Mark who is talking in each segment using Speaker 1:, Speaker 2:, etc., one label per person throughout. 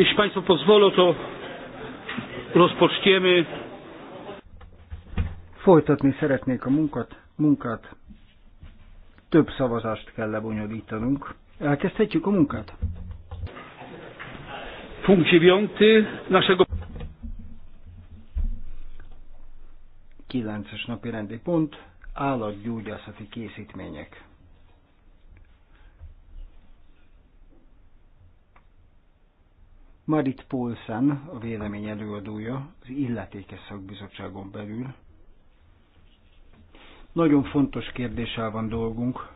Speaker 1: Jeśli Państwo pozwolą, to rozpoczniemy. Folytatni
Speaker 2: szeretnék a munkat, munkát. Több szavazást kell lebonyolítanunk. Elkezdhetjük a munkát. Punkt 9 naszego... 9-es napi rendi pont, állatgyógyászati készítmények. Marit Paulsen, a vélemény előadója, az illetékes szakbizottságon belül. Nagyon fontos kérdéssel van dolgunk,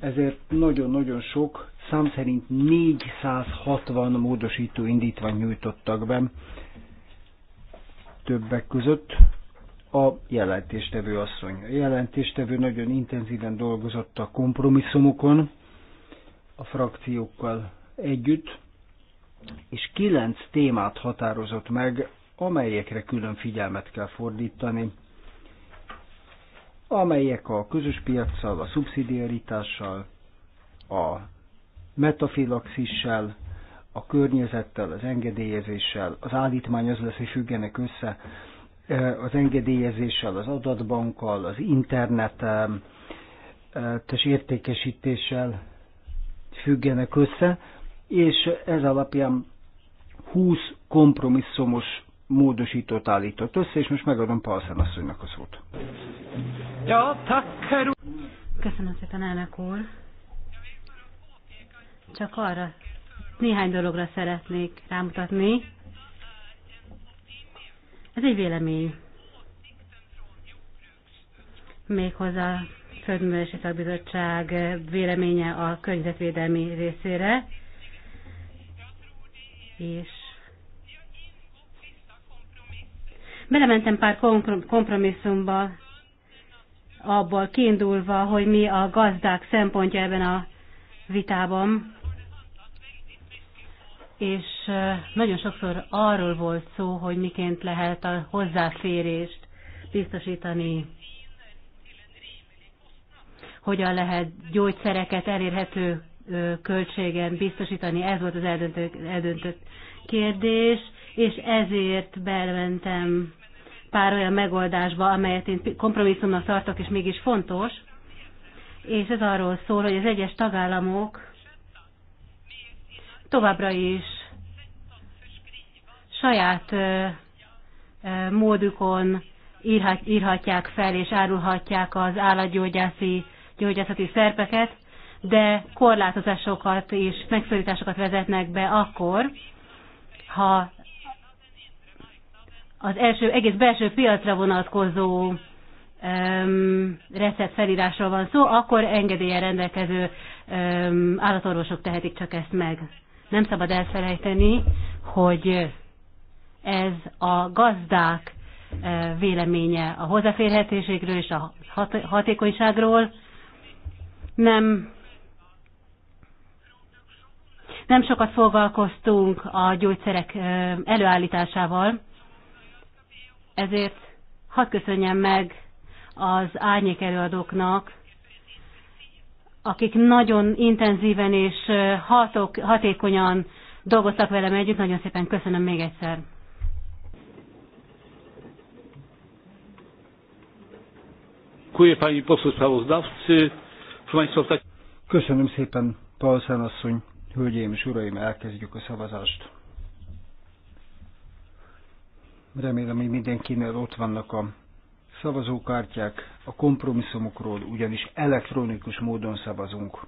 Speaker 2: ezért nagyon-nagyon sok, szám szerint 460 módosító indítvány nyújtottak be, többek között a jelentéstevő asszony. A jelentéstevő nagyon intenzíven dolgozott a kompromisszumokon, a frakciókkal együtt, és kilenc témát határozott meg, amelyekre külön figyelmet kell fordítani, amelyek a közös piaccal, a szubszidiaritással, a metafilaxissel, a környezettel, az engedélyezéssel, az állítmány az lesz, hogy függenek össze, e, az engedélyezéssel, az adatbankkal, az internetes e, értékesítéssel függenek össze, és ez alapján 20 kompromisszumos módosítót állított össze, és most megadom Palszán asszonynak a szót.
Speaker 3: Köszönöm szépen, elnök úr. Csak arra néhány dologra szeretnék rámutatni. Ez egy vélemény. Méghozzá Földművelési Szakbizottság véleménye a környezetvédelmi részére és belementem pár kompromisszumba, abból kiindulva, hogy mi a gazdák szempontja ebben a vitában, és nagyon sokszor arról volt szó, hogy miként lehet a hozzáférést biztosítani, hogyan lehet gyógyszereket elérhető költségen biztosítani, ez volt az eldöntött, eldöntött kérdés, és ezért belmentem pár olyan megoldásba, amelyet én kompromisszumnak tartok, és mégis fontos, és ez arról szól, hogy az egyes tagállamok továbbra is saját módukon írhat, írhatják fel és árulhatják az állatgyógyászati gyógyászati szerpeket, de korlátozásokat és megszorításokat vezetnek be akkor, ha az első, egész belső piacra vonatkozó um, recept felírásról van szó, akkor engedélyen rendelkező um, állatorvosok tehetik csak ezt meg. Nem szabad elfelejteni, hogy ez a gazdák e, véleménye a hozzáférhetőségről és a hatékonyságról. Nem nem sokat foglalkoztunk a gyógyszerek előállításával, ezért hadd köszönjem meg az árnyék előadóknak, akik nagyon intenzíven és hatok, hatékonyan dolgoztak velem együtt. Nagyon szépen köszönöm még egyszer.
Speaker 2: Köszönöm szépen, Paul Szenasszony, Hölgyeim és Uraim, elkezdjük a szavazást. Remélem, hogy mindenkinél ott vannak a szavazókártyák, a kompromisszumokról, ugyanis elektronikus módon szavazunk.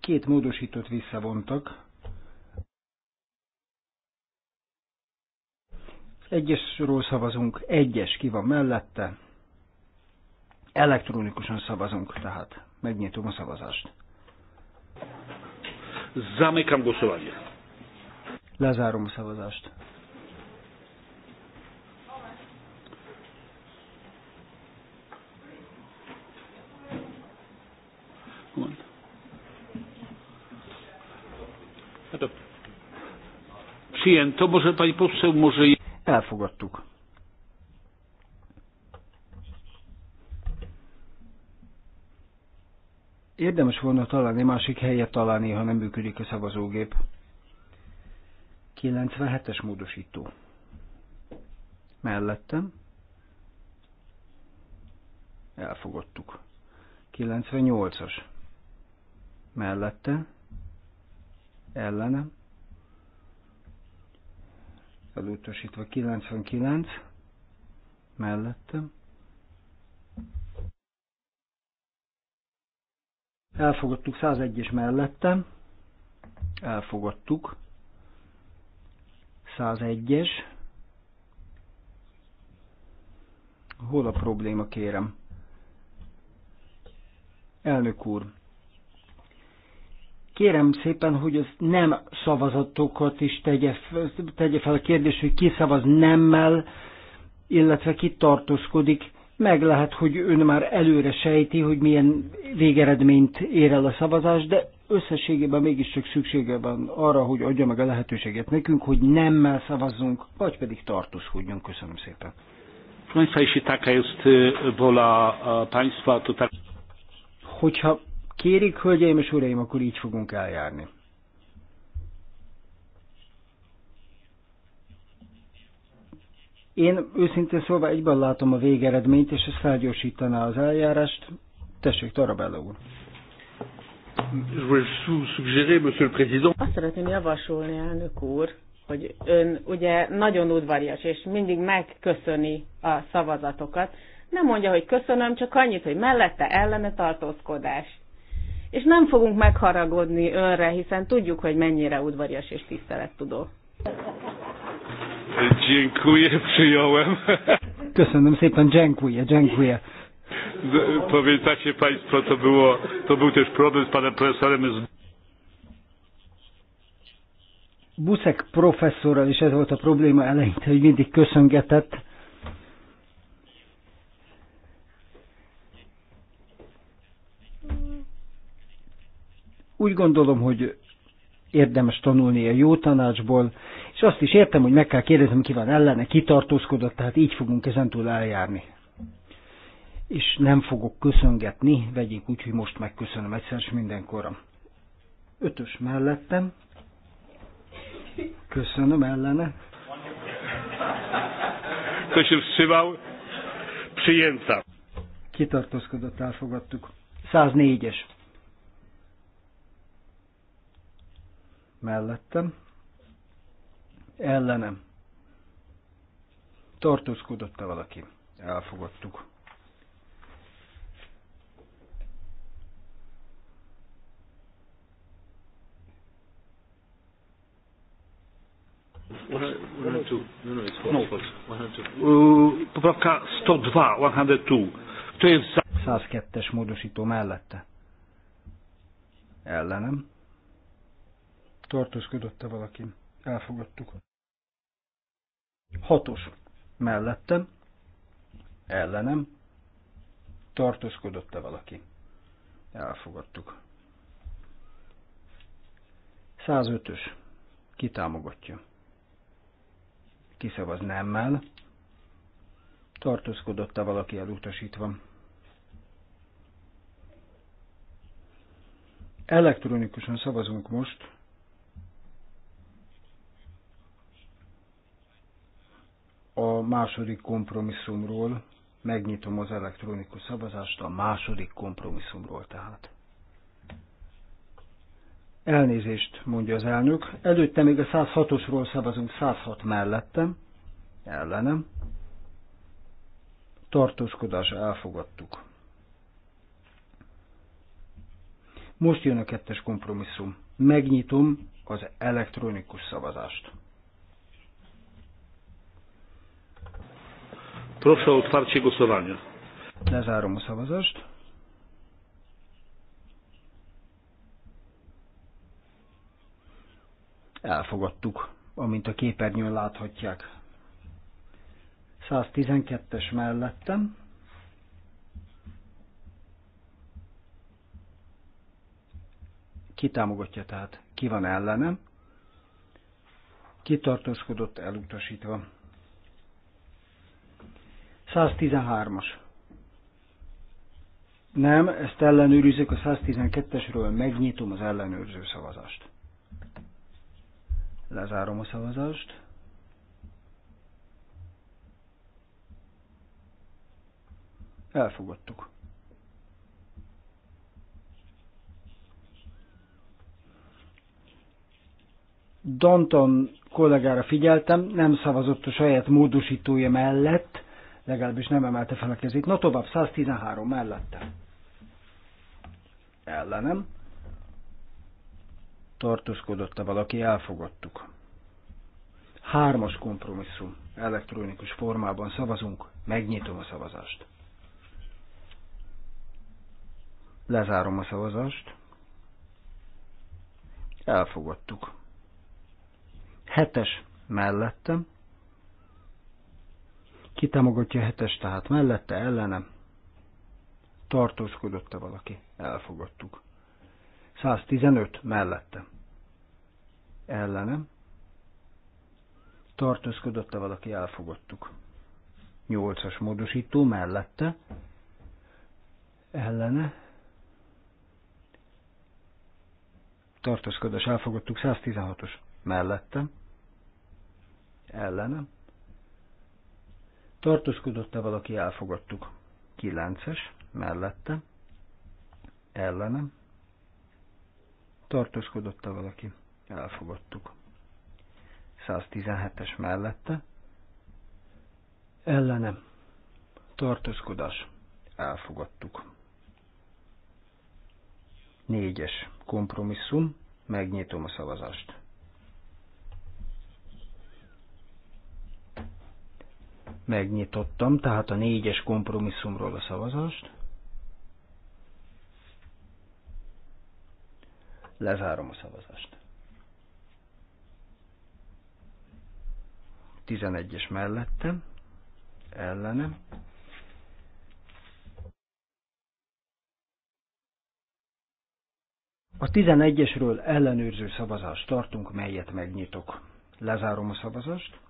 Speaker 2: Két módosítót visszavontak, Egyesről szavazunk, egyes ki van mellette, Elektronikusan szavazunk, tehát megnyitom a
Speaker 1: szavazást. Zamykam głosowanie. Lezárom a szavazást. Hát a. Przyjęto, może pani poseł, może... Elfogadtuk.
Speaker 2: Érdemes volna találni másik helyet találni, ha nem működik a szavazógép. 97-es módosító. Mellettem. Elfogadtuk. 98-as. Mellette. Ellenem. Elutasítva 99. Mellettem. Elfogadtuk 101-es mellette. Elfogadtuk. 101-es. Hol a probléma, kérem? Elnök úr, kérem szépen, hogy az nem szavazatokat is tegye, tegye fel a kérdés, hogy ki szavaz nemmel, illetve ki tartózkodik. Meg lehet, hogy ön már előre sejti, hogy milyen végeredményt ér el a szavazás, de összességében mégiscsak szüksége van arra, hogy adja meg a lehetőséget nekünk, hogy nemmel szavazzunk, vagy pedig tartózkodjunk. Köszönöm szépen. Hogyha kérik, hölgyeim és uraim, akkor így fogunk eljárni. Én őszintén szóval egyben látom a végeredményt, és ez felgyorsítaná az eljárást. Tessék, Tarabella úr.
Speaker 4: Azt szeretném javasolni, elnök úr, hogy ön ugye nagyon udvarias, és mindig megköszöni a szavazatokat. Nem mondja, hogy köszönöm, csak annyit, hogy mellette ellene tartózkodás. És nem fogunk megharagodni önre, hiszen tudjuk, hogy mennyire udvarias és tisztelettudó.
Speaker 1: Dziękuję, przyjąłem. Köszönöm
Speaker 2: szépen, dziękuję, dziękuję.
Speaker 1: Pamiętacie Państwo, to, było, to był też problem z panem profesorem. Z...
Speaker 2: Buszek professzorral is ez volt a probléma eleinte, hogy mindig köszöngetett. Úgy gondolom, hogy érdemes tanulni a jó tanácsból, és azt is értem, hogy meg kell kérdeznem, ki van ellene, ki tartózkodott, tehát így fogunk ezentúl eljárni. És nem fogok köszöngetni, vegyék úgy, hogy most megköszönöm egyszer és mindenkorra. Ötös mellettem. Köszönöm ellene.
Speaker 1: Köszönöm się wstrzymał?
Speaker 2: Kitartózkodott, elfogadtuk. 104-es.
Speaker 1: Mellettem
Speaker 2: ellenem. Tartózkodott-e valaki?
Speaker 5: Elfogadtuk.
Speaker 1: Poprawka 102, 102. 102-es módosító mellette.
Speaker 2: Ellenem. Tartózkodott-e valaki? Elfogadtuk. Hatos mellettem, ellenem, tartózkodott-e valaki? Elfogadtuk. 105-ös. kitámogatja. Kiszavaz nemmel. Tartózkodott-e valaki elutasítva? Elektronikusan szavazunk most a második kompromisszumról, megnyitom az elektronikus szavazást a második kompromisszumról tehát. Elnézést, mondja az elnök. Előtte még a 106-osról szavazunk, 106 mellettem, ellenem. Tartózkodás elfogadtuk. Most jön a kettes kompromisszum. Megnyitom az elektronikus szavazást.
Speaker 1: Proszę o otwarcie głosowania.
Speaker 2: Lezárom a szavazást. Elfogadtuk, amint a képernyőn láthatják. 112-es mellettem. Kitámogatja tehát? Ki van ellenem? Kitartózkodott elutasítva. 113-as. Nem, ezt ellenőrizzük a 112-esről, megnyitom az ellenőrző szavazást. Lezárom a szavazást. Elfogadtuk. Danton kollégára figyeltem, nem szavazott a saját módosítója mellett, legalábbis nem emelte fel a kezét. Na tovább, 113 mellette. Ellenem. Tartózkodott-e valaki, elfogadtuk. Hármas kompromisszum. Elektronikus formában szavazunk, megnyitom a szavazást. Lezárom a szavazást. Elfogadtuk. Hetes mellettem ki támogatja hetes, tehát mellette, ellenem Tartózkodott-e valaki? Elfogadtuk. 115 mellette. ellenem Tartózkodott-e valaki? Elfogadtuk. 8-as módosító mellette. Ellene. Tartózkodás elfogadtuk 116-os mellette. ellenem tartózkodott-e valaki, elfogadtuk. 9-es, mellette, ellenem, tartózkodott-e valaki, elfogadtuk. 117-es mellette, ellenem, tartózkodás, elfogadtuk. 4-es, kompromisszum, megnyitom a szavazást. Megnyitottam, tehát a négyes kompromisszumról a szavazást. Lezárom a szavazást. 11-es mellettem, ellenem. A 11-esről ellenőrző szavazást tartunk, melyet megnyitok. Lezárom a szavazást.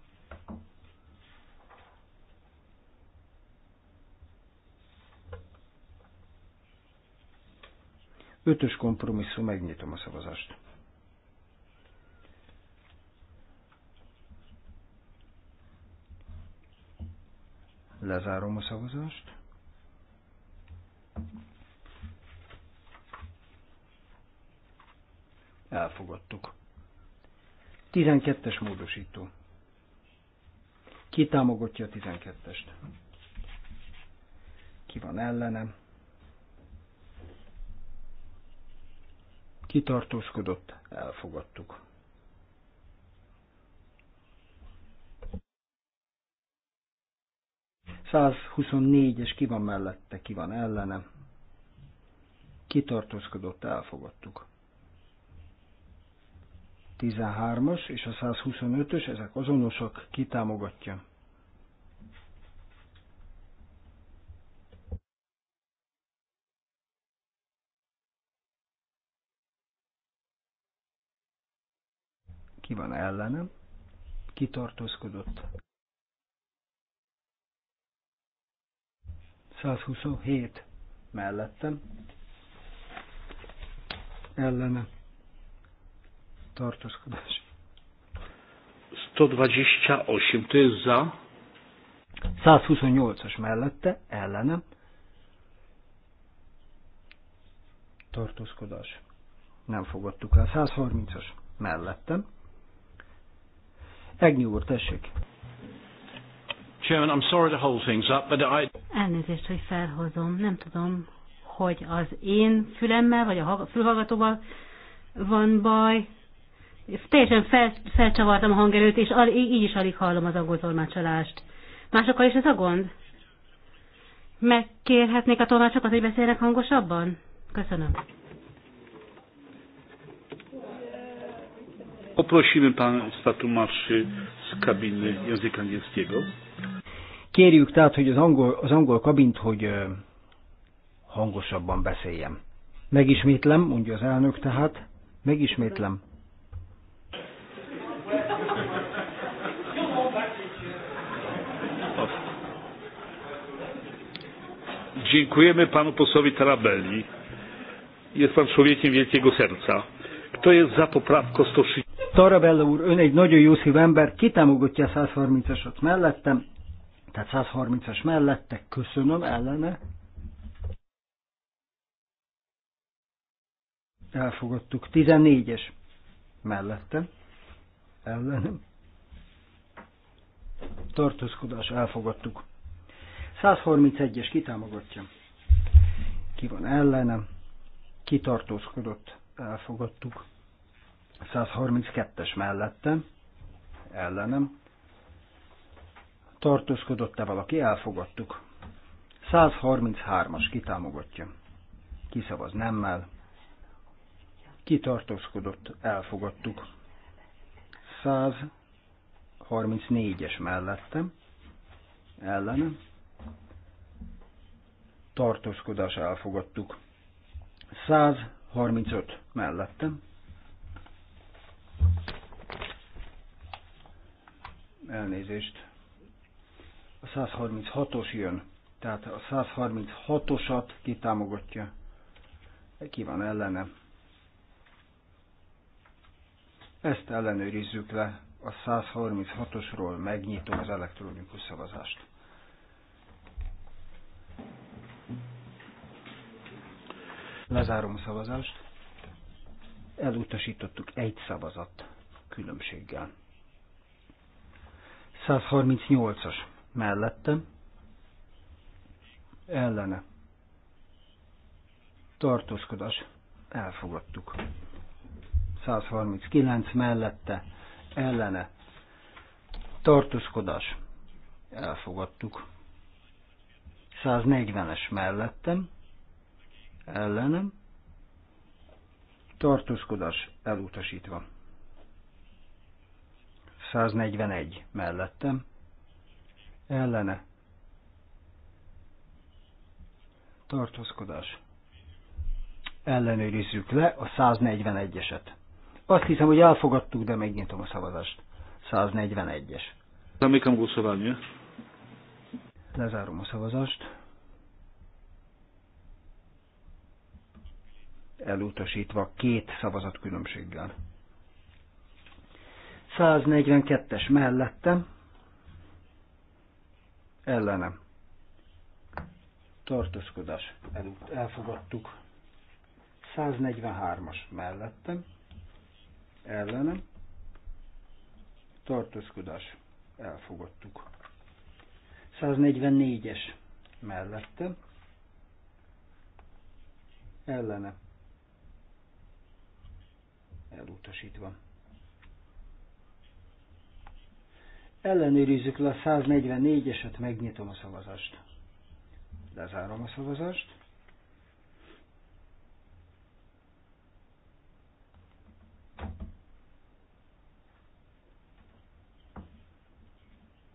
Speaker 2: Ötös kompromisszum, megnyitom a szavazást. Lezárom a szavazást. Elfogadtuk. 12-es módosító. Ki támogatja a 12-est? Ki van ellenem? kitartózkodott, elfogadtuk. es ki van mellette, ki van ellene. Kitartózkodott, elfogadtuk. 13-as és a 125-ös, ezek azonosak, kitámogatja, Ki van ellenem? Ki tartózkodott? 127 mellettem, ellene tartózkodás. 128, to jest za. 128-as mellette, ellene tartózkodás. Nem fogadtuk el. 130-as mellettem, Egnyú úr, tessék.
Speaker 1: Chairman, I'm sorry to hold things up, but I...
Speaker 3: Elnézést, hogy felhozom. Nem tudom, hogy az én fülemmel, vagy a fülhallgatóval van baj. Teljesen fel, felcsavartam a hangerőt, és al, így is alig hallom az angoltolmácsolást. Másokkal is ez a gond? Megkérhetnék a tolmácsokat, hogy beszélnek hangosabban? Köszönöm.
Speaker 1: Poprosimy Państwa tłumaczy z kabiny języka angielskiego.
Speaker 2: Kérjük tehát, hogy az angol, az angol kabint, hogy hangosabban beszéljem. Megismétlem, mondja az elnök tehát, megismétlem.
Speaker 1: Dziękujemy panu posłowi Tarabelli. Jest pan człowiekiem wielkiego serca. Kto jest za poprawką 130? Tarabella úr, ön egy nagyon jó
Speaker 2: szív ember, kitámogatja a 130-asat mellettem, tehát 130-as mellette, köszönöm, ellene. Elfogadtuk. 14-es mellettem, ellenem. Tartózkodás, elfogadtuk. 131-es kitámogatja. Ki van ellenem? Kitartózkodott, elfogadtuk. 132-es mellette, ellenem. Tartózkodott-e valaki? Elfogadtuk. 133-as kitámogatja. Kiszavaz nemmel. Kitartózkodott, elfogadtuk. 134-es mellettem, ellenem. Tartózkodás elfogadtuk. 135 mellettem, elnézést, a 136-os jön, tehát a 136-osat kitámogatja, ki van ellene. Ezt ellenőrizzük le, a 136-osról megnyitom az elektronikus szavazást. Lezárom a szavazást. Elutasítottuk egy szavazat különbséggel. 138-as mellette, ellene, tartózkodás, elfogadtuk. 139 mellette, ellene, tartózkodás, elfogadtuk. 140-es mellettem, ellenem, tartózkodás elutasítva. 141 mellettem, ellene, tartózkodás. Ellenőrizzük le a 141-eset. Azt hiszem, hogy elfogadtuk, de megnyitom a szavazást. 141-es.
Speaker 1: Zamykam głosowanie.
Speaker 2: Lezárom a szavazást. Elutasítva két szavazat különbséggel. 142-es mellettem, ellenem. Tartózkodás. El, elfogadtuk. 143-as mellettem, ellenem. Tartózkodás. Elfogadtuk. 144-es mellettem, ellenem, Elutasítva. Ellenőrizzük le a 144-eset, megnyitom a szavazást. Lezárom a szavazást.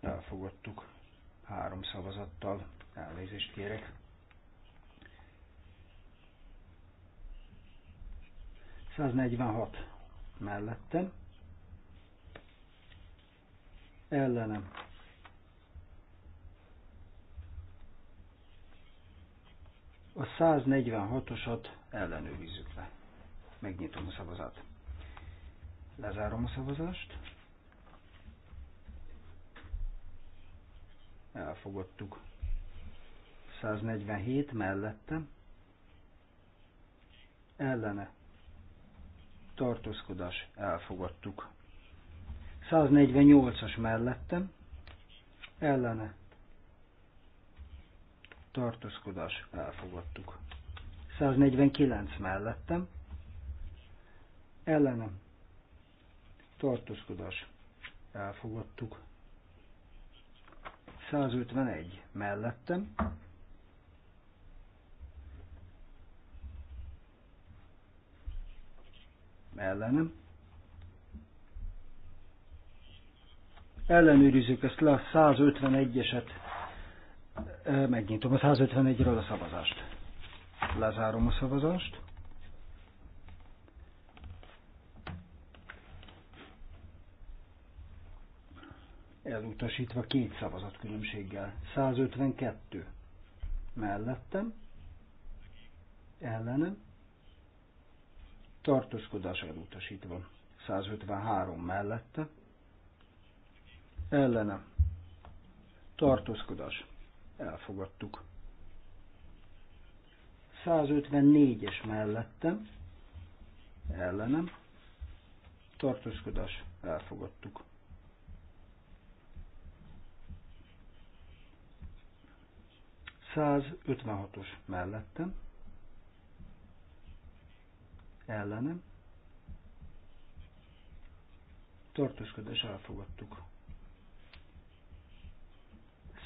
Speaker 2: Elfogadtuk három szavazattal. Elnézést kérek. 146 mellettem ellenem. A 146-osat ellenőrizzük le. Megnyitom a szavazat. Lezárom a szavazást. Elfogadtuk. 147 mellette. Ellene. Tartózkodás. Elfogadtuk. 148-as mellettem, ellene tartózkodás elfogadtuk. 149 mellettem, ellenem tartózkodás elfogadtuk. 151 mellettem, ellenem ellenőrizzük ezt le a 151-eset. Megnyitom a 151-ről a szavazást. Lezárom a szavazást. Elutasítva két szavazat különbséggel. 152 mellettem, ellenem, tartózkodás elutasítva. 153 mellette, ellene tartózkodás elfogadtuk. 154-es mellettem ellenem tartózkodás elfogadtuk. 156-os mellettem, ellenem, tartózkodás elfogadtuk.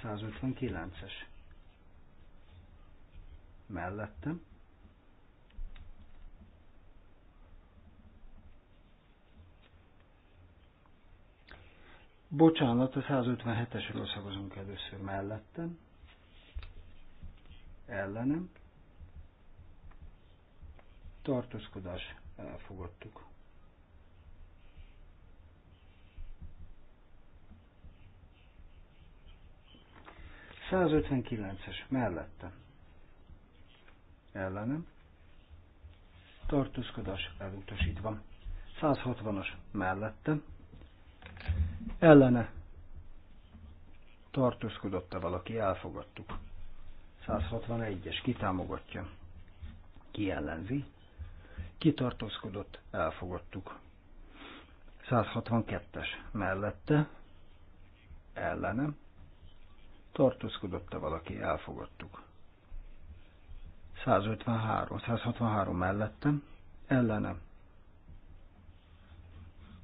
Speaker 2: 159-es. Mellettem. Bocsánat, a 157-esről szavazunk először mellettem. Ellenem. Tartózkodás elfogadtuk. 159-es mellette, Ellenem. Tartózkodás elutasítva. 160-as mellette, Ellene. Tartózkodott-e valaki? Elfogadtuk. 161-es kitámogatja. Ki ellenzi? Kitartózkodott, elfogadtuk. 162-es mellette, ellenem, tartózkodott-e valaki, elfogadtuk. 153, 163 mellettem, ellenem.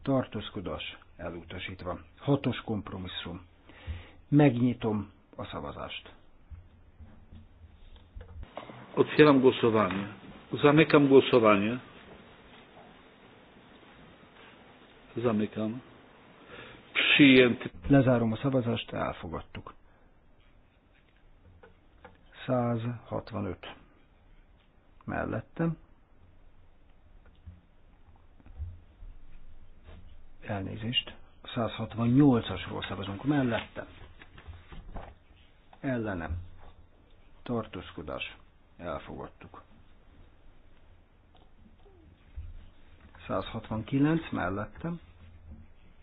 Speaker 2: Tartózkodás elutasítva. Hatos kompromisszum. Megnyitom a szavazást.
Speaker 1: Otwieram głosowanie. Zamykam głosowanie. Zamykam.
Speaker 2: Przyjęty. Lezárom a szavazást, elfogadtuk. 165 mellettem. Elnézést. 168-asról szavazunk mellettem. Ellenem. Tartózkodás. Elfogadtuk. 169 mellettem.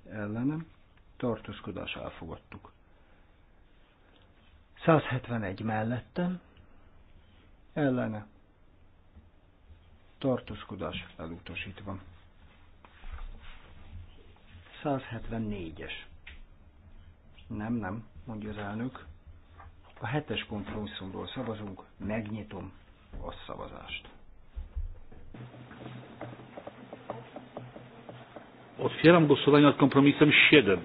Speaker 2: Ellenem. Tartózkodás. Elfogadtuk. 171 mellettem, ellene tartózkodás elutasítva. 174-es. Nem, nem, mondja az elnök. A hetes kompromisszumról szavazunk, megnyitom a szavazást.
Speaker 1: Otvieram głosowanie nad kompromisem 7.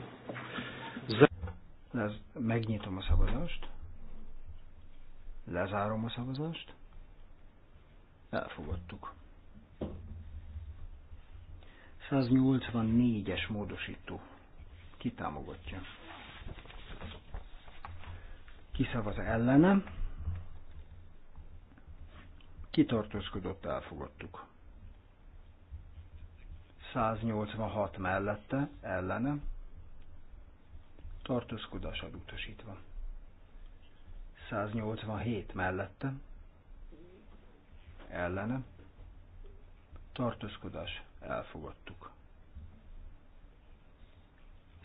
Speaker 2: Megnyitom a szavazást. Lezárom a szavazást. Elfogadtuk. 184-es módosító. Ki támogatja? Ki szavaz ellene? tartózkodott? elfogadtuk. 186 mellette, ellene. Tartózkodás elutasítva. 187 mellette, ellene, tartózkodás, elfogadtuk.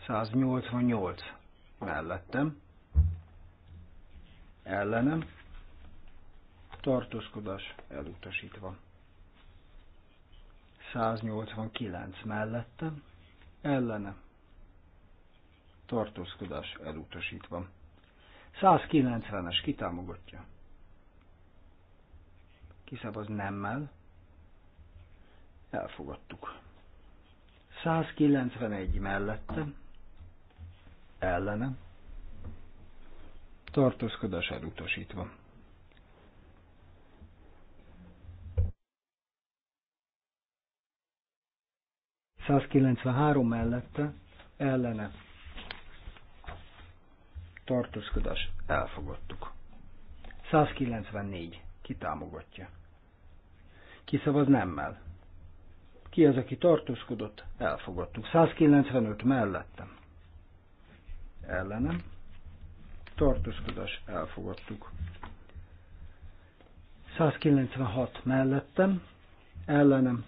Speaker 2: 188 mellettem, ellenem, tartózkodás elutasítva. 189 mellettem, ellenem, tartózkodás elutasítva. 190-es kitámogatja. Kiszavaz nemmel. Elfogadtuk. 191 mellette. Ellene. Tartózkodás elutasítva. Százkilencvenhárom mellette ellene tartózkodás
Speaker 5: elfogadtuk.
Speaker 2: 194. Ki támogatja? Ki szavaz nemmel? Ki az, aki tartózkodott? Elfogadtuk. 195 mellettem. Ellenem. Tartózkodás elfogadtuk. 196 mellettem. Ellenem.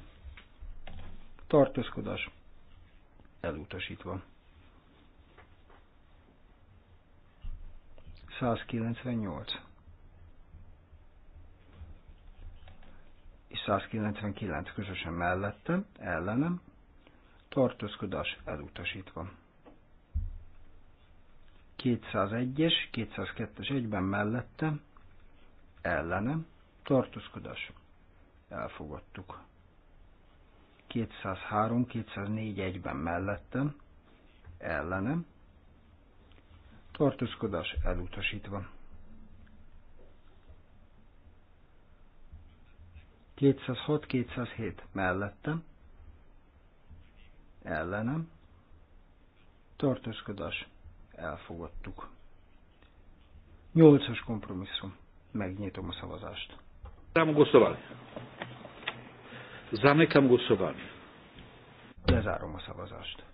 Speaker 2: Tartózkodás elutasítva. 198 és 199 közösen mellettem, ellenem, tartózkodás elutasítva. 201-es, 202-es egyben mellettem, ellenem, tartózkodás. Elfogadtuk. 203, 204 egyben mellettem, ellenem, tartózkodás elutasítva. 206-207 mellettem, ellenem, tartózkodás elfogadtuk. 8-as kompromisszum.
Speaker 1: Megnyitom a szavazást. Zamykam głosowanie. Zamykam głosowanie. Lezárom a szavazást.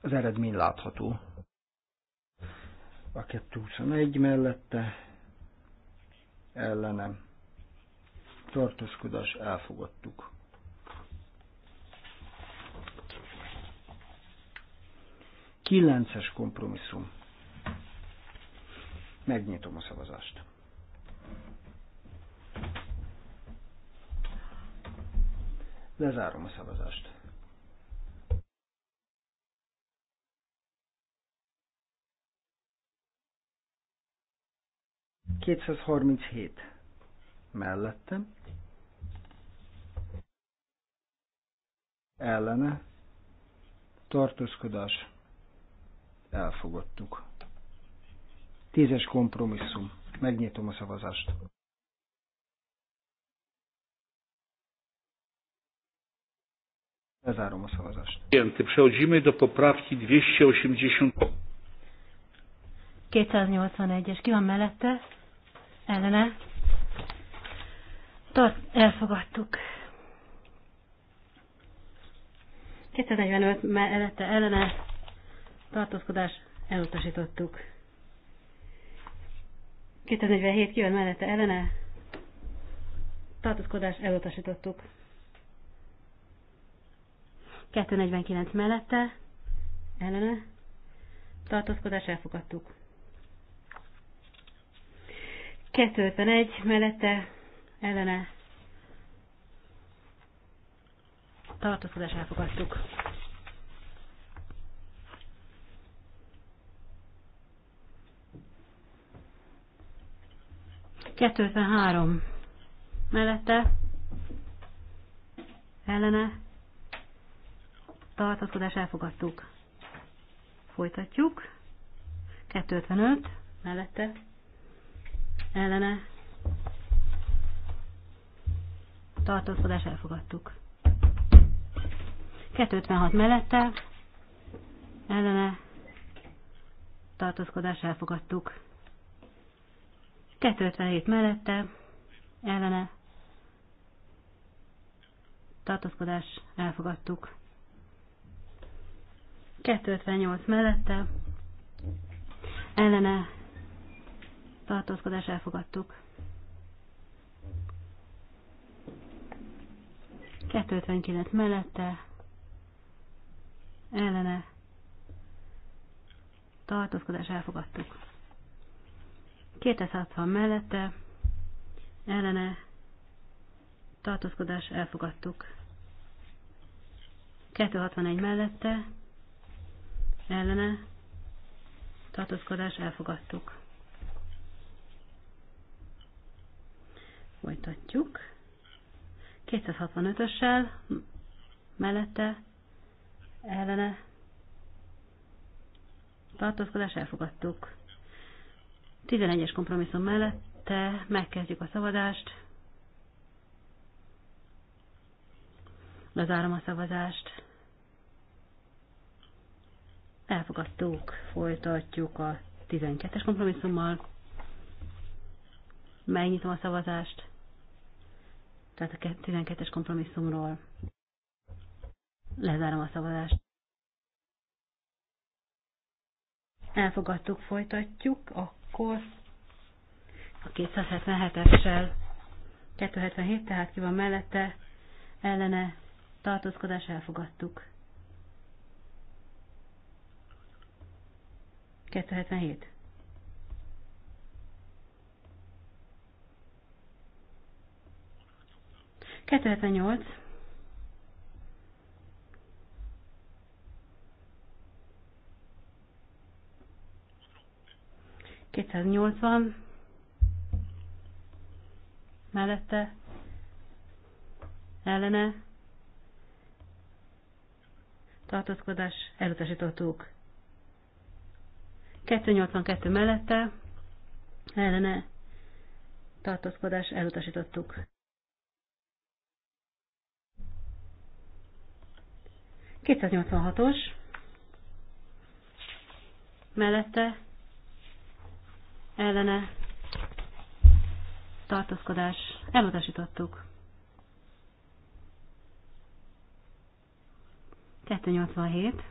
Speaker 5: Az
Speaker 2: eredmény látható. A 221 mellette ellenem tartózkodás elfogadtuk. Kilences kompromisszum. Megnyitom a szavazást.
Speaker 5: Lezárom a szavazást.
Speaker 2: 237 mellettem, ellene, tartózkodás, elfogadtuk. Tízes kompromisszum, megnyitom a szavazást.
Speaker 1: Lezárom a szavazást. Przechodzimy do poprawki 280.
Speaker 3: 281-es. Ki van mellette? ellene tart, elfogadtuk. 245 mellette ellene tartózkodás elutasítottuk. 247 kijön mellette ellene tartózkodás elutasítottuk. 249 mellette ellene tartózkodás elfogadtuk. 251 mellette ellene tartózkodás elfogadtuk. három mellette ellene tartózkodás elfogadtuk. Folytatjuk. 255 mellette ellene tartózkodás elfogadtuk. 256 mellette ellene tartózkodás elfogadtuk. 257 mellette ellene tartózkodás elfogadtuk. 258 mellette ellene tartózkodás elfogadtuk. 259 mellette, ellene, tartózkodás elfogadtuk. 260 mellette, ellene, tartózkodás elfogadtuk. 261 mellette, ellene, tartózkodás elfogadtuk. Folytatjuk. 265-össel mellette ellene tartózkodás elfogadtuk. 11-es kompromisszum mellette megkezdjük a szavazást. Lezárom a szavazást. Elfogadtuk, folytatjuk a 12-es kompromisszummal. Megnyitom a szavazást tehát a 12-es kompromisszumról. Lezárom a szavazást. Elfogadtuk, folytatjuk, akkor a 277-essel 277, tehát ki van mellette, ellene tartózkodás elfogadtuk. 277. 278. van Mellette. Ellene. Tartózkodás. Elutasítottuk. 282 mellette. Ellene. Tartózkodás. Elutasítottuk. 286-os mellette ellene tartózkodás elutasítottuk. 287.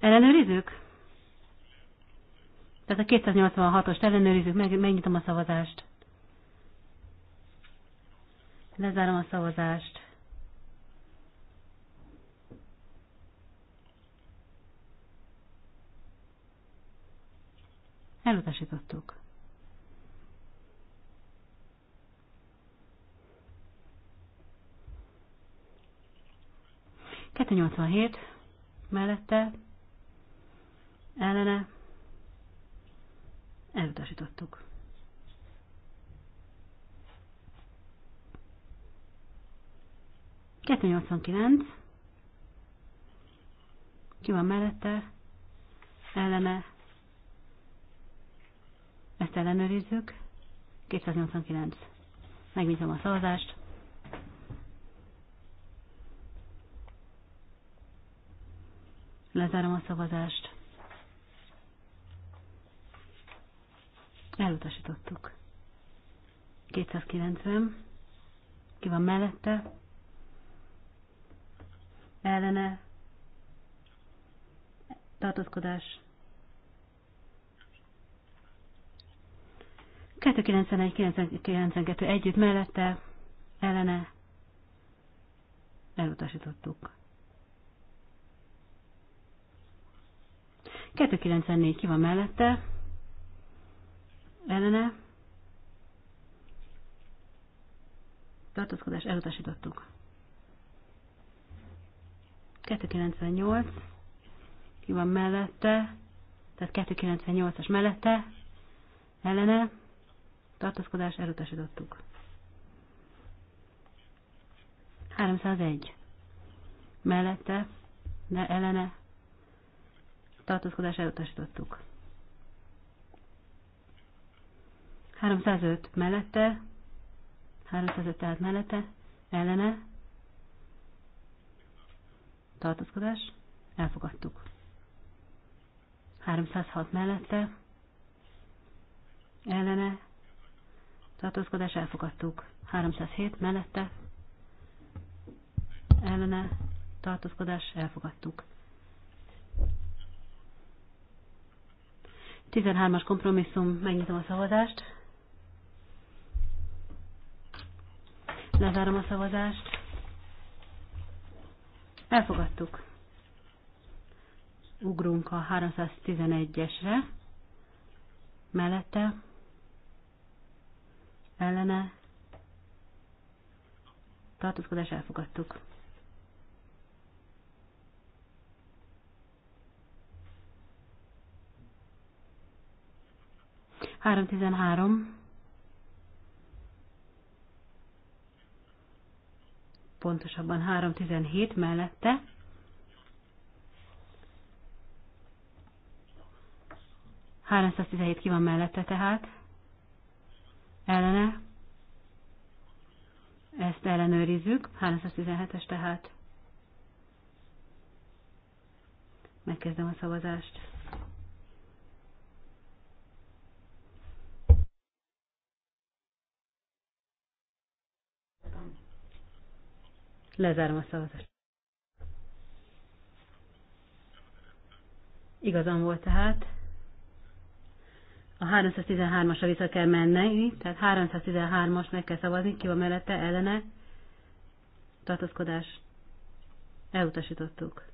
Speaker 3: Ellenőrizzük? Tehát a 286-ost ellenőrizzük, meg, megnyitom a szavazást. Lezárom a szavazást. Elutasítottuk. Kettő nyolcvanhét mellette ellene elutasítottuk. Kettő nyolcvankilenc ki van mellette, ellene ezt ellenőrizzük. 289. Megnyitom a szavazást. Lezárom a szavazást. Elutasítottuk. 290. Ki van mellette? Ellene. Tartozkodás. 291 együtt mellette ellene elutasítottuk. 294 ki van mellette, ellene, tartózkodás elutasítottuk. 298 ki van mellette, tehát 298-as mellette, ellene, tartózkodás elutasítottuk. 301. Mellette, de ellene tartózkodás elutasítottuk. 305 mellette, 305 tehát mellette, ellene tartózkodás elfogadtuk. 306 mellette, ellene tartózkodás elfogadtuk. 307 mellette ellene tartózkodás elfogadtuk. 13-as kompromisszum, megnyitom a szavazást. Lezárom a szavazást. Elfogadtuk. Ugrunk a 311-esre. Mellette ellene tartózkodás elfogadtuk. Három tizenhárom. Pontosabban három tizenhét mellette. Háromszáz ki van mellette tehát ellene. Ezt ellenőrizzük, 317-es tehát. Megkezdem a szavazást. Lezárom a szavazást. Igazam volt tehát. A 313-asra vissza kell menni, tehát 313-as meg kell szavazni, ki van mellette, ellene, tartozkodás elutasítottuk.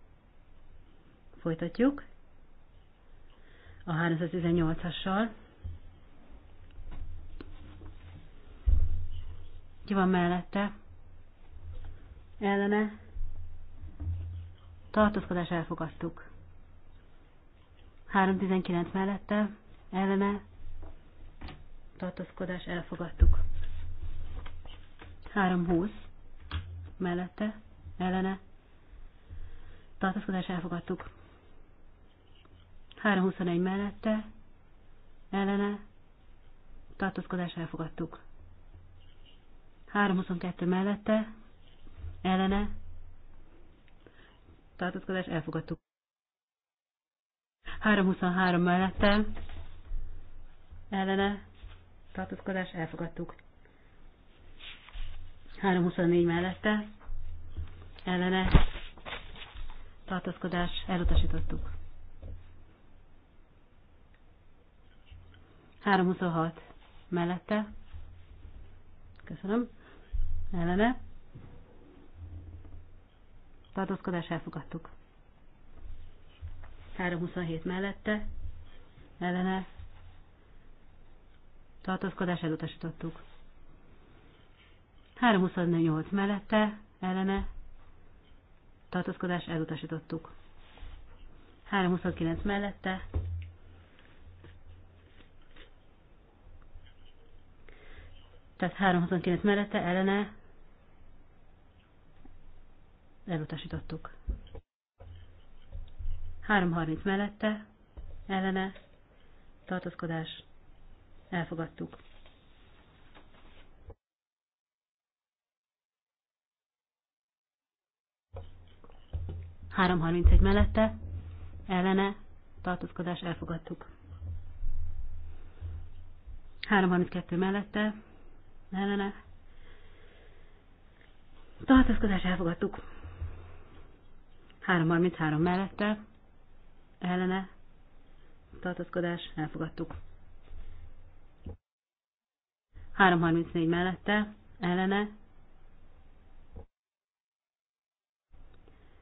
Speaker 3: Folytatjuk a 318-assal. Ki van mellette? Ellene? Tartózkodás elfogadtuk. 319 mellette? ellene tartózkodás elfogadtuk. 320 mellette ellene tartózkodás elfogadtuk. 321 mellette ellene tartózkodás elfogadtuk. 322 mellette ellene tartózkodás elfogadtuk. 323 mellette ellene tartózkodás elfogadtuk. 324 mellette ellene tartózkodás elutasítottuk. 326 mellette köszönöm ellene tartózkodás elfogadtuk. 327 mellette ellene tartózkodás elutasítottuk. 328 mellette, ellene, tartózkodás elutasítottuk. 329 mellette, tehát 329 mellette, ellene, elutasítottuk. 330 mellette, ellene, tartózkodás elfogadtuk. Három egy mellette, ellene, tartózkodás, elfogadtuk. kettő mellette, ellene. Tartózkodás elfogadtuk. három mellette, ellene. Tartózkodás elfogadtuk. 334 mellette, ellene,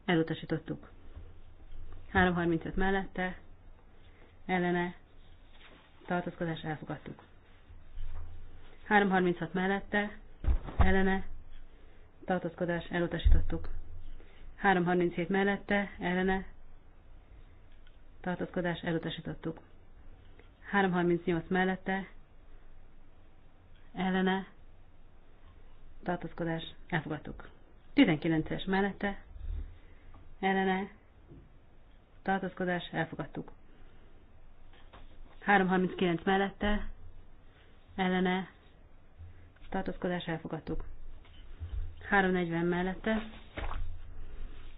Speaker 3: elutasítottuk. 335 mellette, ellene, tartózkodás elfogadtuk. 336 mellette, ellene, tartózkodás elutasítottuk. 337 mellette, ellene, tartózkodás elutasítottuk. 338 mellette, ellene tartózkodás elfogadtuk. 19-es mellette ellene tartózkodás elfogadtuk. 339 mellette ellene tartózkodás elfogadtuk. 340 mellette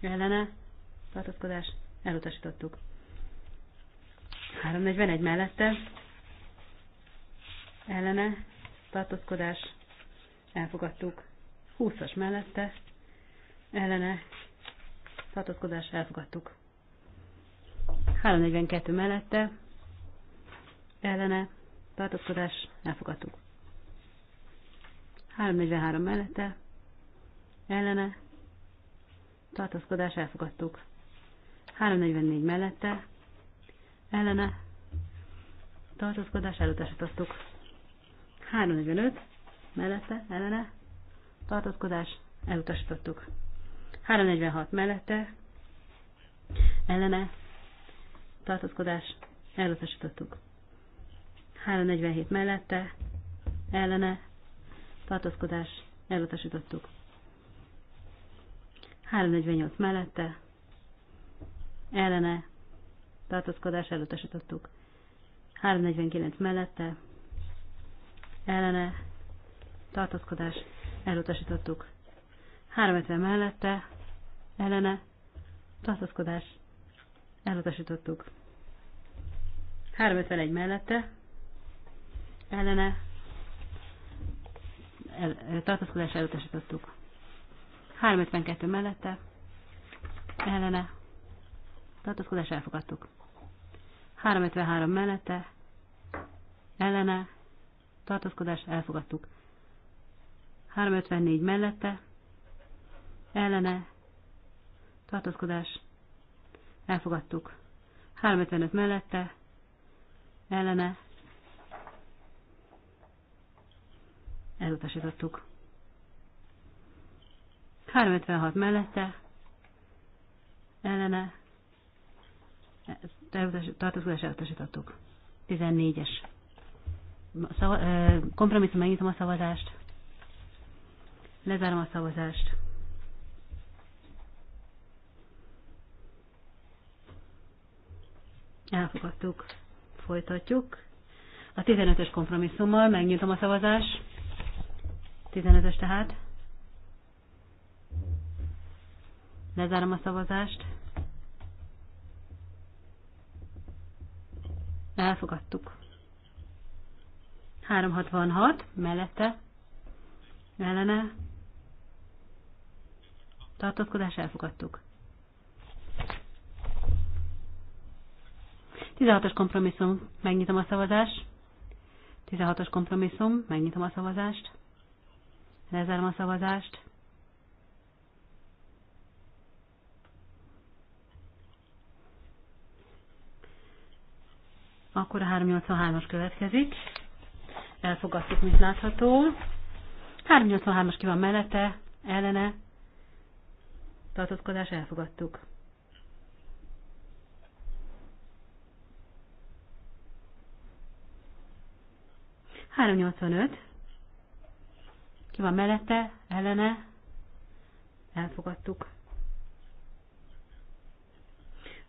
Speaker 3: ellene tartózkodás elutasítottuk. 341 mellette ellene tartózkodás, elfogadtuk. 20-as mellette, ellene, tartózkodás, elfogadtuk. 342 mellette, ellene, tartózkodás, elfogadtuk. 343 mellette, ellene, tartózkodás, elfogadtuk. 344 mellette, ellene, tartózkodás, elutasítottuk. 345 mellette, ellene, tartózkodás, elutasítottuk. 346 mellette, ellene, tartózkodás, elutasítottuk. 347 mellette, ellene, tartózkodás, elutasítottuk. 348 mellette, ellene, tartózkodás, elutasítottuk. 349 mellette, ellene tartózkodás elutasítottuk. 350 mellette ellene tartózkodás elutasítottuk. 351 mellette ellene el, tartózkodás elutasítottuk. 352 mellette ellene tartózkodás elfogadtuk. 353 mellette ellene tartózkodást elfogadtuk. 354 mellette, ellene, tartózkodás elfogadtuk. 355 mellette, ellene, elutasítottuk. 356 mellette, ellene, e- tartózkodás elutasítottuk. 14-es szava, kompromisszum, megnyitom a szavazást. Lezárom a szavazást. Elfogadtuk. Folytatjuk. A 15-ös kompromisszummal megnyitom a szavazást. 15-ös tehát. Lezárom a szavazást. Elfogadtuk. 366 mellette ellene tartózkodás elfogadtuk. 16-os kompromisszum, megnyitom a szavazást. 16-os kompromisszum, megnyitom a szavazást. Lezárom a szavazást. Akkor a 383-as következik elfogadtuk, mint látható. 383-as ki van mellette, ellene, tartózkodás, elfogadtuk. Három nyolcvanöt. Ki van mellette, ellene, elfogadtuk.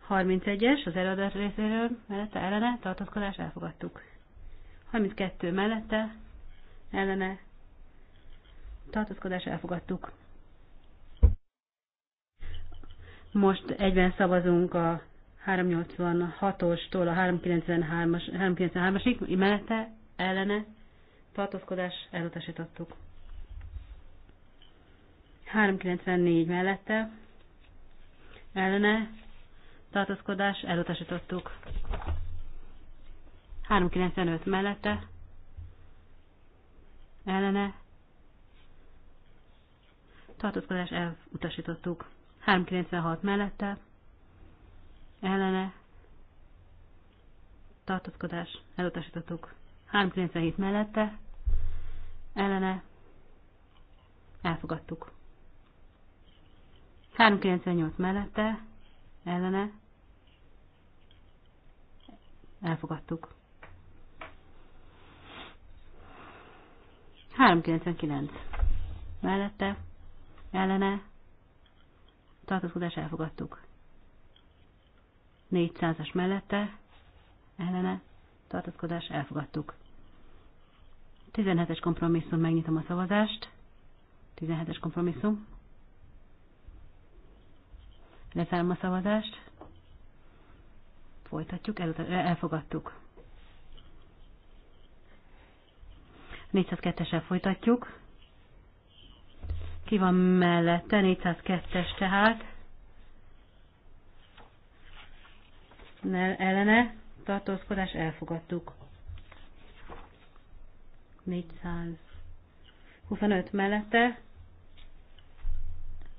Speaker 3: Harmincegyes, az eladás részéről, mellette ellene, tartozkodás elfogadtuk. 32 mellette ellene tartózkodás elfogadtuk. Most egyben szavazunk a 386-ostól a 393-as, 393-asig, mellette ellene tartózkodás elutasítottuk. 394 mellette ellene tartózkodás elutasítottuk. 395 mellette ellene tartózkodás elutasítottuk. 396 mellette ellene tartózkodás elutasítottuk. 397 mellette ellene elfogadtuk. 398 mellette ellene elfogadtuk. 399. Mellette, ellene, tartózkodás elfogadtuk. 400-as mellette, ellene, tartózkodás elfogadtuk. 17-es kompromisszum, megnyitom a szavazást. 17-es kompromisszum. Lezárom a szavazást. Folytatjuk, elfogadtuk. 402 esen folytatjuk. Ki van mellette? 402-es tehát. Ellene tartózkodás elfogadtuk. 425 mellette.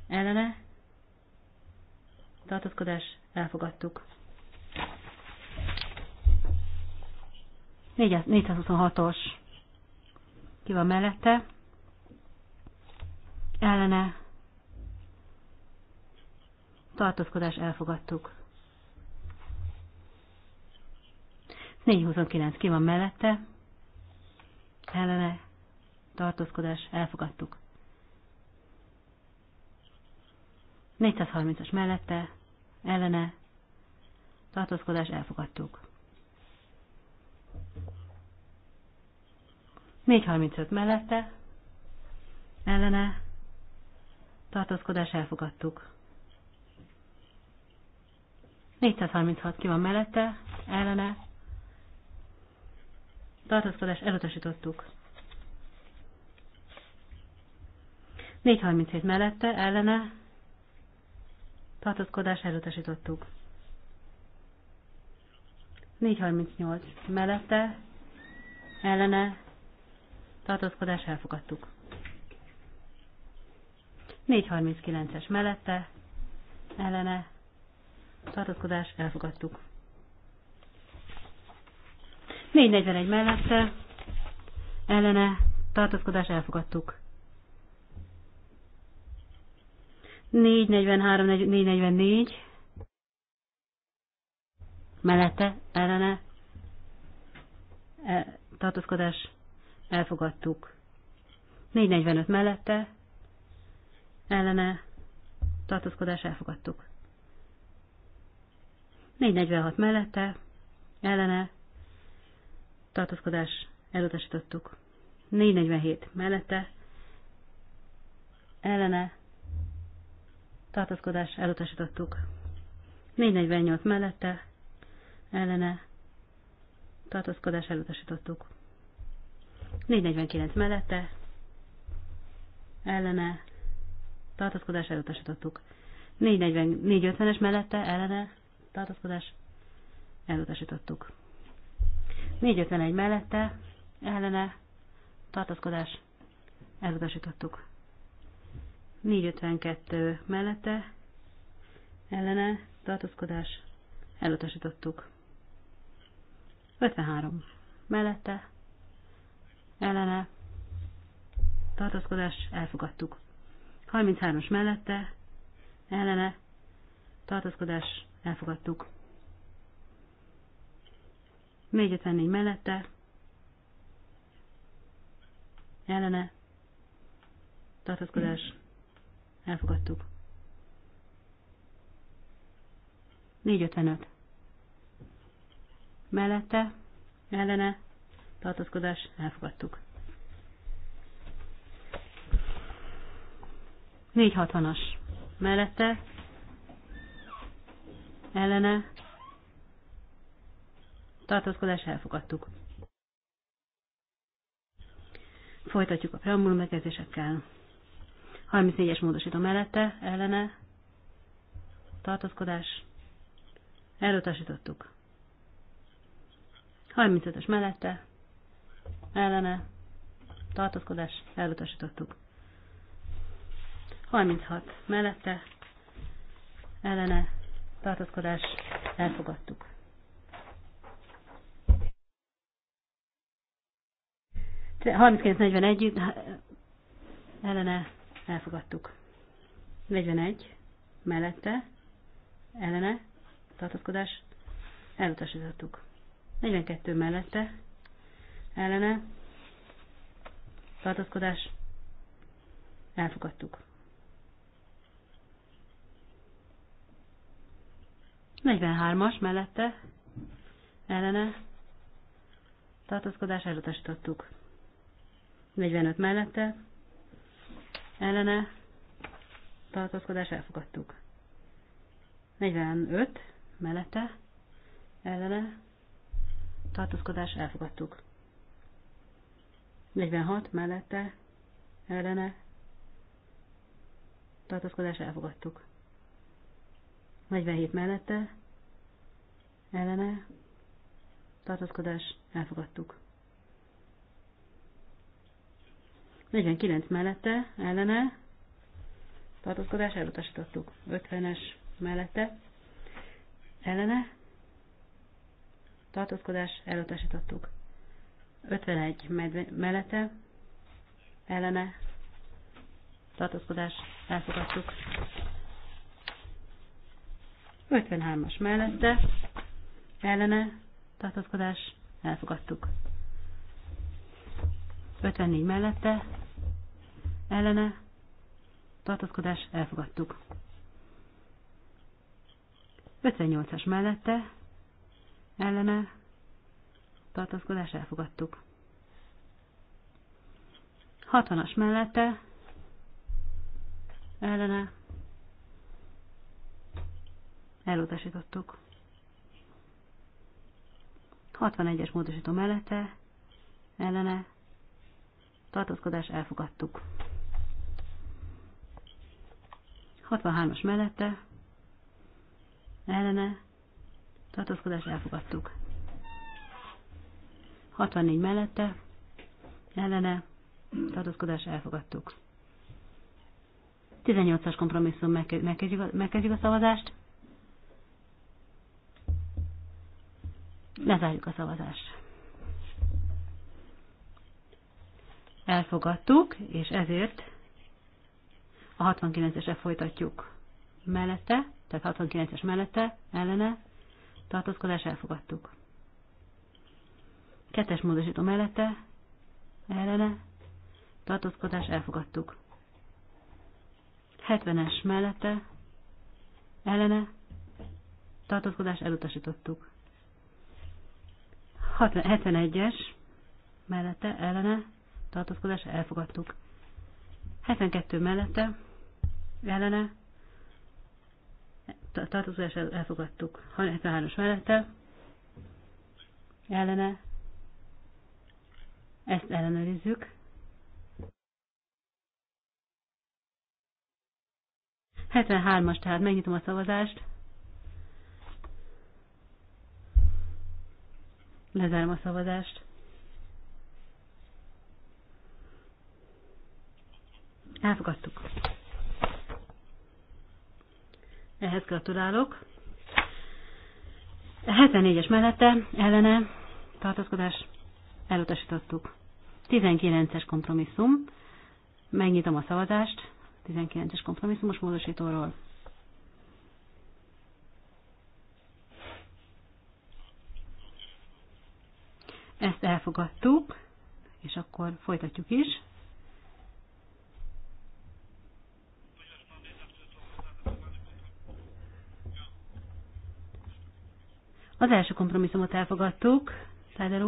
Speaker 3: Ellene tartózkodás elfogadtuk. 426-os ki van mellette? Ellene. Tartózkodás elfogadtuk. 429 ki van mellette, ellene tartózkodás elfogadtuk. 430-as mellette, ellene tartózkodás elfogadtuk. 4.35 mellette ellene tartózkodás elfogadtuk. 436 ki van mellette, ellene tartózkodás elutasítottuk. 437 mellette, ellene tartózkodás elutasítottuk. 438 mellette, ellene tartózkodás elfogadtuk. 439-es mellette, ellene, tartózkodás elfogadtuk. 441 mellette, ellene, tartózkodás elfogadtuk. 443, 444 mellette, ellene, e- tartózkodás elfogadtuk. 445 mellette, ellene, tartózkodás elfogadtuk. 446 mellette, ellene, tartózkodás elutasítottuk. 447 mellette, ellene, tartózkodás elutasítottuk. 448 mellette, ellene, tartózkodás elutasítottuk. 449 mellette ellene tartózkodás elutasítottuk. 450-es mellette ellene tartózkodás elutasítottuk. 451 mellette ellene tartózkodás elutasítottuk. 452 mellette ellene tartózkodás elutasítottuk. 53 mellette ellene tartózkodás elfogadtuk. 33-as mellette ellene tartózkodás elfogadtuk. 454 mellette ellene tartózkodás elfogadtuk. 455 mellette ellene tartozkodás, elfogadtuk. 460-as mellette, ellene, tartozkodás, elfogadtuk. Folytatjuk a preambulum megjegyzésekkel. 34-es módosító mellette, ellene, tartozkodás, elutasítottuk. 35-ös mellette, ellene tartózkodás elutasítottuk. 36 mellette ellene tartózkodás elfogadtuk. együtt ellene elfogadtuk. 41 mellette ellene tartózkodás elutasítottuk. 42 mellette ellene tartózkodás elfogadtuk. 43-as mellette ellene tartózkodás elutasítottuk. 45 mellette ellene tartózkodás elfogadtuk. 45 mellette ellene tartózkodás elfogadtuk. 46 mellette ellene tartózkodás elfogadtuk. 47 mellette ellene tartózkodás elfogadtuk. 49 mellette ellene tartózkodás elutasítottuk. 50-es mellette ellene tartózkodás elutasítottuk. 51 mellette ellene tartózkodás elfogadtuk. 53-as mellette ellene tartózkodás elfogadtuk. 54 mellette ellene tartózkodás elfogadtuk. 58-as mellette ellene tartózkodás elfogadtuk. 60-as mellette ellene elutasítottuk. 61-es módosító mellette ellene tartózkodás elfogadtuk. 63-as mellette ellene tartózkodás elfogadtuk. 64 mellette, ellene, tartózkodás elfogadtuk. 18-as kompromisszum megkezdjük, megkezdjük a szavazást. Lezárjuk a szavazást. Elfogadtuk, és ezért a 69-esre folytatjuk mellette, tehát 69-es mellette, ellene, tartózkodás elfogadtuk. Kettes módosító mellette, ellene, tartózkodás elfogadtuk. 70-es mellette, ellene, tartózkodás elutasítottuk. 71-es mellette, ellene, tartózkodás elfogadtuk. 72 mellette, ellene, tartózkodás elfogadtuk. 73 os mellette, ellene, ezt ellenőrizzük. 73-as, tehát megnyitom a szavazást. Lezárom a szavazást. Elfogadtuk. Ehhez gratulálok. 74-es mellette, ellene, tartózkodás elutasítottuk. 19-es kompromisszum, megnyitom a szavazást, 19-es kompromisszumos módosítóról. Ezt elfogadtuk, és akkor folytatjuk is. Az első kompromisszumot elfogadtuk, Száder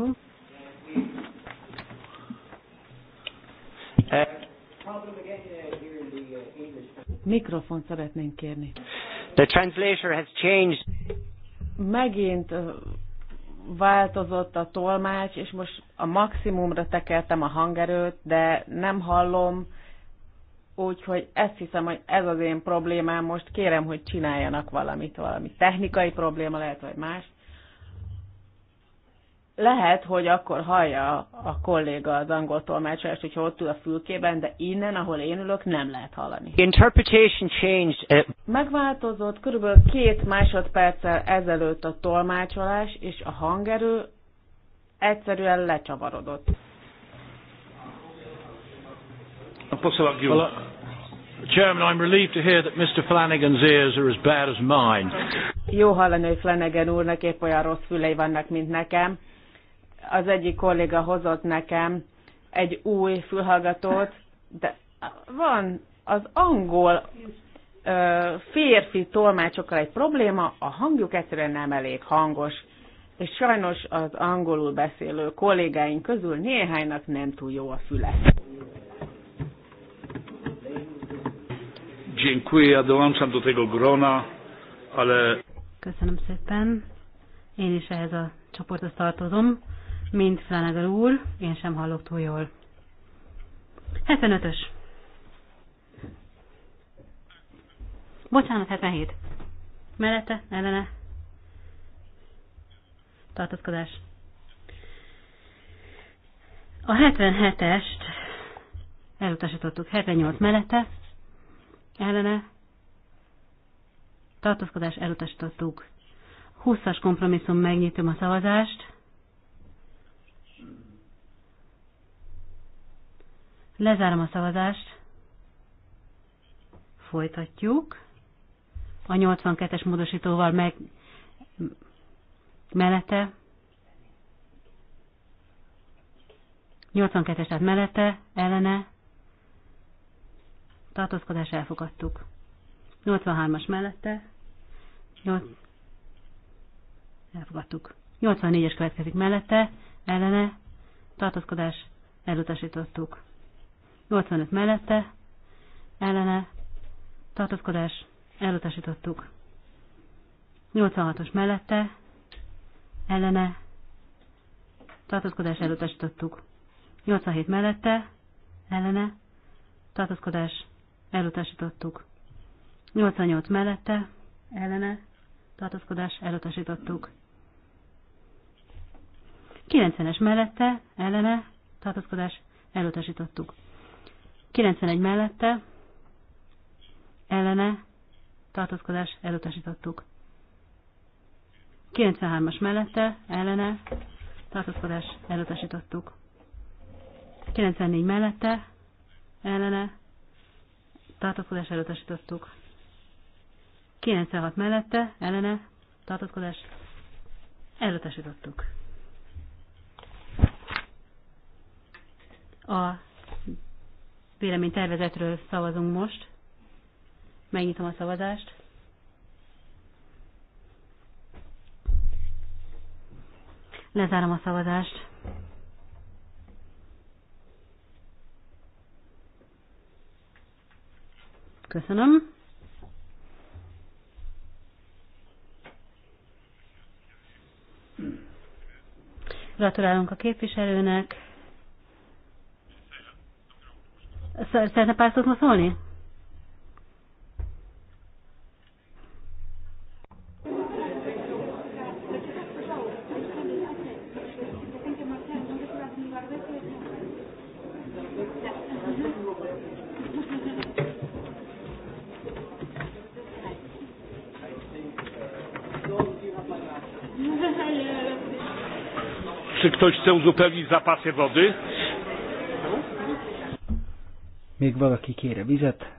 Speaker 3: Mikrofon
Speaker 4: szeretnénk kérni.
Speaker 5: The translator
Speaker 4: has changed. Megint változott a tolmács, és most a maximumra tekertem a hangerőt, de nem hallom, úgyhogy ezt hiszem, hogy ez az én problémám, most kérem, hogy csináljanak valamit, valami technikai probléma lehet, vagy más lehet, hogy akkor hallja a kolléga az angol tolmácsolást, hogyha ott ül a fülkében, de innen, ahol én ülök, nem lehet hallani.
Speaker 3: Interpretation changed. Uh,
Speaker 4: Megváltozott körülbelül két másodperccel ezelőtt a tolmácsolás, és a hangerő egyszerűen lecsavarodott.
Speaker 1: Uh, Chairman, I'm relieved to hear that Mr. Flanagan's ears are as bad as mine.
Speaker 4: Jó hallani, hogy Flanagan úrnak épp olyan rossz fülei vannak, mint nekem az egyik kolléga hozott nekem egy új fülhallgatót, de van az angol ö, férfi tolmácsokkal egy probléma, a hangjuk egyszerűen nem elég hangos, és sajnos az angolul beszélő kollégáink közül néhánynak nem túl jó a füle.
Speaker 3: Köszönöm szépen. Én is ehhez a csoporthoz tartozom mint Flanagan úr, én sem hallok túl jól. 75-ös. Bocsánat, 77. Mellette, ellene. Tartozkodás. A 77-est elutasítottuk. 78 mellette, ellene. Tartózkodás elutasítottuk. 20-as kompromisszum megnyitom a szavazást. Lezárom a szavazást. Folytatjuk. A 82-es módosítóval meg mellette. 82-es, tehát mellette, ellene. Tartózkodás elfogadtuk. 83-as mellette. 8... Elfogadtuk. 84-es következik mellette, ellene. Tartózkodás elutasítottuk. 85 mellette, ellene, tartózkodás, elutasítottuk. 86-os mellette, ellene, tartózkodás, elutasítottuk. 87 mellette, ellene, tartózkodás, elutasítottuk. 88 mellette, ellene, tartózkodás, elutasítottuk. 90-es mellette, ellene, tartózkodás, elutasítottuk. 91 mellette ellene tartózkodás elutasítottuk. 93-as mellette ellene tartózkodás elutasítottuk. 94 mellette ellene tartózkodás elutasítottuk. 96 mellette ellene tartózkodás elutasítottuk. A véleménytervezetről szavazunk most. Megnyitom a szavazást. Lezárom a szavazást. Köszönöm. Gratulálunk a képviselőnek. Szeretne pár szót szólni?
Speaker 1: Czy ktoś chce uzupełnić zapasy wody?
Speaker 2: Még valaki kére vizet?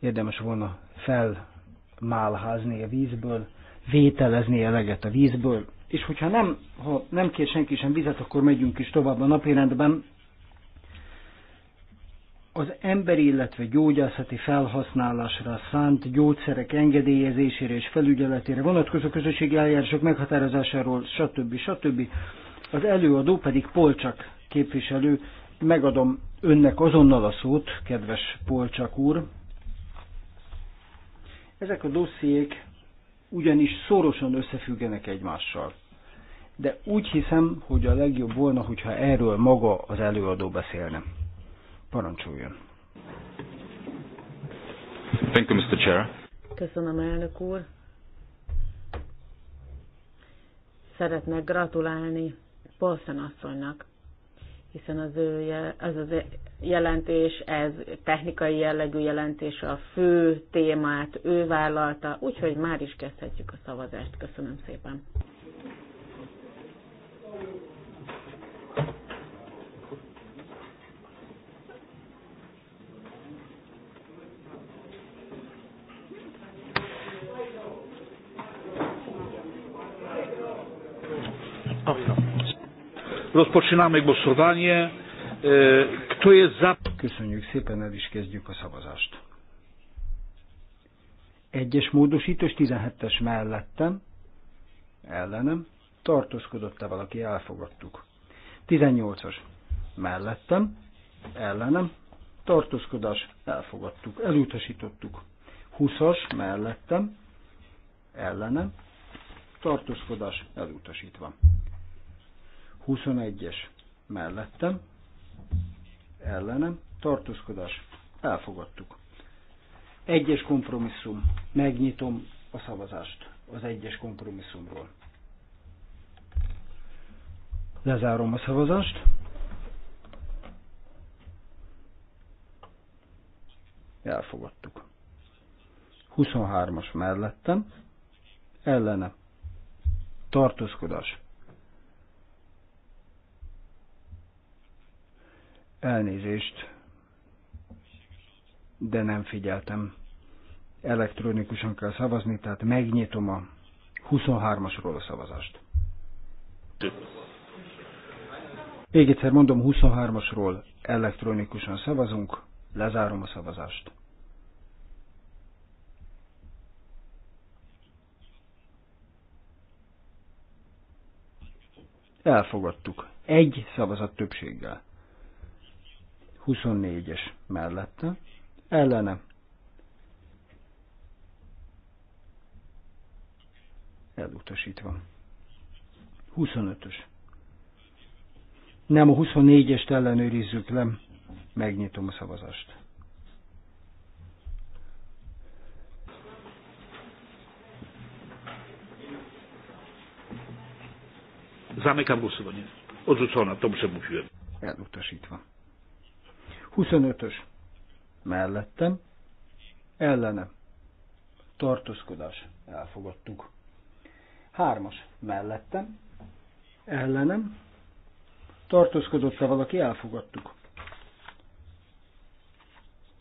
Speaker 2: Érdemes volna felmálházni a vízből, vételezni eleget a vízből, és hogyha nem, ha nem kér senki sem vizet, akkor megyünk is tovább a napirendben. Az emberi, illetve gyógyászati felhasználásra szánt gyógyszerek engedélyezésére és felügyeletére vonatkozó közösségi eljárások meghatározásáról, stb. stb. Az előadó pedig Polcsak képviselő. Megadom önnek azonnal a szót, kedves Polcsak úr. Ezek a dossziék ugyanis szorosan összefüggenek egymással. De úgy hiszem, hogy a legjobb volna, hogyha erről maga az előadó beszélne. Parancsoljon.
Speaker 1: Thank you, Mr. Chair.
Speaker 4: Köszönöm, elnök úr. Szeretnék gratulálni Paulsen asszonynak hiszen az, ő, az az jelentés, ez technikai jellegű jelentés, a fő témát ő vállalta, úgyhogy már is kezdhetjük a szavazást. Köszönöm szépen.
Speaker 1: Rozpoczynamy głosowanie. E, kto jest za? Köszönjük szépen, el is kezdjük a szavazást. Egyes módosítós 17-es
Speaker 2: mellettem, ellenem, tartózkodott-e valaki, elfogadtuk. 18-as mellettem, ellenem, tartózkodás, elfogadtuk, elutasítottuk. 20-as mellettem, ellenem, tartózkodás elutasítva. 21-es mellettem, ellenem, tartózkodás, elfogadtuk. Egyes kompromisszum, megnyitom a szavazást az egyes kompromisszumról. Lezárom a szavazást. Elfogadtuk. 23-as mellettem, ellene, tartózkodás, Elnézést, de nem figyeltem. Elektronikusan kell szavazni, tehát megnyitom a 23-asról a szavazást. Még egyszer mondom, 23-asról elektronikusan szavazunk, lezárom a szavazást. Elfogadtuk. Egy szavazat többséggel. 24-es mellette, ellene, elutasítva. 25-ös. Nem, a 24-est ellenőrizzük le, megnyitom a szavazást.
Speaker 1: Zamykam głosowanie. Odrzucona, to muszę mówić. Elutasítva. 25-ös mellettem, ellenem, tartózkodás,
Speaker 2: elfogadtuk. 3-as mellettem, ellenem, tartózkodott-e valaki, elfogadtuk.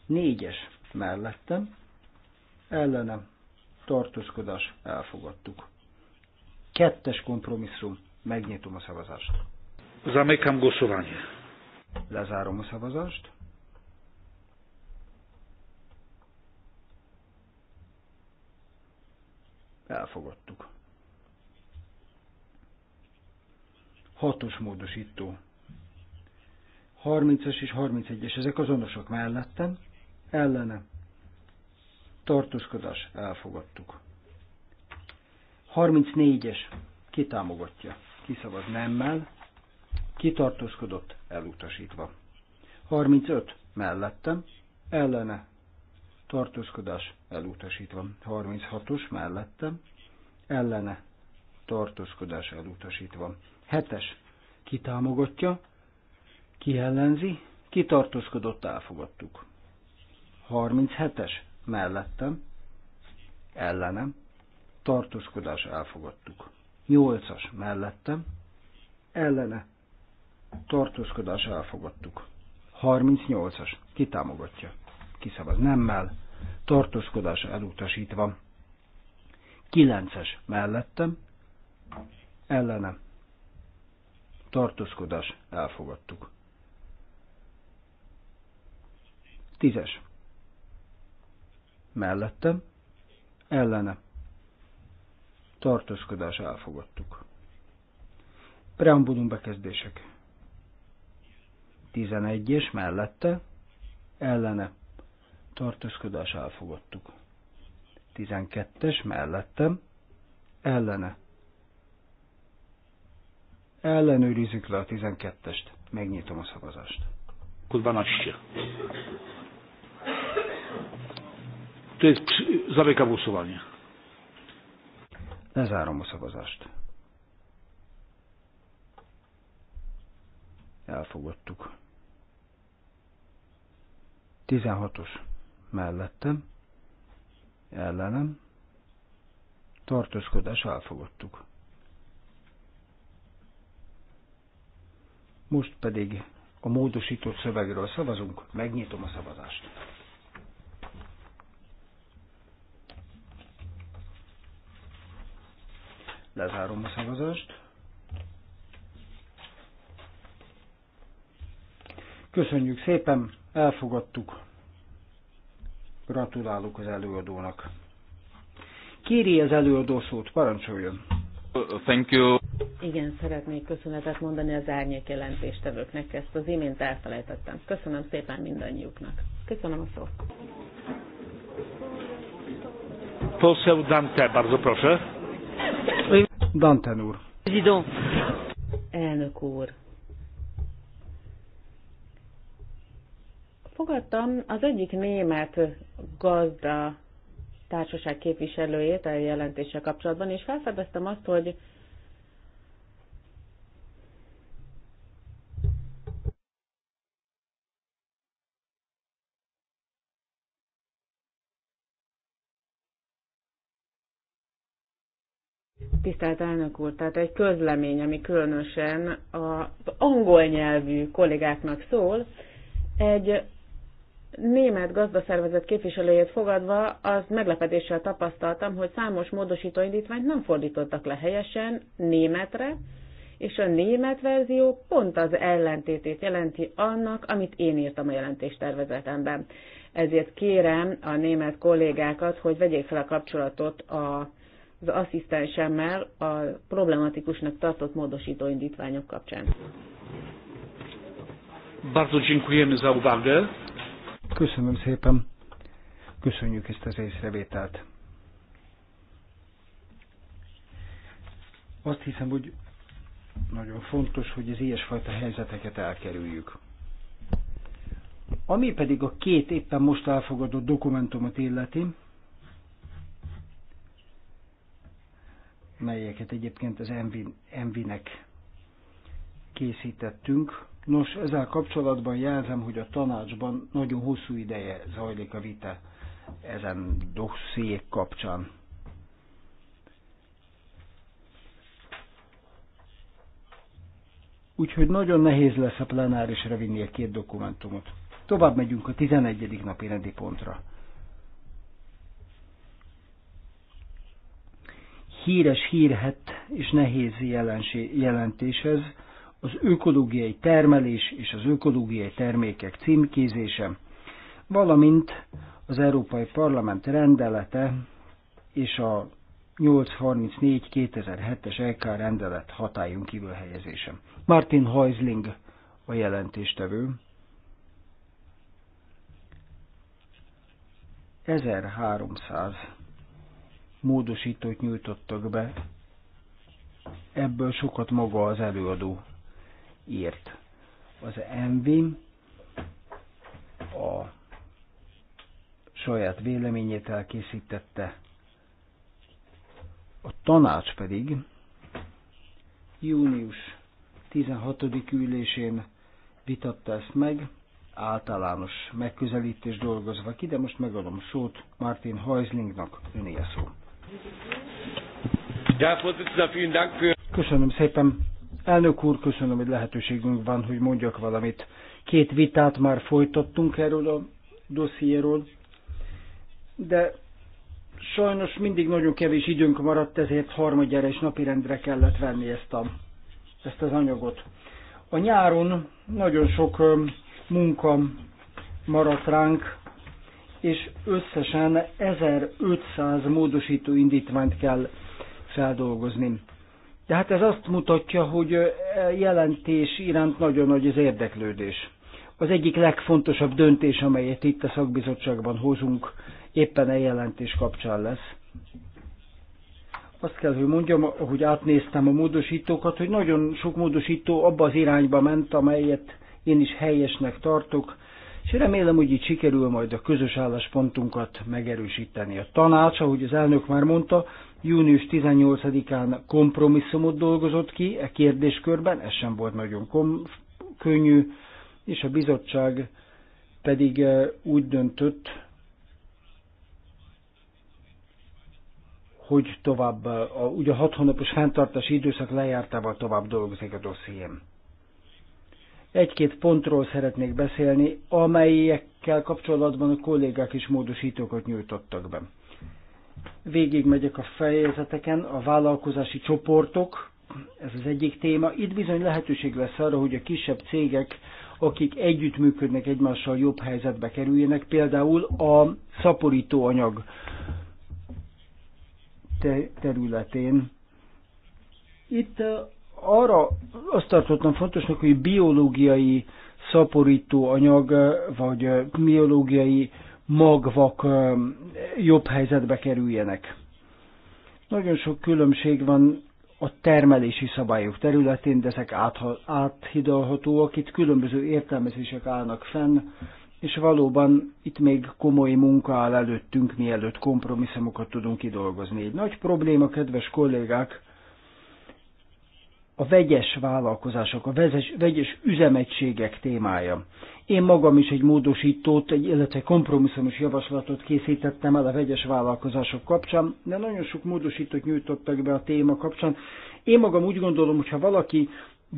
Speaker 2: 4-es mellettem, ellenem, tartózkodás, elfogadtuk. Kettes kompromisszum, megnyitom a szavazást.
Speaker 1: Zamykam głosowanie. Lezárom a szavazást.
Speaker 2: Elfogadtuk. Hatos módosító. 30-as és 31-es, ezek azonosok mellettem, ellene. Tartózkodás, elfogadtuk. 34-es, kitámogatja, kiszavaz nemmel, kitartózkodott, elutasítva. 35, mellettem, ellene, tartózkodás elutasítva. 36-os mellette ellene tartózkodás elutasítva. 7-es kitámogatja, kiellenzi, kitartózkodott elfogadtuk. 37-es mellettem, ellenem, tartózkodás elfogadtuk. 8-as mellettem, ellene, tartózkodás elfogadtuk. 38-as kitámogatja, kiszavaz nemmel, tartózkodása elutasítva. 9-es mellettem, ellenem, tartózkodás elfogadtuk. 10-es mellettem, ellenem, tartózkodás elfogadtuk. Preambulum bekezdések. 11-es mellette, ellene, tartózkodás elfogadtuk. 12-es mellettem, ellene. Ellenőrizzük le a
Speaker 1: 12-est. Megnyitom a szavazást. Kurwa naście. To jest zamykam głosowanie. Lezárom a szavazást.
Speaker 2: Elfogadtuk. 16-os mellettem, ellenem, tartózkodás elfogadtuk. Most pedig a módosított szövegről szavazunk, megnyitom a szavazást. Lezárom a szavazást. Köszönjük szépen, elfogadtuk. Gratulálok az előadónak. Kéri az előadó szót, parancsoljon.
Speaker 1: Thank you.
Speaker 4: Igen, szeretnék köszönetet mondani az árnyék jelentéstevőknek, ezt az imént elfelejtettem. Köszönöm szépen mindannyiuknak. Köszönöm a szót.
Speaker 1: Poseł Dante, bardzo proszę.
Speaker 4: Dante úr. Elnök úr, Fogadtam az egyik német gazda társaság képviselőjét a jelentéssel kapcsolatban, és felfedeztem azt, hogy Tisztelt elnök úr, tehát egy közlemény, ami különösen az angol nyelvű kollégáknak szól, egy német gazdaszervezet képviselőjét fogadva, az meglepetéssel tapasztaltam, hogy számos módosító indítványt nem fordítottak le helyesen németre, és a német verzió pont az ellentétét jelenti annak, amit én írtam a jelentéstervezetemben. Ezért kérem a német kollégákat, hogy vegyék fel a kapcsolatot a, az asszisztensemmel a problematikusnak tartott módosító indítványok kapcsán.
Speaker 1: Bardzo dziękujemy za uwagę. Köszönöm
Speaker 2: szépen. Köszönjük ezt az észrevételt. Azt hiszem, hogy nagyon fontos, hogy az ilyesfajta helyzeteket elkerüljük. Ami pedig a két éppen most elfogadott dokumentumot illeti, melyeket egyébként az envinek készítettünk, Nos, ezzel kapcsolatban jelzem, hogy a tanácsban nagyon hosszú ideje zajlik a vita ezen dossziék kapcsán. Úgyhogy nagyon nehéz lesz a plenárisra vinni a két dokumentumot. Tovább megyünk a 11. napi rendi pontra. Híres hírhet és nehéz jelensé, jelentés ez az ökológiai termelés és az ökológiai termékek címkézése, valamint az Európai Parlament rendelete és a 834-2007-es EK rendelet hatályunk kívül helyezése. Martin Heusling a jelentéstevő. 1300 módosítót nyújtottak be, ebből sokat maga az előadó írt. Az Envi a saját véleményét elkészítette, a tanács pedig június 16. ülésén vitatta ezt meg, általános megközelítés dolgozva ki, de most megadom szót Martin Heuslingnak, öné a szó. Köszönöm szépen Elnök úr, köszönöm, hogy lehetőségünk van, hogy mondjak valamit. Két vitát már folytattunk erről a dossziéről, de sajnos mindig nagyon kevés időnk maradt, ezért harmadjára napi napirendre kellett venni ezt, a, ezt az anyagot. A nyáron nagyon sok munka maradt ránk, és összesen 1500 módosító indítványt kell feldolgozni. De hát ez azt mutatja, hogy e, jelentés iránt nagyon nagy az érdeklődés. Az egyik legfontosabb döntés, amelyet itt a szakbizottságban hozunk, éppen a e jelentés kapcsán lesz. Azt kell, hogy mondjam, hogy átnéztem a módosítókat, hogy nagyon sok módosító abba az irányba ment, amelyet én is helyesnek tartok, és remélem, hogy így sikerül majd a közös álláspontunkat megerősíteni. A tanács, ahogy az elnök már mondta, június 18-án kompromisszumot dolgozott ki e kérdéskörben, ez sem volt nagyon kom- könnyű, és a bizottság pedig e, úgy döntött, hogy tovább, e, a, ugye a hat hónapos fenntartási időszak lejártával tovább dolgozik a dossziém. Egy-két pontról szeretnék beszélni, amelyekkel kapcsolatban a kollégák is módosítókat nyújtottak be végigmegyek a fejezeteken, a vállalkozási csoportok, ez az egyik téma. Itt bizony lehetőség lesz arra, hogy a kisebb cégek, akik együttműködnek egymással jobb helyzetbe kerüljenek, például a szaporítóanyag területén. Itt arra azt tartottam fontosnak, hogy biológiai szaporítóanyag vagy biológiai magvak jobb helyzetbe kerüljenek. Nagyon sok különbség van a termelési szabályok területén, de ezek áthidalhatóak, itt különböző értelmezések állnak fenn, és valóban itt még komoly munka áll előttünk, mielőtt kompromisszumokat tudunk kidolgozni. Egy nagy probléma, kedves kollégák, a vegyes vállalkozások, a vegyes üzemegységek témája. Én magam is egy módosítót, egy, illetve kompromisszumos javaslatot készítettem el a vegyes vállalkozások kapcsán, de nagyon sok módosítót nyújtottak be a téma kapcsán. Én magam úgy gondolom, hogy ha valaki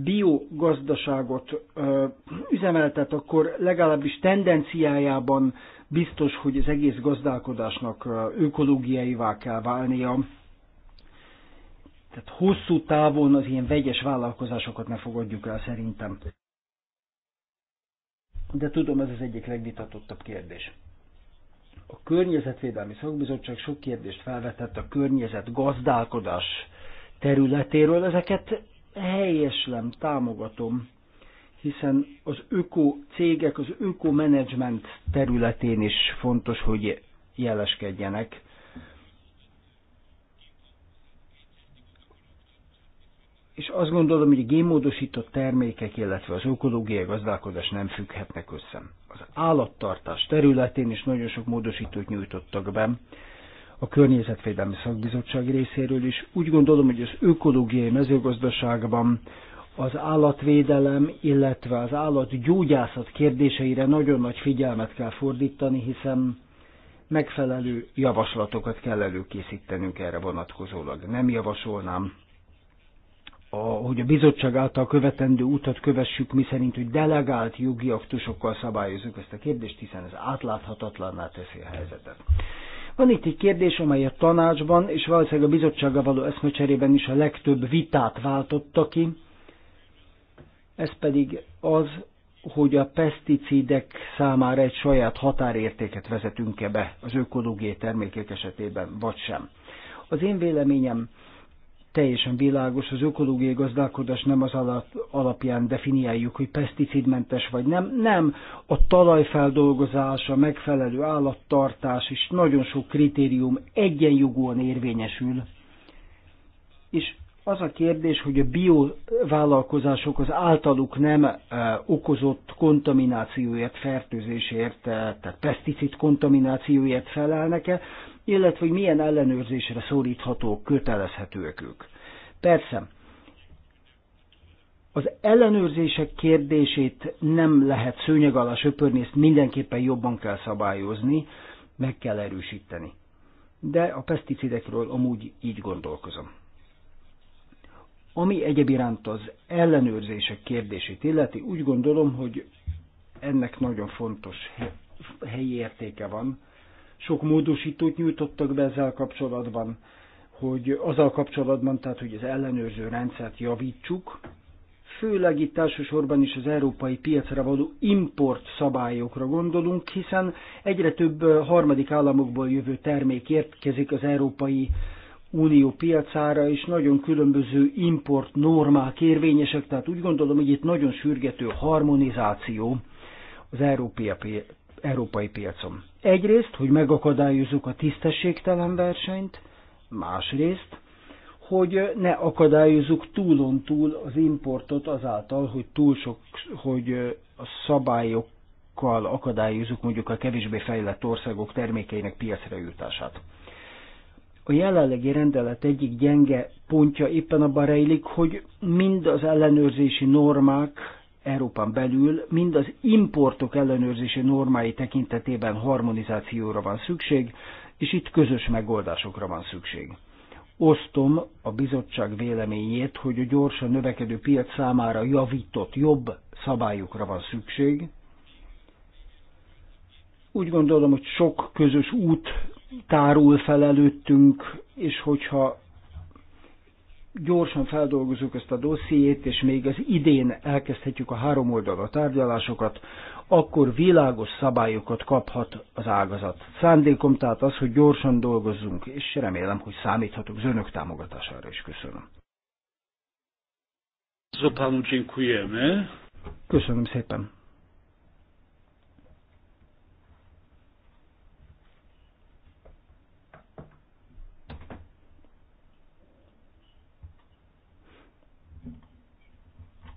Speaker 2: biogazdaságot ö, üzemeltet, akkor legalábbis tendenciájában biztos, hogy az egész gazdálkodásnak ökológiaivá kell válnia. Tehát hosszú távon az ilyen vegyes vállalkozásokat ne fogadjuk el szerintem de tudom, ez az egyik legvitatottabb kérdés. A Környezetvédelmi Szakbizottság sok kérdést felvetett a környezet gazdálkodás területéről, ezeket helyeslem, támogatom, hiszen az öko cégek az öko menedzsment területén is fontos, hogy jeleskedjenek. és azt gondolom, hogy a gémódosított termékek, illetve az ökológiai gazdálkodás nem függhetnek össze. Az állattartás területén is nagyon sok módosítót nyújtottak be, a Környezetvédelmi Szakbizottság részéről is. Úgy gondolom, hogy az ökológiai mezőgazdaságban az állatvédelem, illetve az állatgyógyászat kérdéseire nagyon nagy figyelmet kell fordítani, hiszen megfelelő javaslatokat kell előkészítenünk erre vonatkozólag. Nem javasolnám, a, hogy a bizottság által követendő utat kövessük, mi szerint, hogy delegált jogi aktusokkal szabályozunk ezt a kérdést, hiszen ez átláthatatlanná teszi a helyzetet. Van itt egy kérdés, amely a tanácsban és valószínűleg a bizottsággal való eszmecserében is a legtöbb vitát váltotta ki, ez pedig az, hogy a peszticidek számára egy saját határértéket vezetünk-e be az ökológiai termékek esetében, vagy sem. Az én véleményem teljesen világos, az ökológiai gazdálkodás nem az alapján definiáljuk, hogy peszticidmentes vagy nem. Nem, a talajfeldolgozás, a megfelelő állattartás és nagyon sok kritérium egyenjogúan érvényesül. És az a kérdés, hogy a biovállalkozások az általuk nem e, okozott kontaminációért, fertőzésért, e, tehát peszticid kontaminációért felelnek-e, illetve hogy milyen ellenőrzésre szoríthatók, kötelezhetőek ők. Persze, az ellenőrzések kérdését nem lehet szőnyeg alá söpörni, ezt mindenképpen jobban kell szabályozni, meg kell erősíteni. De a peszticidekről amúgy így gondolkozom. Ami egyéb iránt az ellenőrzések kérdését illeti, úgy gondolom, hogy ennek nagyon fontos helyi értéke van, sok módosítót nyújtottak be ezzel kapcsolatban, hogy azzal kapcsolatban, tehát hogy az ellenőrző rendszert javítsuk, főleg itt elsősorban is az európai piacra való import szabályokra gondolunk, hiszen egyre több harmadik államokból jövő termék érkezik az európai unió piacára, és nagyon különböző import normák érvényesek, tehát úgy gondolom, hogy itt nagyon sürgető harmonizáció az európai, piacon. Egyrészt, hogy megakadályozzuk a tisztességtelen versenyt, másrészt, hogy ne akadályozzuk túlon túl az importot azáltal, hogy túl sok, hogy a szabályokkal akadályozzuk mondjuk a kevésbé fejlett országok termékeinek piacra jutását. A jelenlegi rendelet egyik gyenge pontja éppen abban rejlik, hogy mind az ellenőrzési normák Európán belül mind az importok ellenőrzési normái tekintetében harmonizációra van szükség, és itt közös megoldásokra van szükség. Osztom a bizottság véleményét, hogy a gyorsan növekedő piac számára javított jobb szabályokra van szükség. Úgy gondolom, hogy sok közös út tárul fel előttünk, és hogyha gyorsan feldolgozzuk ezt a dossziét, és még az idén elkezdhetjük a három oldalra tárgyalásokat, akkor világos szabályokat kaphat az ágazat. Szándékom tehát az, hogy gyorsan dolgozzunk, és remélem, hogy számíthatok az önök támogatására is. Köszönöm. Köszönöm szépen.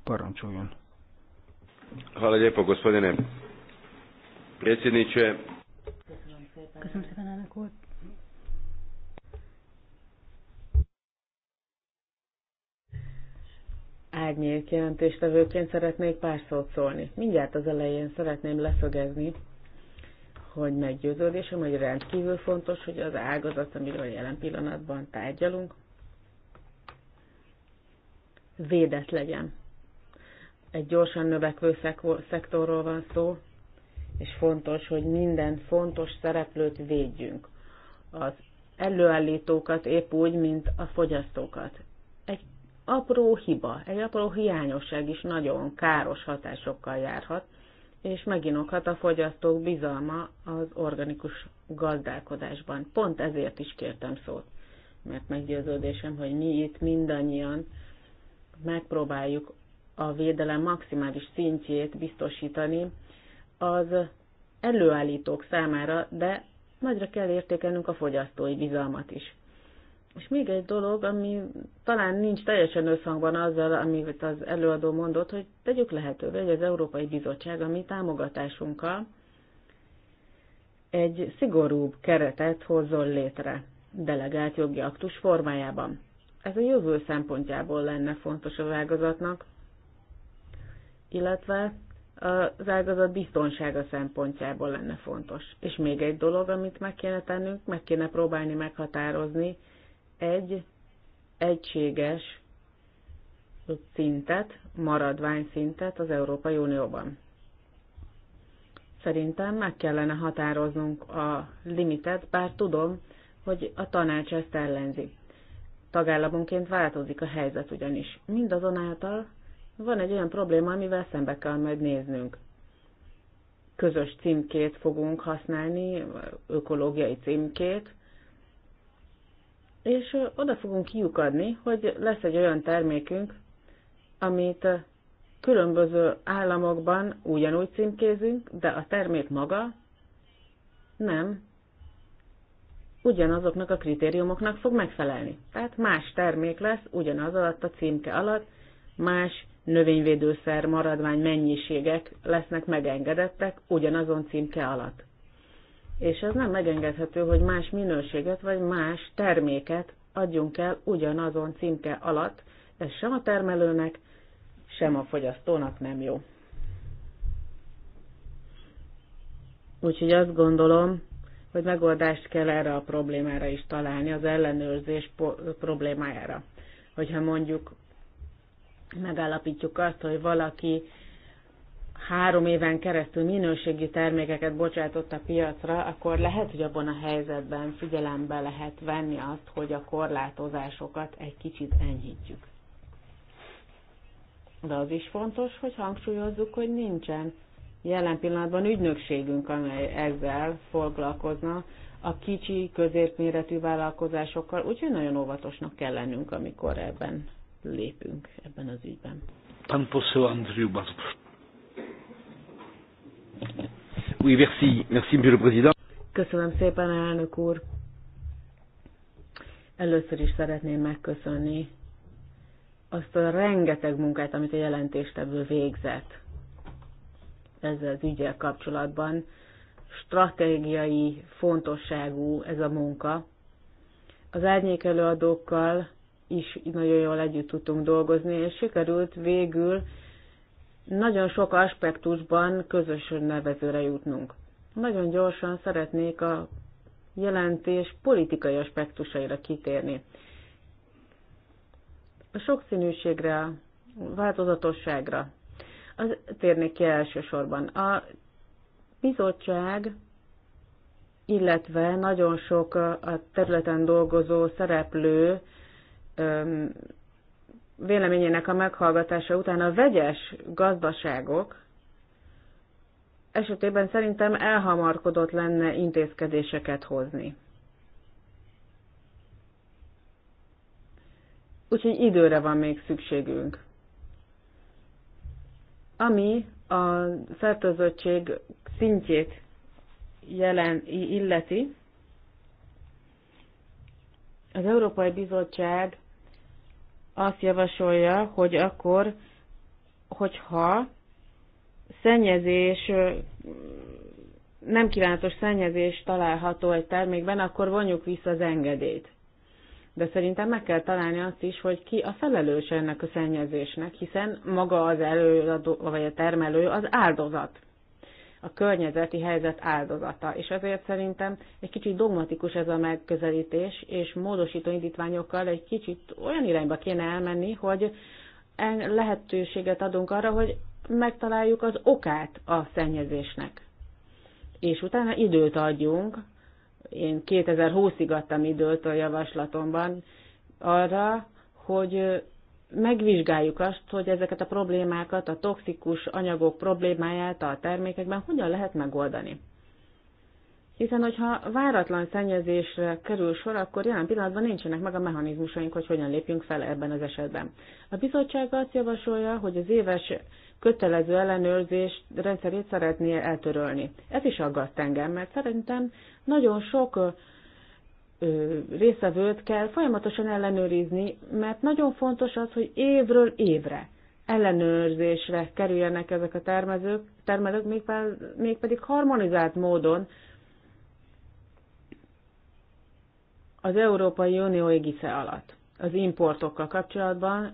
Speaker 2: Parancsoljon.
Speaker 1: Hvala lijepo, gospodine predsjedniče.
Speaker 5: Köszönöm szépen, Köszönöm úr.
Speaker 4: árnyék jelentéstevőként szeretnék pár szót szólni. Mindjárt az elején szeretném leszögezni, hogy meggyőződésem, hogy rendkívül fontos, hogy az ágazat, amiről jelen pillanatban tárgyalunk, védett legyen egy gyorsan növekvő szektorról van szó, és fontos, hogy minden fontos szereplőt védjünk. Az előállítókat épp úgy, mint a fogyasztókat. Egy apró hiba, egy apró hiányosság is nagyon káros hatásokkal járhat, és meginokhat a fogyasztók bizalma az organikus gazdálkodásban. Pont ezért is kértem szót, mert meggyőződésem, hogy mi itt mindannyian megpróbáljuk a védelem maximális szintjét biztosítani az előállítók számára, de nagyra kell értékelnünk a fogyasztói bizalmat is. És még egy dolog, ami talán nincs teljesen összhangban azzal, amit az előadó mondott, hogy tegyük lehetővé, hogy az Európai Bizottság a mi támogatásunkkal egy szigorúbb keretet hozzon létre, delegált jogi aktus formájában. Ez a jövő szempontjából lenne fontos a vágazatnak, illetve az ágazat biztonsága szempontjából lenne fontos. És még egy dolog, amit meg kéne tennünk, meg kéne próbálni meghatározni egy egységes szintet, maradvány szintet az Európai Unióban. Szerintem meg kellene határoznunk a limitet, bár tudom, hogy a tanács ezt ellenzi. Tagállamonként változik a helyzet ugyanis. Mindazonáltal van egy olyan probléma, amivel szembe kell majd néznünk. Közös címkét fogunk használni, ökológiai címkét, és oda fogunk kiukadni, hogy lesz egy olyan termékünk, amit különböző államokban ugyanúgy címkézünk, de a termék maga nem ugyanazoknak a kritériumoknak fog megfelelni. Tehát más termék lesz ugyanaz alatt a címke alatt, más növényvédőszer maradvány mennyiségek lesznek megengedettek ugyanazon címke alatt. És ez nem megengedhető, hogy más minőséget vagy más terméket adjunk el ugyanazon címke alatt, ez sem a termelőnek, sem a fogyasztónak nem jó. Úgyhogy azt gondolom, hogy megoldást kell erre a problémára is találni, az ellenőrzés problémájára. Hogyha mondjuk megállapítjuk azt, hogy valaki három éven keresztül minőségi termékeket bocsátott a piacra, akkor lehet, hogy abban a helyzetben figyelembe lehet venni azt, hogy a korlátozásokat egy kicsit enyhítjük. De az is fontos, hogy hangsúlyozzuk, hogy nincsen jelen pillanatban ügynökségünk, amely ezzel foglalkozna a kicsi, középméretű vállalkozásokkal, úgyhogy nagyon óvatosnak kell lennünk, amikor ebben lépünk ebben az ügyben.
Speaker 1: Pan poseł Andriu, Oui, merci, merci, monsieur le président.
Speaker 4: Köszönöm szépen, elnök úr. Először is szeretném megköszönni azt a rengeteg munkát, amit a jelentéstevő végzett ezzel az ügyel kapcsolatban. Stratégiai fontosságú ez a munka. Az árnyék előadókkal is nagyon jól együtt tudtunk dolgozni, és sikerült végül nagyon sok aspektusban közös nevezőre jutnunk. Nagyon gyorsan szeretnék a jelentés politikai aspektusaira kitérni. A sokszínűségre, a változatosságra az térnék ki elsősorban. A bizottság, illetve nagyon sok a területen dolgozó szereplő véleményének a meghallgatása után a vegyes gazdaságok esetében szerintem elhamarkodott lenne intézkedéseket hozni. Úgyhogy időre van még szükségünk. Ami a fertőzöttség szintjét jelen, illeti, az Európai Bizottság azt javasolja, hogy akkor, hogyha szennyezés, nem kívánatos szennyezés található egy termékben, akkor vonjuk vissza az engedélyt. De szerintem meg kell találni azt is, hogy ki a felelős ennek a szennyezésnek, hiszen maga az előadó, vagy a termelő az áldozat a környezeti helyzet áldozata. És ezért szerintem egy kicsit dogmatikus ez a megközelítés, és módosító indítványokkal egy kicsit olyan irányba kéne elmenni, hogy lehetőséget adunk arra, hogy megtaláljuk az okát a szennyezésnek. És utána időt adjunk, én 2020-ig adtam időt a javaslatomban arra, hogy megvizsgáljuk azt, hogy ezeket a problémákat, a toxikus anyagok problémáját a termékekben hogyan lehet megoldani. Hiszen, hogyha váratlan szennyezésre kerül sor, akkor jelen pillanatban nincsenek meg a mechanizmusaink, hogy hogyan lépjünk fel ebben az esetben. A bizottság azt javasolja, hogy az éves kötelező ellenőrzés rendszerét szeretné eltörölni. Ez is aggaszt engem, mert szerintem nagyon sok részevőt kell folyamatosan ellenőrizni, mert nagyon fontos az, hogy évről évre ellenőrzésre kerüljenek ezek a termezők, termelők mégpedig harmonizált módon az Európai Unió égisze alatt. Az importokkal kapcsolatban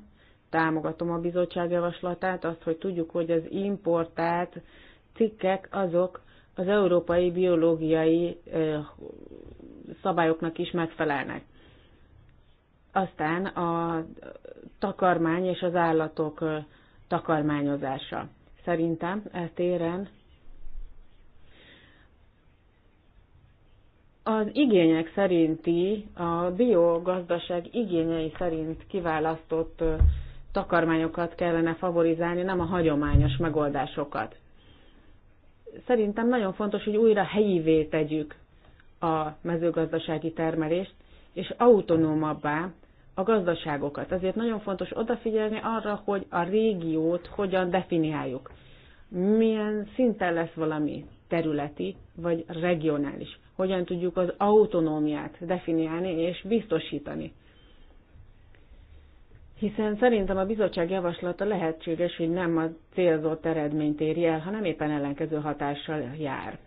Speaker 4: támogatom a bizottság javaslatát, azt, hogy tudjuk, hogy az importált cikkek azok az európai biológiai szabályoknak is megfelelnek. Aztán a takarmány és az állatok takarmányozása. Szerintem e téren az igények szerinti, a biogazdaság igényei szerint kiválasztott takarmányokat kellene favorizálni, nem a hagyományos megoldásokat. Szerintem nagyon fontos, hogy újra helyivé tegyük a mezőgazdasági termelést, és autonómabbá a gazdaságokat. Azért nagyon fontos odafigyelni arra, hogy a régiót hogyan definiáljuk. Milyen szinten lesz valami területi vagy regionális. Hogyan tudjuk az autonómiát definiálni és biztosítani. Hiszen szerintem a bizottság javaslata lehetséges, hogy nem a célzott eredményt éri el, hanem éppen ellenkező hatással jár.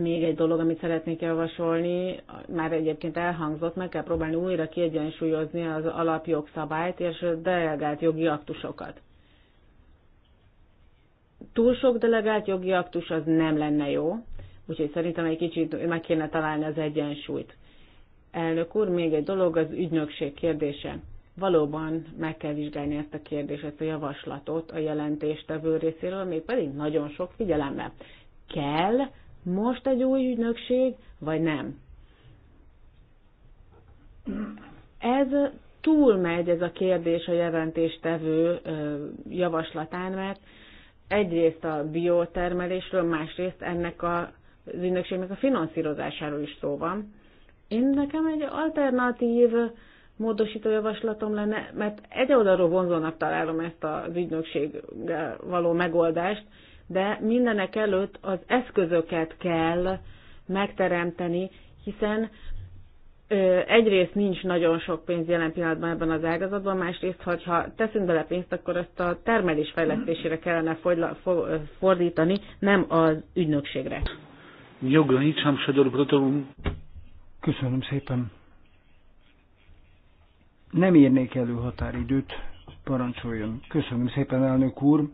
Speaker 4: Még egy dolog, amit szeretnék javasolni, már egyébként elhangzott, meg kell próbálni újra kiegyensúlyozni az alapjogszabályt és a delegált jogi aktusokat. Túl sok delegált jogi aktus az nem lenne jó, úgyhogy szerintem egy kicsit meg kéne találni az egyensúlyt. Elnök úr, még egy dolog, az ügynökség kérdése. Valóban meg kell vizsgálni ezt a kérdést, ezt a javaslatot a jelentéstevő részéről, mégpedig nagyon sok figyelemmel. Kell most egy új ügynökség, vagy nem. Ez túlmegy ez a kérdés a jelentéstevő javaslatán, mert egyrészt a biotermelésről, másrészt ennek a, az ügynökségnek a finanszírozásáról is szó van. Én nekem egy alternatív módosító javaslatom lenne, mert egy oldalról vonzónak találom ezt az ügynökséggel való megoldást, de mindenek előtt az eszközöket kell megteremteni, hiszen egyrészt nincs nagyon sok pénz jelen pillanatban ebben az ágazatban, másrészt, hogyha teszünk bele pénzt, akkor ezt a termelés fejlesztésére kellene fordítani, nem az ügynökségre.
Speaker 1: Köszönöm szépen. Nem
Speaker 2: érnék elő határidőt, parancsoljon. Köszönöm szépen, elnök úr.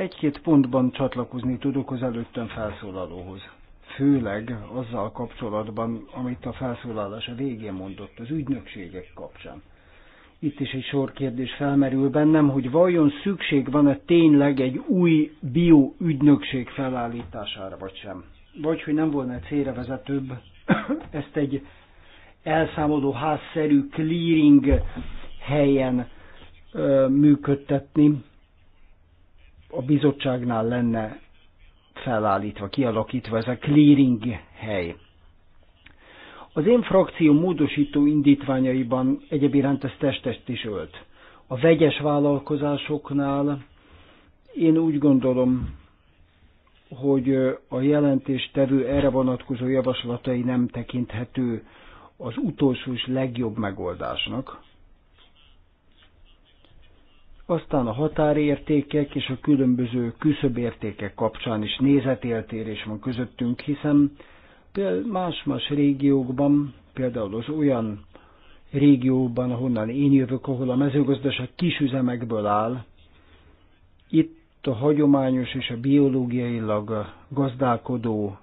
Speaker 2: Egy-két pontban csatlakozni tudok az előttem felszólalóhoz. Főleg azzal kapcsolatban, amit a felszólalás a végén mondott, az ügynökségek kapcsán. Itt is egy sor kérdés felmerül bennem, hogy vajon szükség van-e tényleg egy új bioügynökség felállítására, vagy sem. Vagy hogy nem volna célra vezetőbb ezt egy elszámoló házszerű clearing helyen ö, működtetni, a bizottságnál lenne felállítva, kialakítva ez a clearing hely. Az én frakció módosító indítványaiban iránt ez testest is ölt. A vegyes vállalkozásoknál én úgy gondolom, hogy a tevő erre vonatkozó javaslatai nem tekinthető az utolsó és legjobb megoldásnak. Aztán a határértékek és a különböző küszöbértékek kapcsán is nézeteltérés van közöttünk, hiszen más-más régiókban, például az olyan régióban, ahonnan én jövök, ahol a mezőgazdaság kisüzemekből áll, itt a hagyományos és a biológiailag gazdálkodó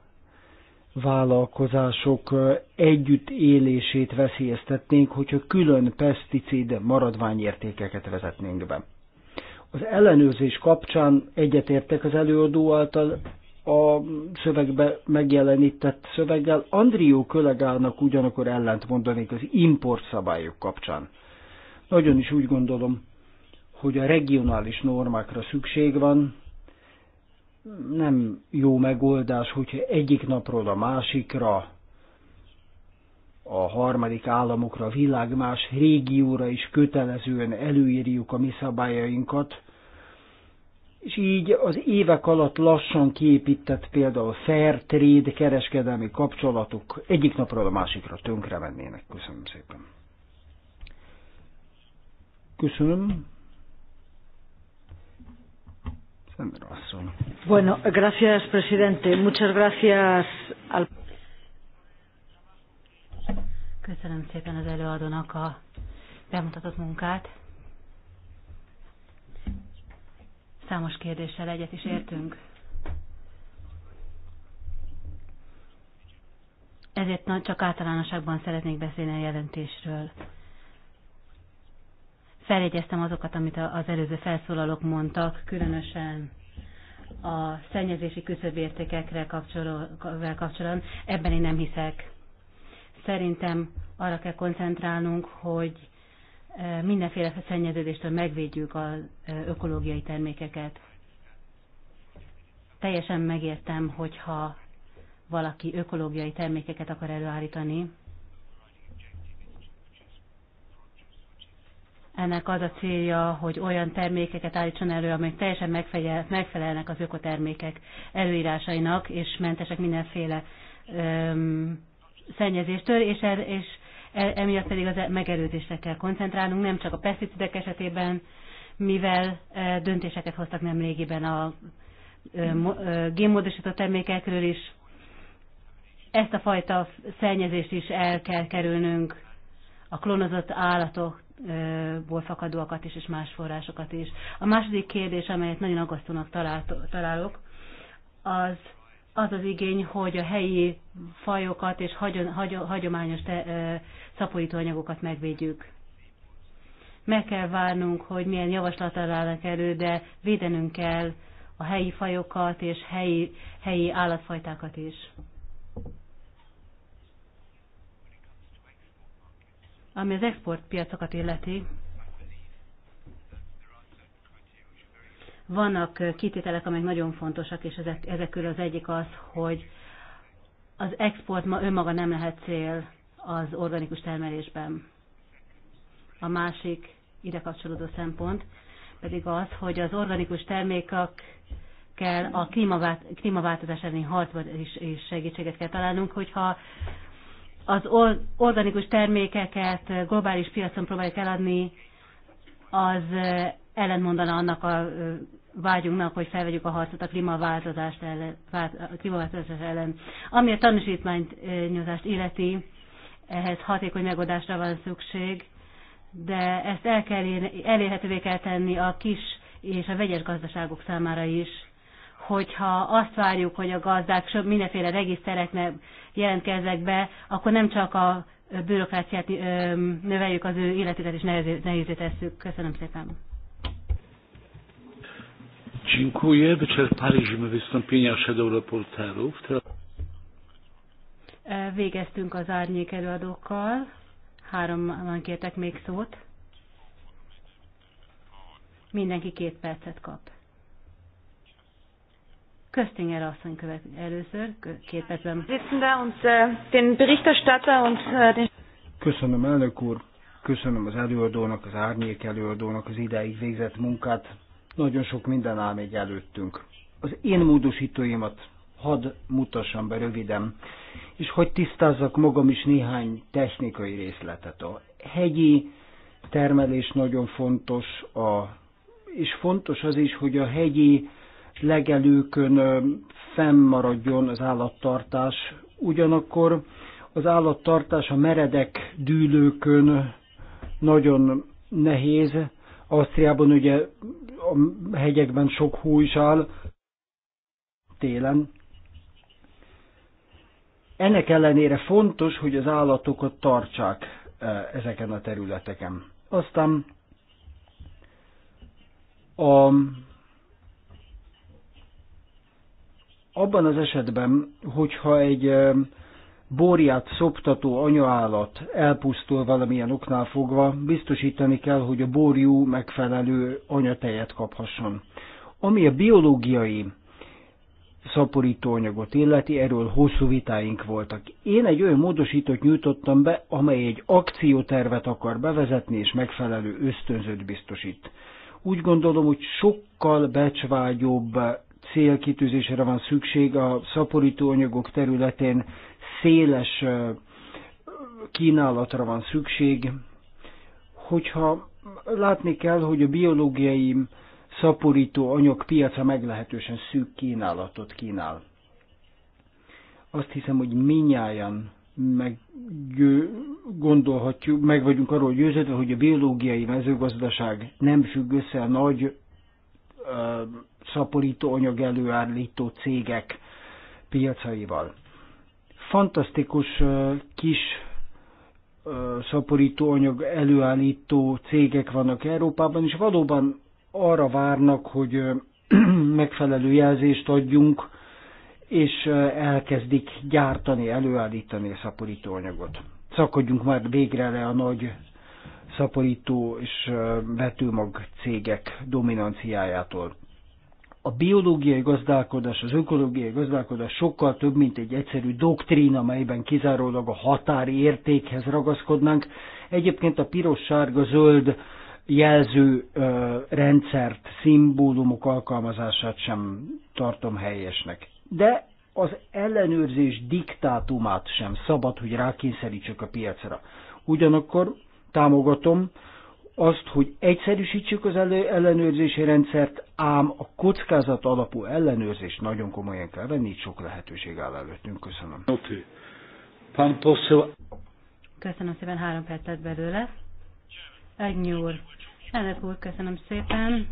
Speaker 2: vállalkozások együtt élését veszélyeztetnénk, hogyha külön peszticid maradványértékeket vezetnénk be. Az ellenőrzés kapcsán egyetértek az előadó által a szövegbe megjelenített szöveggel. Andrió kollégának ugyanakkor ellent mondanék az import szabályok kapcsán. Nagyon is úgy gondolom, hogy a regionális normákra szükség van, nem jó megoldás, hogyha egyik napról a másikra a harmadik államokra, a világ más régióra is kötelezően előírjuk a mi szabályainkat, és így az évek alatt lassan kiépített például fair trade kereskedelmi kapcsolatok egyik napról a másikra tönkre mennének. Köszönöm szépen. Köszönöm.
Speaker 3: Bueno, gracias, presidente. Muchas gracias al... Köszönöm szépen az előadónak a bemutatott munkát. Számos kérdéssel egyet is értünk. Ezért csak általánosságban szeretnék beszélni a jelentésről. Feljegyeztem azokat, amit az előző felszólalók mondtak, különösen a szennyezési küszöbértékekre kapcsolatban. Ebben én nem hiszek Szerintem arra kell koncentrálnunk, hogy e, mindenféle szennyeződéstől megvédjük az e, ökológiai termékeket. Teljesen megértem, hogyha valaki ökológiai termékeket akar előállítani. Ennek az a célja, hogy olyan termékeket állítson elő, amelyek teljesen megfelel, megfelelnek az ökotermékek előírásainak, és mentesek mindenféle öm, szennyezéstől, és, er, és e, emiatt pedig az e, megerőzésre kell koncentrálnunk, nem csak a peszticidek esetében, mivel e, döntéseket hoztak nem régiben a génmódosított termékekről is. Ezt a fajta szennyezést is el kell kerülnünk, a klónozott állatokból fakadóakat is, és más forrásokat is. A második kérdés, amelyet nagyon aggasztónak találok, az az az igény, hogy a helyi fajokat és hagyományos te, szaporítóanyagokat megvédjük. Meg kell várnunk, hogy milyen javaslatára állnak elő, de védenünk kell a helyi fajokat és helyi, helyi állatfajtákat is. Ami az exportpiacokat illeti, Vannak kitételek, amelyek nagyon fontosak, és ezek, ezek körül az egyik az, hogy az export ma önmaga nem lehet cél az organikus termelésben. A másik ide kapcsolódó szempont pedig az, hogy az organikus termékek kell a klímaváltozás elleni harcban is, is segítséget kell találnunk, hogyha az organikus termékeket globális piacon próbáljuk eladni, az ellentmondana annak a vágyunknak, hogy felvegyük a harcot a klímaváltozás ellen, a klímaváltozás ellen. Ami a tanúsítványnyozást illeti, ehhez hatékony megoldásra van szükség, de ezt el kell érni, elérhetővé kell tenni a kis és a vegyes gazdaságok számára is, hogyha azt várjuk, hogy a gazdák mindenféle regisztereknek jelentkeznek be, akkor nem csak a bürokráciát növeljük, az ő életüket is nehézé tesszük. Köszönöm szépen.
Speaker 1: Dziękuję. Wyczerpaliśmy wystąpienia shadow reporterów.
Speaker 3: E, végeztünk az árnyék előadókkal. van kértek még szót. Mindenki két percet kap. Köztinger asszony követ először, két percben. Äh, äh,
Speaker 2: köszönöm elnök úr, köszönöm az előadónak, az árnyék előadónak az idáig végzett munkát. Nagyon sok minden áll még előttünk. Az én módosítóimat hadd mutassam be röviden, és hogy tisztázzak magam is néhány technikai részletet. A hegyi termelés nagyon fontos, a, és fontos az is, hogy a hegyi legelőkön fennmaradjon az állattartás, ugyanakkor az állattartás a meredek dűlőkön nagyon nehéz. Ausztriában ugye a hegyekben sok hó is áll télen. Ennek ellenére fontos, hogy az állatokat tartsák e, ezeken a területeken. Aztán a, abban az esetben, hogyha egy e, borját szoptató anyaállat elpusztul valamilyen oknál fogva, biztosítani kell, hogy a borjú megfelelő anyatejet kaphasson. Ami a biológiai szaporítóanyagot illeti, erről hosszú vitáink voltak. Én egy olyan módosítót nyújtottam be, amely egy akciótervet akar bevezetni és megfelelő ösztönzőt biztosít. Úgy gondolom, hogy sokkal becsvágyóbb célkitűzésre van szükség a szaporítóanyagok területén, széles kínálatra van szükség. Hogyha látni kell, hogy a biológiai szaporító anyag piaca meglehetősen szűk kínálatot kínál. Azt hiszem, hogy minnyáján meg gondolhatjuk, meg vagyunk arról győződve, hogy a biológiai mezőgazdaság nem függ össze a nagy szaporító anyag előállító cégek piacaival fantasztikus kis szaporító anyag előállító cégek vannak Európában, és valóban arra várnak, hogy megfelelő jelzést adjunk, és elkezdik gyártani, előállítani a szaporító anyagot. Szakadjunk már végre le a nagy szaporító és vetőmag cégek dominanciájától a biológiai gazdálkodás, az ökológiai gazdálkodás sokkal több, mint egy egyszerű doktrín, amelyben kizárólag a határi értékhez ragaszkodnánk. Egyébként a piros-sárga-zöld jelző rendszert, szimbólumok alkalmazását sem tartom helyesnek. De az ellenőrzés diktátumát sem szabad, hogy rákényszerítsük a piacra. Ugyanakkor támogatom, azt, hogy egyszerűsítsük az elő, ellenőrzési rendszert, ám a kockázat alapú ellenőrzést nagyon komolyan kell venni, így sok lehetőség áll
Speaker 1: előttünk. Köszönöm.
Speaker 3: Köszönöm szépen, három percet belőle. Egy úr. Elnök úr, köszönöm szépen.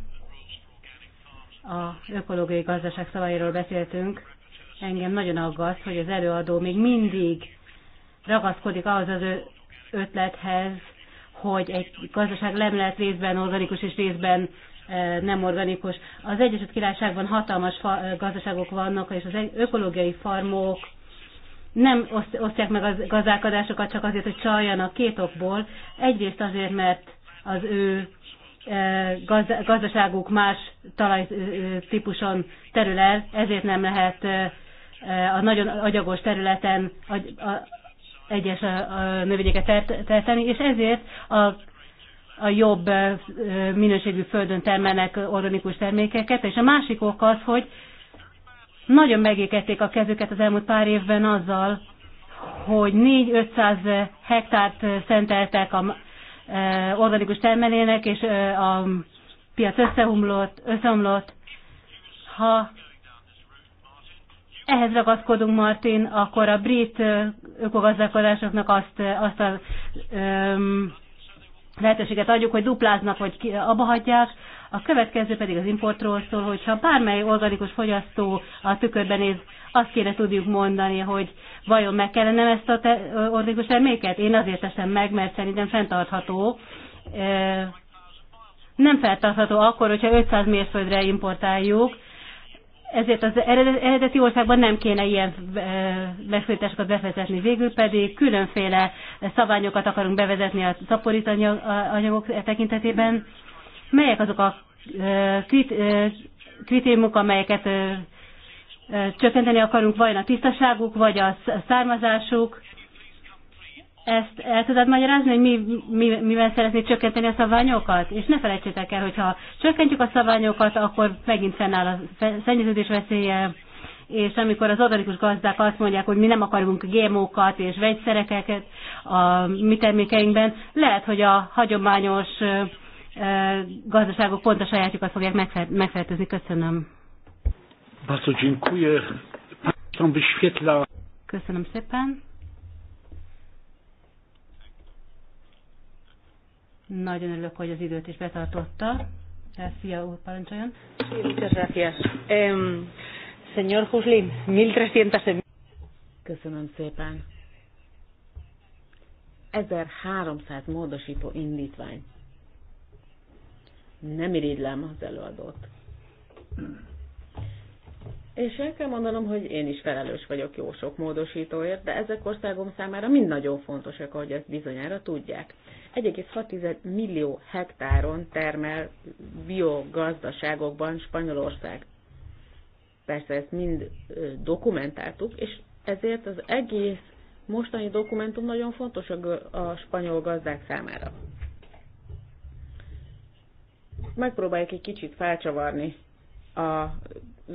Speaker 3: A ökológiai gazdaság szavairól beszéltünk. Engem nagyon aggaszt, hogy az előadó még mindig ragaszkodik ahhoz az ötlethez, hogy egy gazdaság nem lehet részben organikus és részben e, nem organikus. Az Egyesült Királyságban hatalmas e, gazdaságok vannak, és az ökológiai farmok nem osztják meg a gazdálkodásokat csak azért, hogy csaljanak két okból. Egyrészt azért, mert az ő e, gazdaságuk más talajtípuson terül el, ezért nem lehet a nagyon agyagos területen egyes növényeket terteni, és ezért a a jobb minőségű földön termelnek organikus termékeket, és a másik ok az, hogy nagyon megékették a kezüket az elmúlt pár évben azzal, hogy 4-500 hektárt szenteltek a organikus termelének, és a piac összeomlott, összeomlott. Ha ehhez ragaszkodunk, Martin, akkor a brit ökogazdálkodásoknak azt, azt a um, lehetőséget adjuk, hogy dupláznak, vagy abba hagyják. A következő pedig az importról szól, hogyha bármely organikus fogyasztó a tükörben néz, azt kéne tudjuk mondani, hogy vajon meg kellene ezt a te, organikus terméket? Én azért teszem meg, mert szerintem fenntartható. Nem fenntartható akkor, hogyha 500 mérföldre importáljuk, ezért az eredeti országban nem kéne ilyen megszólításokat bevezetni. Végül pedig különféle szabályokat akarunk bevezetni a szaporít anyagok tekintetében. Melyek azok a kritériumok, amelyeket csökkenteni akarunk, vajon a tisztaságuk, vagy a származásuk, ezt el tudod magyarázni, hogy mi, mi, mivel szeretnéd csökkenteni a szabványokat? És ne felejtsétek el, hogyha csökkentjük a szabványokat, akkor megint fennáll a szennyeződés veszélye, és amikor az organikus gazdák azt mondják, hogy mi nem akarunk GMO-kat és vegyszerekeket a mi termékeinkben, lehet, hogy a hagyományos gazdaságok pont a sajátjukat fogják megfertőzni. Köszönöm. Köszönöm szépen. Nagyon örülök, hogy az időt is betartotta. Eh, Szia úr, parancsoljon. 1300...
Speaker 4: Köszönöm szépen. 1300 módosító indítvány. Nem irigylem az előadót. És el kell mondanom, hogy én is felelős vagyok jó sok módosítóért, de ezek országom számára mind nagyon fontosak, ahogy ezt bizonyára tudják. 1,6 millió hektáron termel biogazdaságokban Spanyolország. Persze ezt mind dokumentáltuk, és ezért az egész mostani dokumentum nagyon fontos a, spanyol gazdák számára. Megpróbáljuk egy kicsit felcsavarni az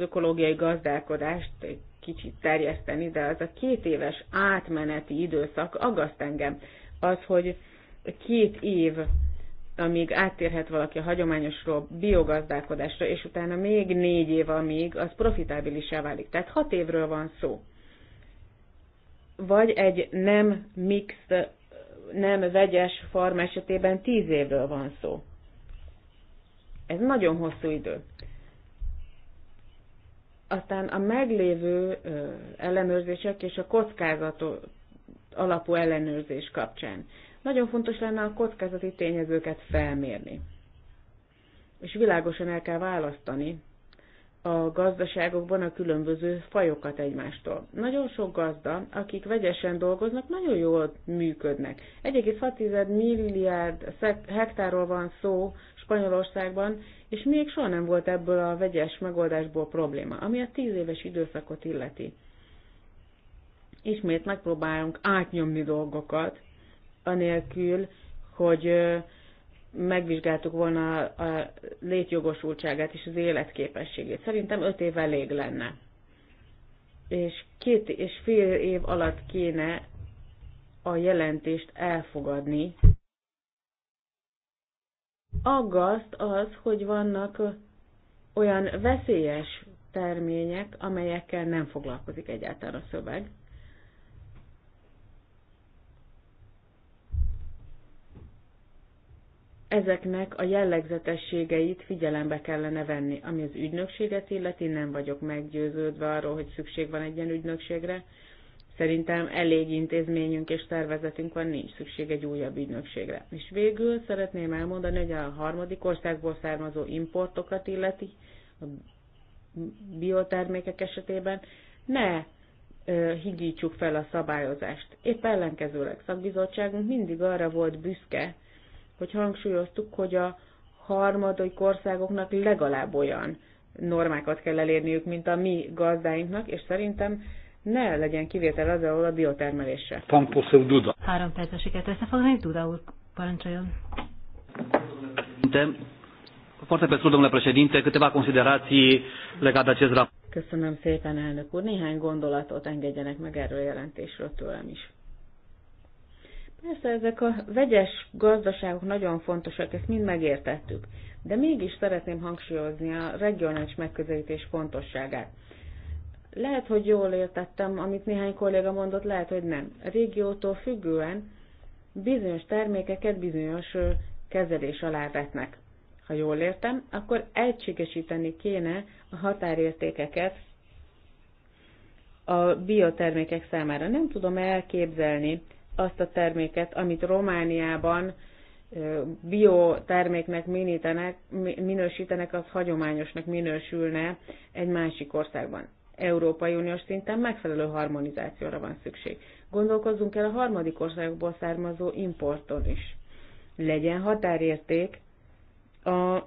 Speaker 4: ökológiai gazdálkodást, egy kicsit terjeszteni, de az a két éves átmeneti időszak aggaszt engem. Az, hogy két év, amíg áttérhet valaki a hagyományosról biogazdálkodásra, és utána még négy év, amíg az profitábilisá válik. Tehát hat évről van szó. Vagy egy nem mix, nem vegyes farm esetében tíz évről van szó. Ez nagyon hosszú idő. Aztán a meglévő ellenőrzések és a kockázat alapú ellenőrzés kapcsán. Nagyon fontos lenne a kockázati tényezőket felmérni. És világosan el kell választani a gazdaságokban a különböző fajokat egymástól. Nagyon sok gazda, akik vegyesen dolgoznak, nagyon jól működnek. 1,6 milliárd hektáról van szó Spanyolországban, és még soha nem volt ebből a vegyes megoldásból probléma, ami a 10 éves időszakot illeti. Ismét megpróbálunk átnyomni dolgokat, anélkül, hogy megvizsgáltuk volna a létjogosultságát és az életképességét. Szerintem öt év elég lenne. És két és fél év alatt kéne a jelentést elfogadni. Aggaszt az, hogy vannak olyan veszélyes termények, amelyekkel nem foglalkozik egyáltalán a szöveg. ezeknek a jellegzetességeit figyelembe kellene venni. Ami az ügynökséget illeti, nem vagyok meggyőződve arról, hogy szükség van egy ilyen ügynökségre. Szerintem elég intézményünk és szervezetünk van, nincs szükség egy újabb ügynökségre. És végül szeretném elmondani, hogy a harmadik országból származó importokat illeti, a biotermékek esetében ne higítsuk fel a szabályozást. Épp ellenkezőleg szakbizottságunk mindig arra volt büszke, hogy hangsúlyoztuk, hogy a harmadik országoknak legalább olyan normákat kell elérniük, mint a mi gazdáinknak, és szerintem ne legyen kivétel az, ahol a biotermelésre.
Speaker 6: Pamposzó Duda.
Speaker 4: Három
Speaker 3: percre sikerült összefoglalni,
Speaker 4: Duda úr, parancsoljon.
Speaker 6: Foarte pe scurt, domnule președinte, câteva considerații legate acest raport.
Speaker 4: Köszönöm szépen, elnök úr. Néhány gondolatot engedjenek meg erről a jelentésről tőlem is. Persze ezek a vegyes gazdaságok nagyon fontosak, ezt mind megértettük. De mégis szeretném hangsúlyozni a regionális megközelítés fontosságát. Lehet, hogy jól értettem, amit néhány kolléga mondott, lehet, hogy nem. A régiótól függően bizonyos termékeket bizonyos kezelés alá vetnek. Ha jól értem, akkor egységesíteni kéne a határértékeket a biotermékek számára. Nem tudom elképzelni, azt a terméket, amit Romániában bioterméknek minítenek, minősítenek, az hagyományosnak minősülne egy másik országban. Európai Uniós szinten megfelelő harmonizációra van szükség. Gondolkozzunk el a harmadik országokból származó importon is. Legyen határérték az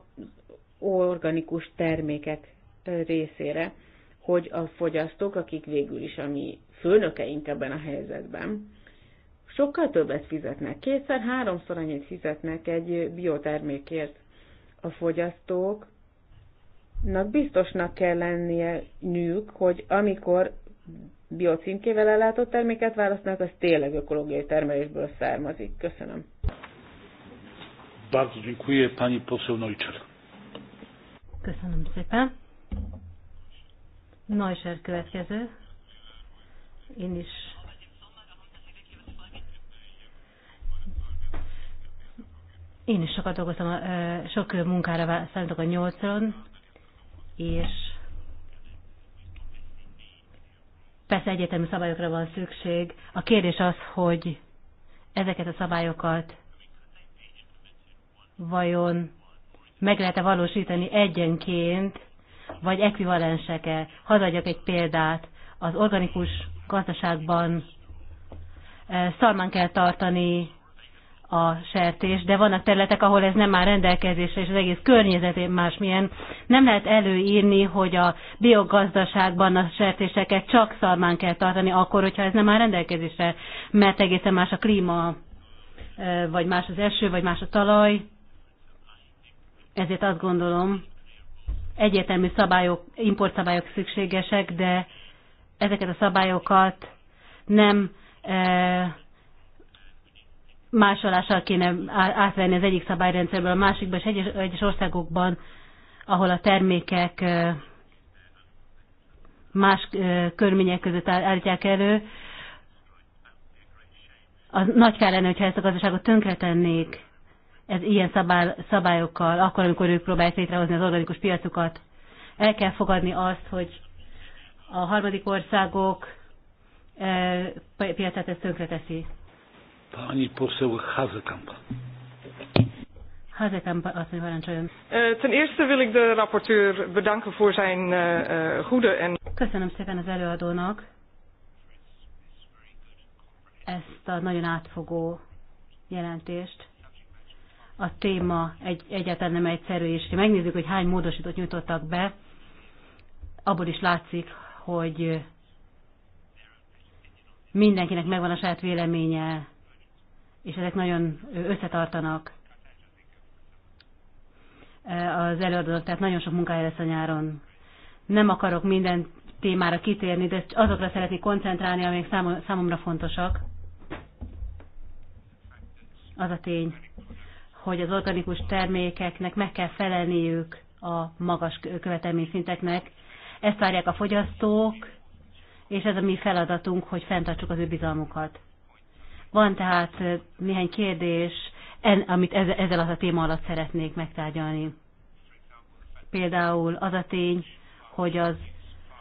Speaker 4: organikus termékek részére, hogy a fogyasztók, akik végül is a mi főnökeink ebben a helyzetben, sokkal többet fizetnek, kétszer-háromszor annyit fizetnek egy biotermékért. A fogyasztóknak biztosnak kell lennie nők, hogy amikor biocímkével ellátott terméket választnak, az tényleg ökológiai termelésből származik. Köszönöm.
Speaker 1: Bardzo dziękuję pani poseł Neutscher.
Speaker 3: Köszönöm szépen. Neutscher következő. Én is Én is sokat dolgoztam, sok munkára szálltok a nyolcon, és persze egyetemi szabályokra van szükség. A kérdés az, hogy ezeket a szabályokat vajon meg lehet-e valósítani egyenként, vagy ekvivalensek-e. Hadd adjak egy példát. Az organikus gazdaságban szarman kell tartani a sertés, de vannak területek, ahol ez nem már rendelkezésre, és az egész környezet másmilyen. Nem lehet előírni, hogy a biogazdaságban a sertéseket csak szarmán kell tartani, akkor, hogyha ez nem már rendelkezésre, mert egészen más a klíma, vagy más az eső, vagy más a talaj. Ezért azt gondolom, egyértelmű szabályok, importszabályok szükségesek, de ezeket a szabályokat nem másolással kéne átvenni az egyik szabályrendszerből a másikba, és egyes, egyes országokban, ahol a termékek más körmények között állítják elő, az nagy kár lenne, hogyha ezt a gazdaságot tönkretennék ez ilyen szabály, szabályokkal, akkor, amikor ők próbálják létrehozni az organikus piacukat. El kell fogadni azt, hogy a harmadik országok piacát ezt tönkreteszi.
Speaker 1: Pani poseł Hazekamp.
Speaker 3: Hazekamp, asszony parancsoljon. Eh, ten eerste wil ik de rapporteur bedanken voor zijn eh, eh, goede en... Köszönöm szépen az előadónak ezt a nagyon átfogó jelentést. A téma egy, egyáltalán nem egyszerű, és ha megnézzük, hogy hány módosítót nyújtottak be, abból is látszik, hogy mindenkinek megvan a saját véleménye és ezek nagyon összetartanak e, az előadók, tehát nagyon sok munkája lesz a nyáron. Nem akarok minden témára kitérni, de azokra szeretnék koncentrálni, amelyek számomra fontosak. Az a tény, hogy az organikus termékeknek meg kell felelniük a magas követelményszinteknek. Ezt várják a fogyasztók, és ez a mi feladatunk, hogy fenntartsuk az ő bizalmukat. Van tehát néhány kérdés, en, amit ezzel az a téma alatt szeretnék megtárgyalni. Például az a tény, hogy az,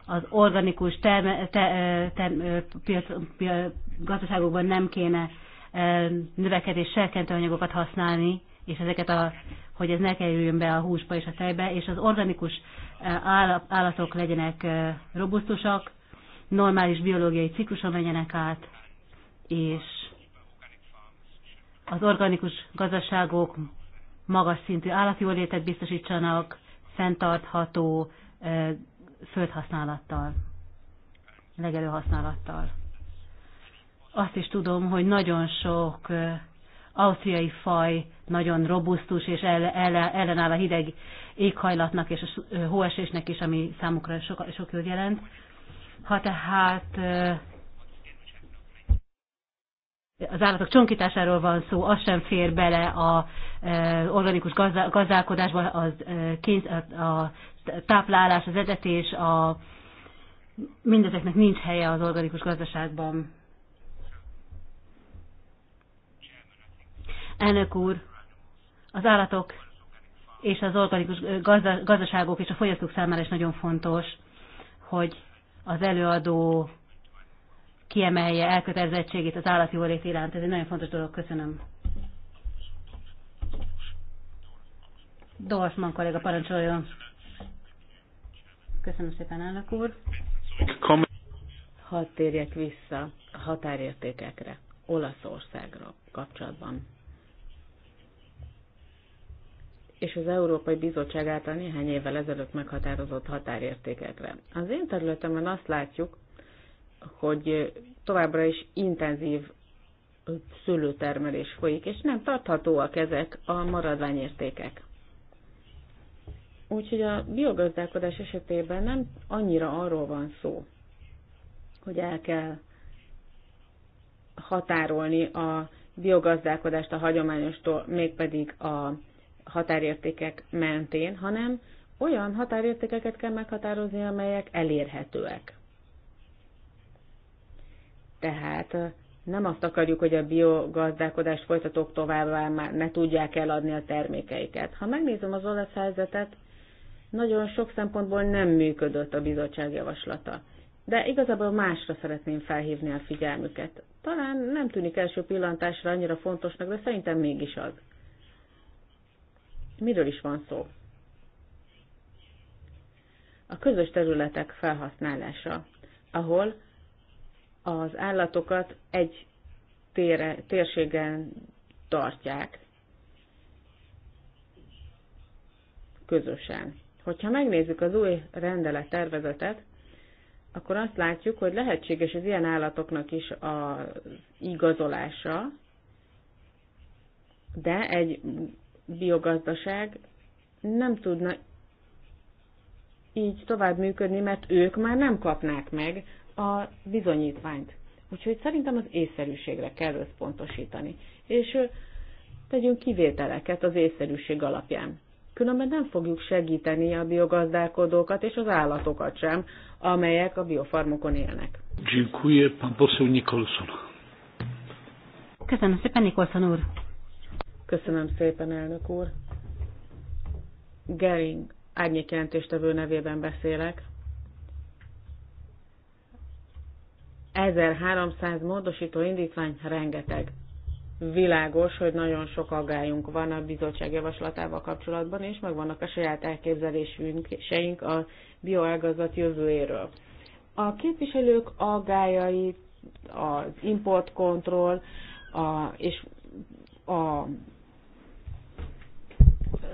Speaker 3: az organikus terme, te, te, piac, piac, gazdaságokban nem kéne növekedés serkentő anyagokat használni, és ezeket a, hogy ez ne kerüljön be a húsba és a tejbe, és az organikus állatok legyenek robusztusak, normális biológiai cikluson menjenek át, és az organikus gazdaságok magas szintű állatjólétet biztosítsanak fenntartható földhasználattal, legelőhasználattal. Azt is tudom, hogy nagyon sok ausztriai faj nagyon robusztus és ellenáll a hideg éghajlatnak és a hóesésnek is, ami számukra sok, sok jót jelent. Ha tehát az állatok csonkításáról van szó, az sem fér bele a organikus gazdálkodásba, az, a táplálás, az edetés, a, mindezeknek nincs helye az organikus gazdaságban. Elnök úr, az állatok és az organikus gazda, gazdaságok és a fogyasztók számára is nagyon fontos, hogy az előadó kiemelje elkötelezettségét az állatjólét iránt. Ez egy nagyon fontos dolog. Köszönöm. Dorfman kolléga parancsoljon. Köszönöm szépen, elnök úr. Hadd térjek vissza
Speaker 4: a határértékekre Olaszországra kapcsolatban. És az Európai Bizottság által néhány évvel ezelőtt meghatározott határértékekre. Az én területemben azt látjuk, hogy továbbra is intenzív szőlőtermelés folyik, és nem tarthatóak ezek a maradványértékek. Úgyhogy a biogazdálkodás esetében nem annyira arról van szó, hogy el kell határolni a biogazdálkodást a hagyományostól, mégpedig a határértékek mentén, hanem olyan határértékeket kell meghatározni, amelyek elérhetőek. Tehát nem azt akarjuk, hogy a biogazdálkodást folytatók továbbá már ne tudják eladni a termékeiket. Ha megnézem az olasz helyzetet, nagyon sok szempontból nem működött a bizottság javaslata. De igazából másra szeretném felhívni a figyelmüket. Talán nem tűnik első pillantásra annyira fontosnak, de szerintem mégis az. Miről is van szó? A közös területek felhasználása, ahol az állatokat egy tére, térségen tartják közösen. Hogyha megnézzük az új rendelet tervezetet, akkor azt látjuk, hogy lehetséges az ilyen állatoknak is az igazolása, de egy biogazdaság nem tudna így tovább működni, mert ők már nem kapnák meg a bizonyítványt. Úgyhogy szerintem az észszerűségre kell összpontosítani, és tegyünk kivételeket az észszerűség alapján. Különben nem fogjuk segíteni a biogazdálkodókat és az állatokat sem, amelyek a biofarmokon élnek.
Speaker 3: Köszönöm szépen, Nikolson úr. Köszönöm
Speaker 4: szépen, elnök úr. Gering árnyékjelentéstevő nevében beszélek. 1300 módosító indítvány rengeteg. Világos, hogy nagyon sok aggályunk van a bizottság javaslatával kapcsolatban, és megvannak a saját elképzeléseink a bioágazat jövőjéről. A képviselők aggályai, az importkontroll a, és a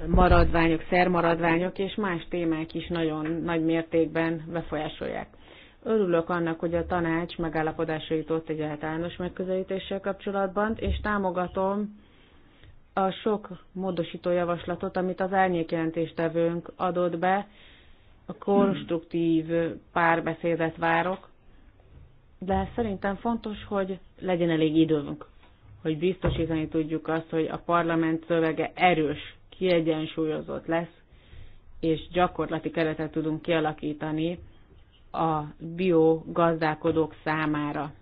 Speaker 4: maradványok, szermaradványok és más témák is nagyon nagy mértékben befolyásolják Örülök annak, hogy a tanács megállapodásra jutott egy általános megközelítéssel kapcsolatban, és támogatom a sok módosító javaslatot, amit az árnyékjelentéstevőnk adott be, a konstruktív párbeszédet várok, de szerintem fontos, hogy legyen elég időnk, hogy biztosítani tudjuk azt, hogy a parlament szövege erős, kiegyensúlyozott lesz, és gyakorlati keretet tudunk kialakítani a biogazdálkodók számára.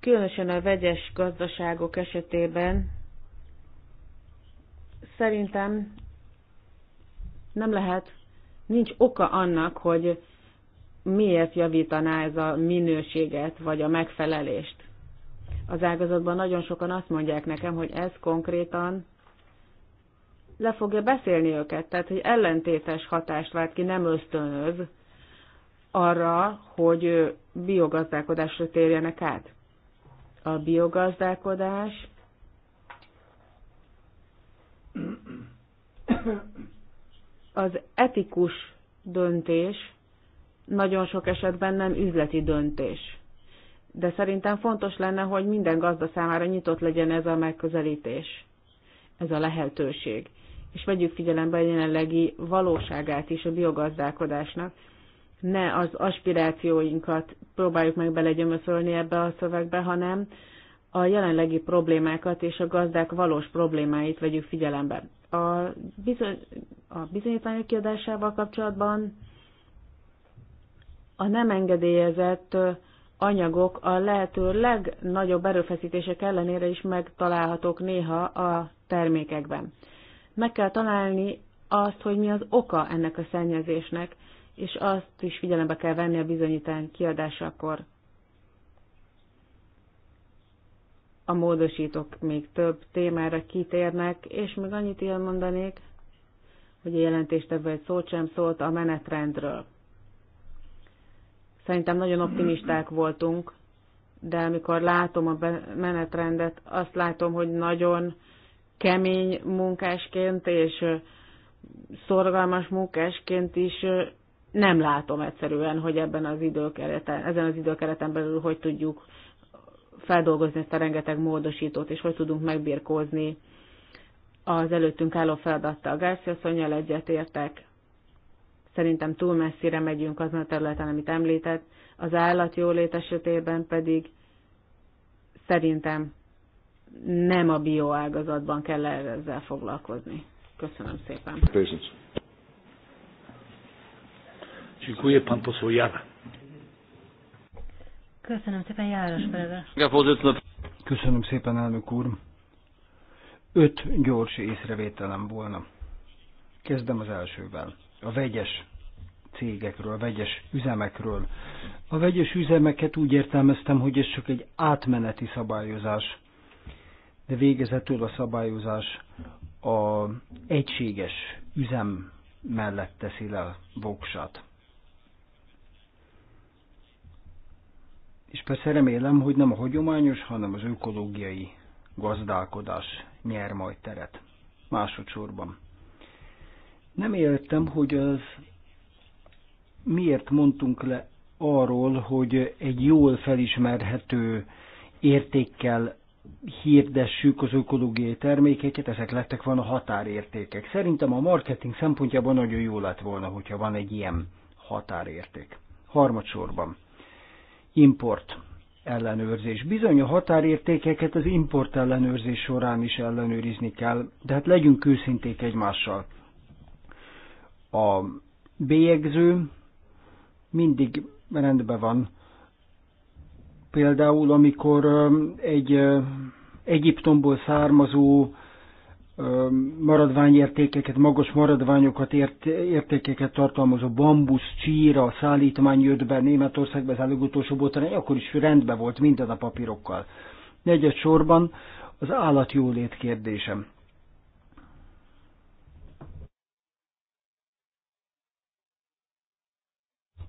Speaker 4: Különösen a vegyes gazdaságok esetében szerintem nem lehet, nincs oka annak, hogy miért javítaná ez a minőséget vagy a megfelelést. Az ágazatban nagyon sokan azt mondják nekem, hogy ez konkrétan le fogja beszélni őket, tehát hogy ellentétes hatást vált ki, nem ösztönöz arra, hogy biogazdálkodásra térjenek át. A biogazdálkodás az etikus döntés nagyon sok esetben nem üzleti döntés. De szerintem fontos lenne, hogy minden gazda számára nyitott legyen ez a megközelítés, ez a lehetőség és vegyük figyelembe a jelenlegi valóságát is a biogazdálkodásnak. Ne az aspirációinkat próbáljuk meg belegyömöszölni ebbe a szövegbe, hanem a jelenlegi problémákat és a gazdák valós problémáit vegyük figyelembe. A, bizony, a bizonyítványok kiadásával kapcsolatban a nem engedélyezett anyagok a lehető legnagyobb erőfeszítések ellenére is megtalálhatók néha a termékekben. Meg kell találni azt, hogy mi az oka ennek a szennyezésnek, és azt is figyelembe kell venni a bizonyítán kiadásakor. A módosítók még több témára kitérnek, és még annyit elmondanék, hogy a ebből egy szót sem szólt a menetrendről. Szerintem nagyon optimisták voltunk, de amikor látom a menetrendet, azt látom, hogy nagyon kemény munkásként és szorgalmas munkásként is nem látom egyszerűen, hogy ebben az időkereten, ezen az időkereten belül hogy tudjuk feldolgozni ezt a rengeteg módosítót, és hogy tudunk megbirkózni az előttünk álló feladattal. Garcia Szonyjal egyetértek, szerintem túl messzire megyünk azon a területen, amit említett, az állatjólét esetében pedig szerintem nem a bioágazatban kell ezzel foglalkozni. Köszönöm szépen.
Speaker 3: Köszönöm. szépen, János Berger.
Speaker 1: Köszönöm szépen, elnök úr.
Speaker 2: Öt gyors észrevételem volna. Kezdem az elsővel. A vegyes cégekről, a vegyes üzemekről. A vegyes üzemeket úgy értelmeztem, hogy ez csak egy átmeneti szabályozás de végezetül a szabályozás a egységes üzem mellett teszi le a voksát. És persze remélem, hogy nem a hagyományos, hanem az ökológiai gazdálkodás nyer majd teret. Másodszorban. Nem értem, hogy az miért mondtunk le arról, hogy egy jól felismerhető értékkel hirdessük az ökológiai termékeket, ezek lettek volna határértékek. Szerintem a marketing szempontjában nagyon jó lett volna, hogyha van egy ilyen határérték. Harmadsorban, import ellenőrzés. Bizony a határértékeket az import ellenőrzés során is ellenőrizni kell, de hát legyünk őszinték egymással. A bélyegző mindig rendben van, például, amikor egy Egyiptomból származó maradványértékeket, magas maradványokat, ért, értékeket tartalmazó bambusz, csíra, szállítmány jött be Németországba, ez a legutolsó botrány, akkor is rendben volt minden a papírokkal. Negyed sorban az állatjólét kérdésem.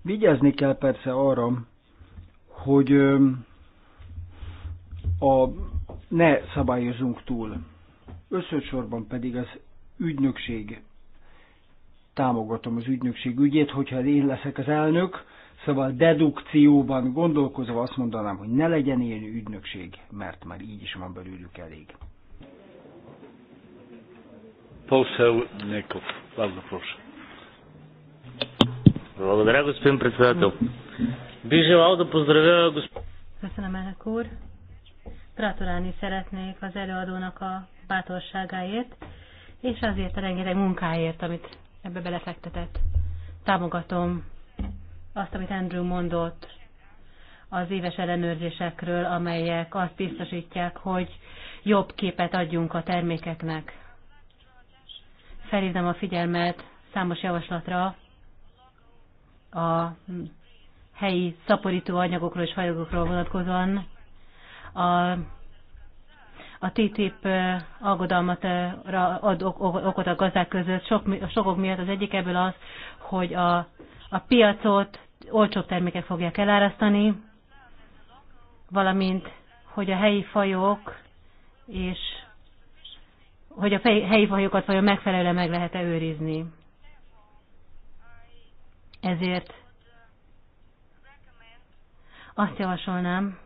Speaker 2: Vigyázni kell persze arra, hogy a, ne szabályozunk túl. Összesorban pedig az ügynökség, támogatom az ügynökség ügyét, hogyha én leszek az elnök, szóval dedukcióban gondolkozva azt mondanám, hogy ne legyen ilyen ügynökség, mert már így is van belőlük elég.
Speaker 1: Poseł Nekov, bardzo proszę. Благодаря, господин председател. Би желал да поздравя
Speaker 3: Köszönöm, elnök úr. Gratulálni szeretnék az előadónak a bátorságáért, és azért a rengeteg munkáért, amit ebbe belefektetett. Támogatom azt, amit Andrew mondott az éves ellenőrzésekről, amelyek azt biztosítják, hogy jobb képet adjunk a termékeknek. Felhívnám a figyelmet számos javaslatra a helyi szaporító anyagokról és fajokról vonatkozóan a, a TTIP aggodalmat ad okot a gazdák között. Sok, a sokok miatt az egyik ebből az, hogy a, a piacot olcsóbb termékek fogják elárasztani, valamint, hogy a helyi fajok és hogy a helyi fajokat vajon megfelelően meg lehet-e őrizni. Ezért azt javasolnám,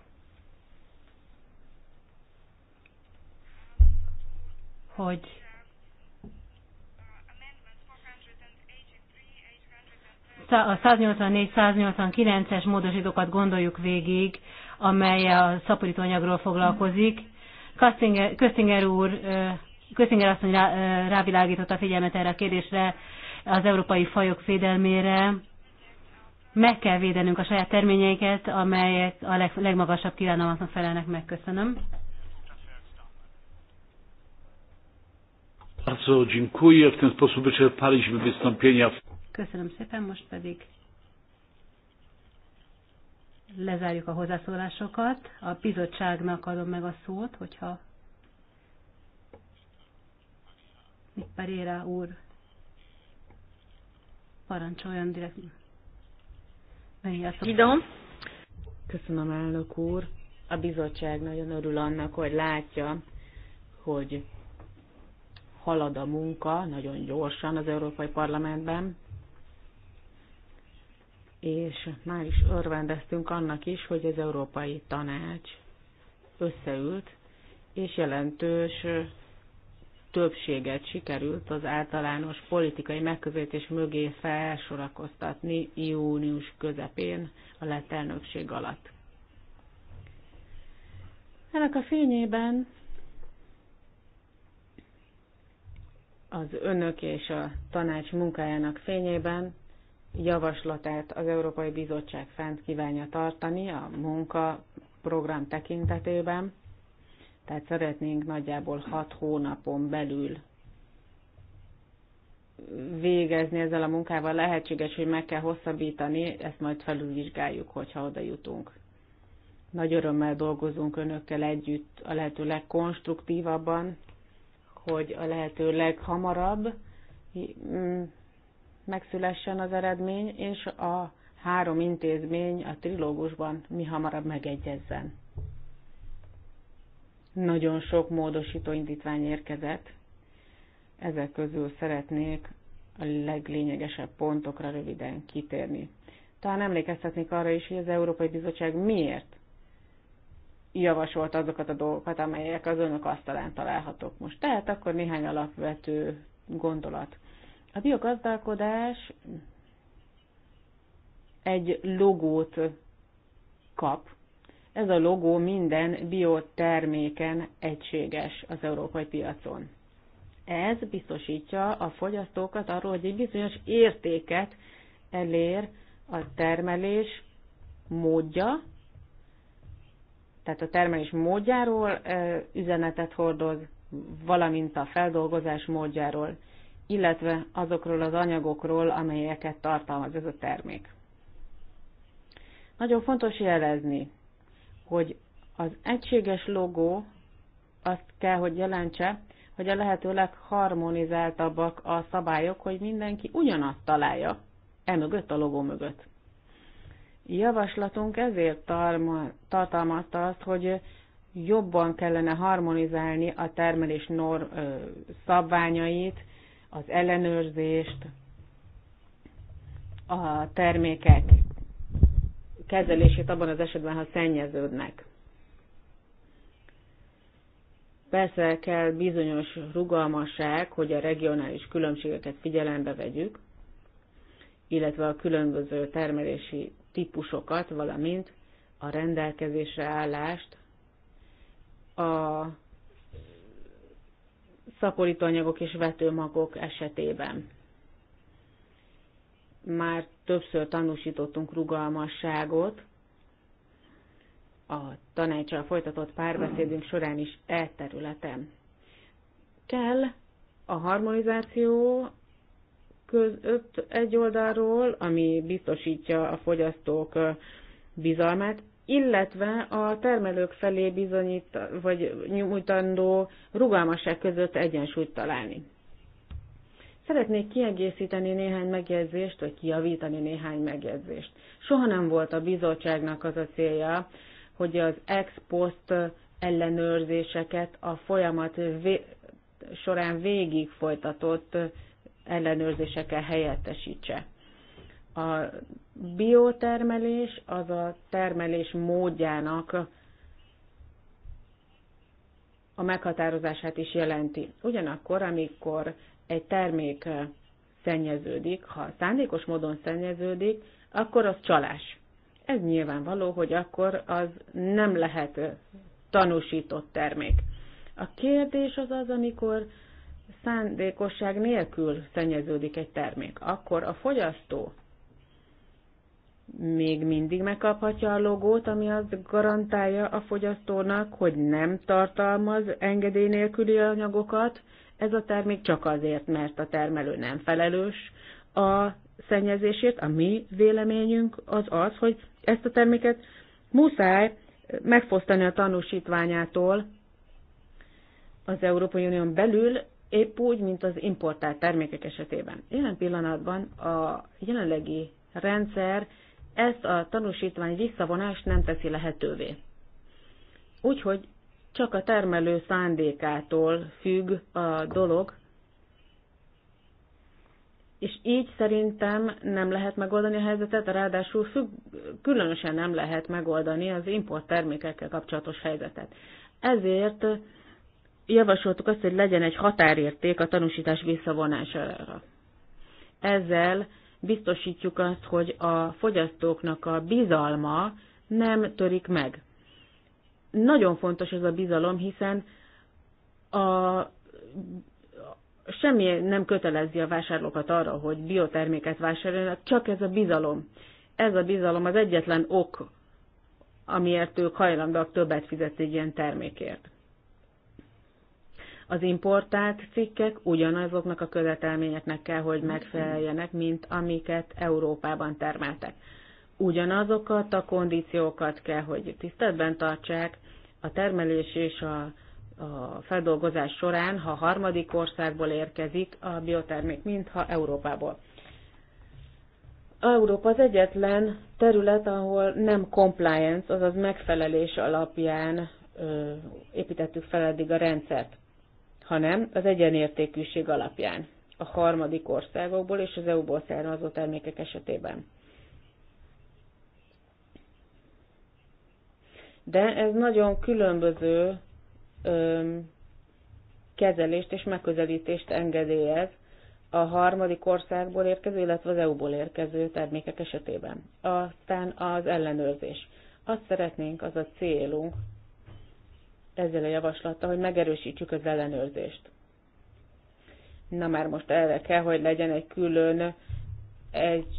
Speaker 3: hogy a 184-189-es módosítókat gondoljuk végig, amely a szaporítóanyagról foglalkozik. Köszinger úr, Köszinger asszony rávilágított a figyelmet erre a kérdésre, az európai fajok védelmére meg kell védenünk a saját terményeiket, amelyek a leg, legmagasabb kívánalmaknak felelnek meg. Köszönöm. Köszönöm szépen, most pedig lezárjuk a hozzászólásokat. A bizottságnak adom meg a szót, hogyha mit Pereira úr parancsoljon direkt. Idom.
Speaker 4: Köszönöm, elnök úr. A bizottság nagyon örül annak, hogy látja, hogy halad a munka nagyon gyorsan az Európai Parlamentben, és már is örvendeztünk annak is, hogy az Európai Tanács összeült, és jelentős többséget sikerült az általános politikai megközelítés mögé felsorakoztatni június közepén a lett elnökség alatt. Ennek a fényében az önök és a tanács munkájának fényében javaslatát az Európai Bizottság fent kívánja tartani a munka program tekintetében tehát szeretnénk nagyjából 6 hónapon belül végezni ezzel a munkával. Lehetséges, hogy meg kell hosszabbítani, ezt majd felülvizsgáljuk, hogyha oda jutunk. Nagy örömmel dolgozunk önökkel együtt a lehető legkonstruktívabban, hogy a lehető leghamarabb mm, megszülessen az eredmény, és a három intézmény a trilógusban mi hamarabb megegyezzen. Nagyon sok módosító indítvány érkezett, ezek közül szeretnék a leglényegesebb pontokra röviden kitérni. Talán emlékeztetnék arra is, hogy az Európai Bizottság miért javasolt azokat a dolgokat, amelyek az önök asztalán találhatók most. Tehát akkor néhány alapvető gondolat. A biogazdálkodás egy logót kap, ez a logó minden bioterméken egységes az európai piacon. Ez biztosítja a fogyasztókat arról, hogy egy bizonyos értéket elér a termelés módja, tehát a termelés módjáról üzenetet hordoz, valamint a feldolgozás módjáról, illetve azokról az anyagokról, amelyeket tartalmaz ez a termék. Nagyon fontos jelezni, hogy az egységes logó azt kell, hogy jelentse, hogy a lehető legharmonizáltabbak a szabályok, hogy mindenki ugyanazt találja e mögött a logó mögött. Javaslatunk ezért tartalmazta azt, hogy jobban kellene harmonizálni a termelés norm, ö, szabványait, az ellenőrzést, a termékek kezelését abban az esetben, ha szennyeződnek. Persze kell bizonyos rugalmasság, hogy a regionális különbségeket figyelembe vegyük, illetve a különböző termelési típusokat, valamint a rendelkezésre állást, a szaporítóanyagok és vetőmagok esetében már többször tanúsítottunk rugalmasságot, a tanácsal folytatott párbeszédünk során is e területen. Kell a harmonizáció között egy oldalról, ami biztosítja a fogyasztók bizalmát, illetve a termelők felé bizonyít, vagy nyújtandó rugalmasság között egyensúlyt találni. Szeretnék kiegészíteni néhány megjegyzést, vagy kijavítani néhány megjegyzést. Soha nem volt a bizottságnak az a célja, hogy az ex post ellenőrzéseket a folyamat vé- során végig folytatott ellenőrzésekkel helyettesítse. A biotermelés az a termelés módjának a meghatározását is jelenti. Ugyanakkor, amikor egy termék szennyeződik, ha szándékos módon szennyeződik, akkor az csalás. Ez nyilvánvaló, hogy akkor az nem lehet tanúsított termék. A kérdés az az, amikor szándékosság nélkül szennyeződik egy termék, akkor a fogyasztó még mindig megkaphatja a logót, ami azt garantálja a fogyasztónak, hogy nem tartalmaz engedély nélküli anyagokat, ez a termék csak azért, mert a termelő nem felelős a szennyezésért. A mi véleményünk az az, hogy ezt a terméket muszáj megfosztani a tanúsítványától az Európai Unión belül, épp úgy, mint az importált termékek esetében. Jelen pillanatban a jelenlegi rendszer ezt a tanúsítvány visszavonást nem teszi lehetővé. Úgyhogy csak a termelő szándékától függ a dolog, és így szerintem nem lehet megoldani a helyzetet, ráadásul függ, különösen nem lehet megoldani az import termékekkel kapcsolatos helyzetet. Ezért javasoltuk azt, hogy legyen egy határérték a tanúsítás visszavonására. Ezzel biztosítjuk azt, hogy a fogyasztóknak a bizalma nem törik meg. Nagyon fontos ez a bizalom, hiszen a, semmi nem kötelezi a vásárlókat arra, hogy bioterméket vásároljanak, csak ez a bizalom. Ez a bizalom az egyetlen ok, amiért ők hajlandóak többet fizetni ilyen termékért. Az importált cikkek ugyanazoknak a követelményeknek kell, hogy megfeleljenek, mint amiket Európában termeltek ugyanazokat a kondíciókat kell, hogy tiszteletben tartsák a termelés és a, a feldolgozás során, ha harmadik országból érkezik a biotermék, mintha Európából. Európa az egyetlen terület, ahol nem compliance, azaz megfelelés alapján ö, építettük fel eddig a rendszert, hanem az egyenértékűség alapján a harmadik országokból és az EU-ból származó termékek esetében. De ez nagyon különböző öm, kezelést és megközelítést engedélyez a harmadik országból érkező, illetve az EU-ból érkező termékek esetében. Aztán az ellenőrzés. Azt szeretnénk, az a célunk ezzel a javaslattal, hogy megerősítsük az ellenőrzést. Na már most erre kell, hogy legyen egy külön egy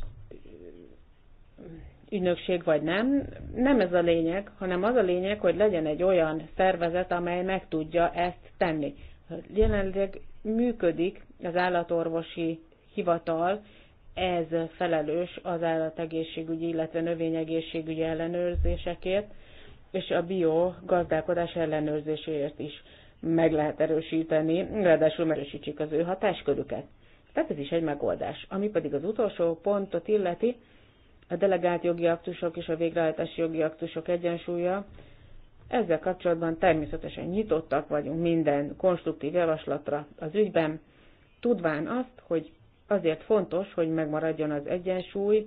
Speaker 4: ügynökség vagy nem, nem ez a lényeg, hanem az a lényeg, hogy legyen egy olyan szervezet, amely meg tudja ezt tenni. Jelenleg működik az állatorvosi hivatal, ez felelős az állategészségügyi, illetve növényegészségügyi ellenőrzésekért, és a biogazdálkodás ellenőrzéséért is meg lehet erősíteni, ráadásul erősítsük az ő hatáskörüket. Tehát ez is egy megoldás. Ami pedig az utolsó pontot illeti, a delegált jogi aktusok és a végrehajtási jogi aktusok egyensúlya. Ezzel kapcsolatban természetesen nyitottak vagyunk minden konstruktív javaslatra az ügyben, tudván azt, hogy azért fontos, hogy megmaradjon az egyensúly,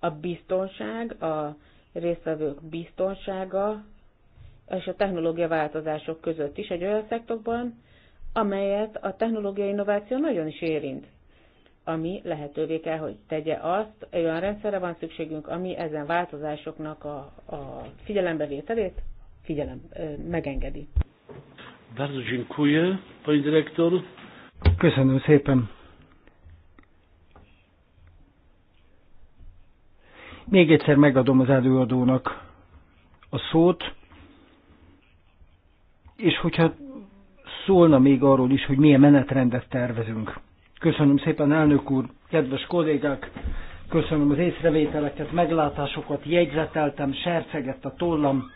Speaker 4: a biztonság, a résztvevők biztonsága és a technológia változások között is egy olyan szektorban, amelyet a technológiai innováció nagyon is érint ami lehetővé kell, hogy tegye azt, olyan rendszerre van szükségünk, ami ezen változásoknak a, a figyelembevételét figyelem, megengedi.
Speaker 1: Bardzo dziękuję, pani dyrektor.
Speaker 2: Köszönöm szépen. Még egyszer megadom az előadónak a szót, és hogyha szólna még arról is, hogy milyen menetrendet tervezünk. Köszönöm szépen, elnök úr, kedves kollégák! Köszönöm az észrevételeket, meglátásokat, jegyzeteltem, sercegett a tollam.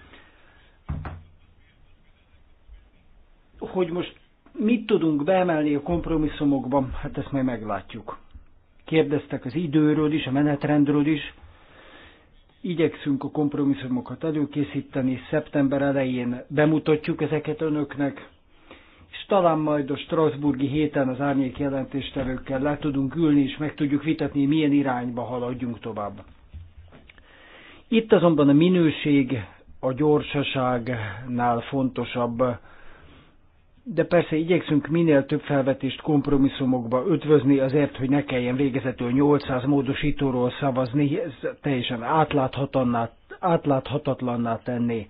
Speaker 2: Hogy most mit tudunk beemelni a kompromisszumokban hát ezt majd meglátjuk. Kérdeztek az időről is, a menetrendről is. Igyekszünk a kompromisszumokat előkészíteni, szeptember elején bemutatjuk ezeket önöknek, és talán majd a Strasburgi héten az árnyék jelentéstevőkkel le tudunk ülni, és meg tudjuk vitatni, milyen irányba haladjunk tovább. Itt azonban a minőség a gyorsaságnál fontosabb, de persze igyekszünk minél több felvetést kompromisszumokba ötvözni, azért, hogy ne kelljen végezetül 800 módosítóról szavazni, ez teljesen átláthatatlanná tenni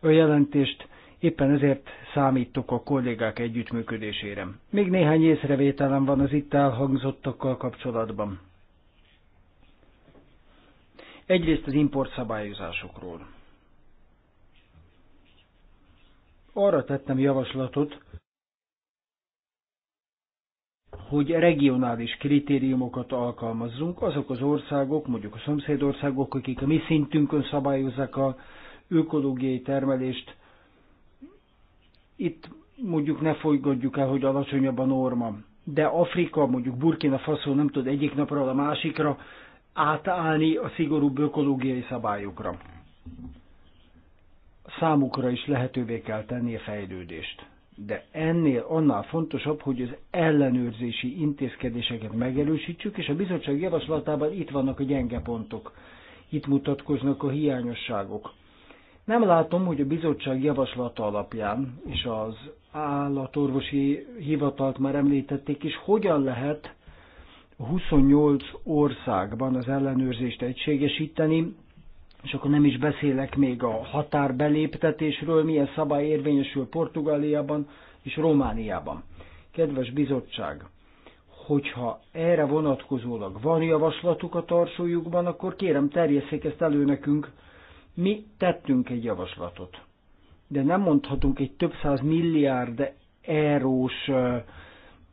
Speaker 2: a jelentést. Éppen ezért számítok a kollégák együttműködésére. Még néhány észrevételem van az itt elhangzottakkal kapcsolatban. Egyrészt az import szabályozásokról. Arra tettem javaslatot, hogy regionális kritériumokat alkalmazzunk, azok az országok, mondjuk a szomszédországok, akik a mi szintünkön szabályozzák a ökológiai termelést, itt mondjuk ne folygodjuk el, hogy alacsonyabb a norma. De Afrika, mondjuk Burkina Faso nem tud egyik napról a másikra átállni a szigorúbb ökológiai szabályokra. Számukra is lehetővé kell tenni a fejlődést. De ennél annál fontosabb, hogy az ellenőrzési intézkedéseket megerősítsük, és a bizottság javaslatában itt vannak a gyenge pontok. Itt mutatkoznak a hiányosságok. Nem látom, hogy a bizottság javaslata alapján, és az állatorvosi hivatalt már említették is, hogyan lehet 28 országban az ellenőrzést egységesíteni, és akkor nem is beszélek még a határbeléptetésről, milyen szabály érvényesül Portugáliában és Romániában. Kedves bizottság, hogyha erre vonatkozólag van javaslatuk a tarsójukban, akkor kérem terjesszék ezt elő nekünk, mi tettünk egy javaslatot, de nem mondhatunk egy több száz milliárd eurós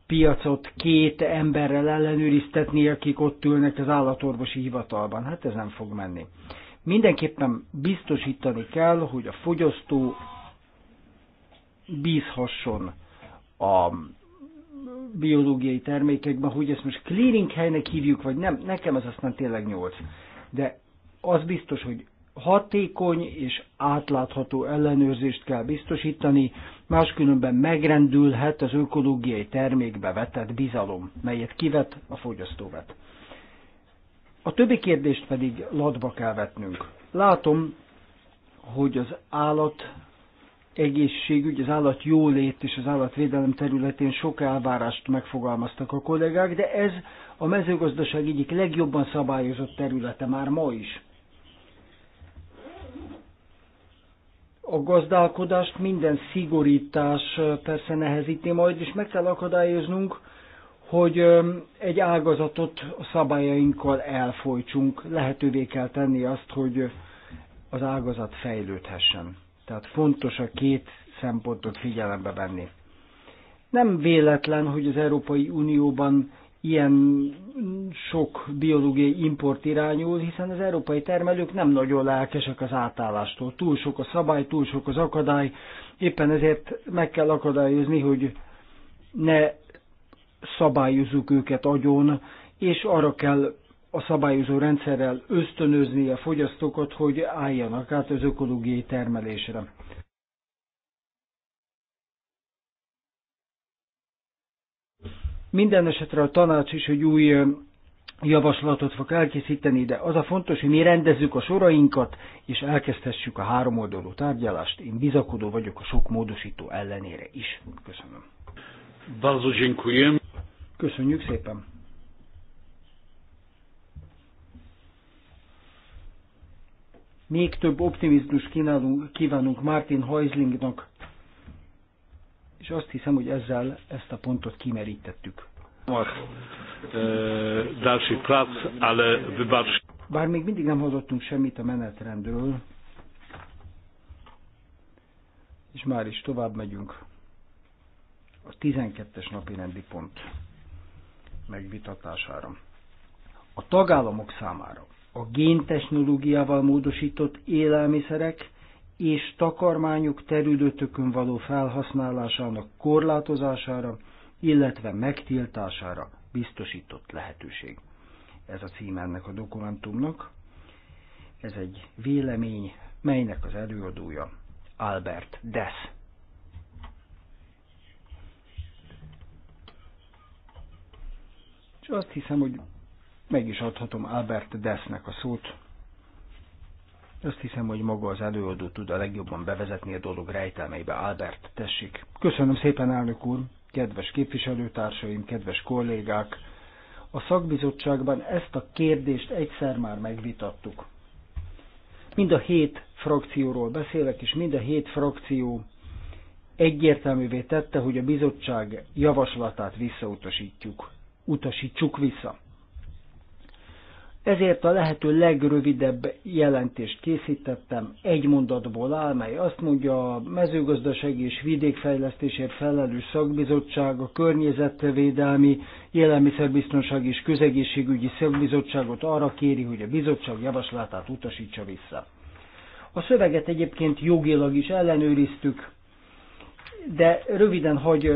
Speaker 2: piacot két emberrel ellenőriztetni, akik ott ülnek az állatorvosi hivatalban. Hát ez nem fog menni. Mindenképpen biztosítani kell, hogy a fogyasztó bízhasson a biológiai termékekben, hogy ezt most clearing helynek hívjuk, vagy nem, nekem ez aztán tényleg nyolc. De az biztos, hogy hatékony és átlátható ellenőrzést kell biztosítani, máskülönben megrendülhet az ökológiai termékbe vetett bizalom, melyet kivet a fogyasztóvet. A többi kérdést pedig latba kell vetnünk. Látom, hogy az állat egészségügy, az állat jólét és az állatvédelem területén sok elvárást megfogalmaztak a kollégák, de ez a mezőgazdaság egyik legjobban szabályozott területe már ma is. a gazdálkodást minden szigorítás persze nehezíti majd, és meg kell akadályoznunk, hogy egy ágazatot a szabályainkkal elfolytsunk, lehetővé kell tenni azt, hogy az ágazat fejlődhessen. Tehát fontos a két szempontot figyelembe venni. Nem véletlen, hogy az Európai Unióban ilyen sok biológiai import irányul, hiszen az európai termelők nem nagyon lelkesek az átállástól. Túl sok a szabály, túl sok az akadály, éppen ezért meg kell akadályozni, hogy ne szabályozzuk őket agyon, és arra kell a szabályozó rendszerrel ösztönözni a fogyasztókat, hogy álljanak át az ökológiai termelésre. Minden esetre a tanács is egy új javaslatot fog elkészíteni, de az a fontos, hogy mi rendezzük a sorainkat, és elkezdhessük a háromoldalú tárgyalást. Én bizakodó vagyok a sok módosító ellenére is.
Speaker 1: Köszönöm. Bardzo dziękuję. Köszönjük szépen. Még
Speaker 2: több optimizmus kínálunk, kívánunk Martin Heuslingnak, és azt hiszem, hogy ezzel ezt a pontot kimerítettük.
Speaker 1: E,
Speaker 2: Bár még mindig nem hozottunk semmit a menetrendről, és már is tovább megyünk. A 12-es napi rendi pont megvitatására. A tagállamok számára a géntechnológiával módosított élelmiszerek és takarmányuk területükön való felhasználásának korlátozására, illetve megtiltására biztosított lehetőség. Ez a cím ennek a dokumentumnak. Ez egy vélemény, melynek az előadója Albert Dess. És azt hiszem, hogy meg is adhatom Albert Dessnek a szót, azt hiszem, hogy maga az előadó tud a legjobban bevezetni a dolog rejtelmeibe. Albert, tessék. Köszönöm szépen, elnök úr, kedves képviselőtársaim, kedves kollégák. A szakbizottságban ezt a kérdést egyszer már megvitattuk. Mind a hét frakcióról beszélek, és mind a hét frakció egyértelművé tette, hogy a bizottság javaslatát visszautasítjuk. Utasítsuk vissza. Ezért a lehető legrövidebb jelentést készítettem, egy mondatból áll, mely azt mondja, a mezőgazdasági és vidékfejlesztésért felelős szakbizottság, a környezetvédelmi, élelmiszerbiztonság és közegészségügyi szakbizottságot arra kéri, hogy a bizottság javaslatát utasítsa vissza. A szöveget egyébként jogilag is ellenőriztük, de röviden, hogy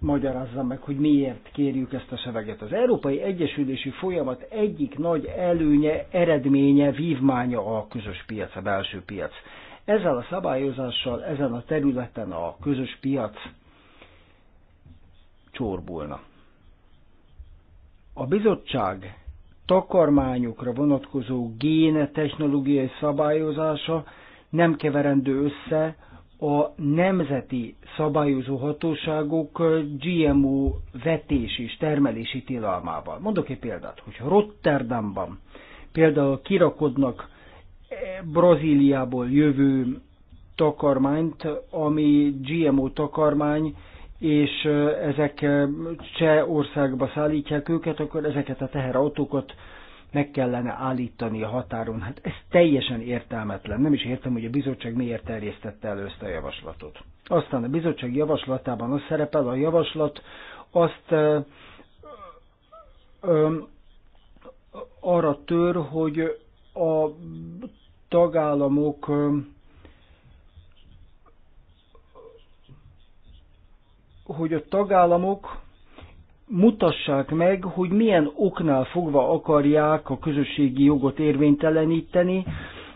Speaker 2: magyarázza meg, hogy miért kérjük ezt a szöveget. Az Európai Egyesülési Folyamat egyik nagy előnye, eredménye, vívmánya a közös piac, a belső piac. Ezzel a szabályozással, ezen a területen a közös piac csorbulna. A bizottság takarmányokra vonatkozó géne technológiai szabályozása nem keverendő össze a nemzeti szabályozó hatóságok GMO vetés és termelési tilalmával. Mondok egy példát, hogy Rotterdamban például kirakodnak eh, Brazíliából jövő takarmányt, ami GMO takarmány, és ezek Csehországba szállítják őket, akkor ezeket a teherautókat meg kellene állítani a határon. Hát ez teljesen értelmetlen. Nem is értem, hogy a bizottság miért terjesztette elő ezt a javaslatot. Aztán a bizottság javaslatában az szerepel, a javaslat azt ö, ö, arra tör, hogy a tagállamok ö, hogy a tagállamok mutassák meg, hogy milyen oknál fogva akarják a közösségi jogot érvényteleníteni,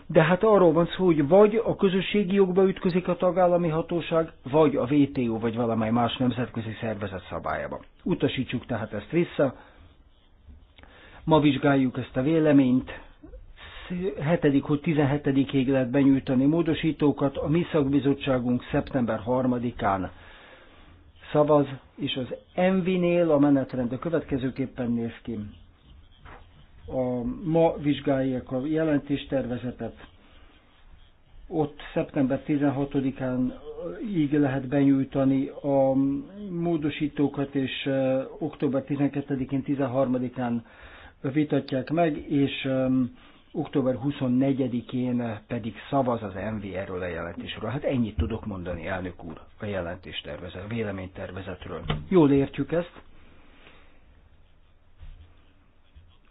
Speaker 2: de hát arról van szó, hogy vagy a közösségi jogba ütközik a tagállami hatóság, vagy a VTO, vagy valamely más nemzetközi szervezet szabályába. Utasítsuk tehát ezt vissza. Ma vizsgáljuk ezt a véleményt. 7. hogy 17-ig lehet benyújtani módosítókat. A mi szakbizottságunk szeptember 3-án szavaz, és az MV-nél a menetrend a következőképpen néz ki. A, ma vizsgálják a jelentéstervezetet. Ott szeptember 16-án eh, így lehet benyújtani a módosítókat, és eh, október 12-én, 13-án vitatják meg, és október 24-én pedig szavaz az MV erről a jelentésről. Hát ennyit tudok mondani, elnök úr, a jelentéstervezet, a véleménytervezetről. Jól értjük ezt.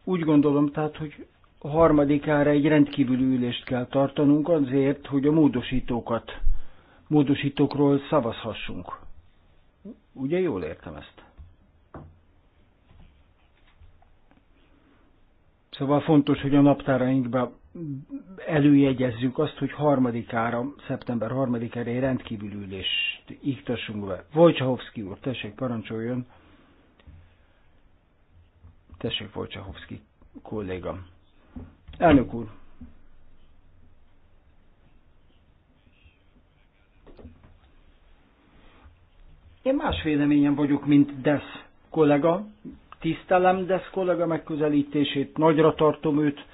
Speaker 2: Úgy gondolom tehát, hogy a harmadikára egy rendkívüli ülést kell tartanunk azért, hogy a módosítókat, módosítókról szavazhassunk. Ugye jól értem ezt? Szóval fontos, hogy a naptárainkba előjegyezzük azt, hogy harmadikára, szeptember harmadikára egy rendkívül ülést iktassunk be. Wojciechowski úr, tessék, parancsoljon. Tessék, Wojciechowski kolléga. Elnök úr, Én más véleményen vagyok, mint Desz kollega, tisztelem Desz kollega megközelítését, nagyra tartom őt,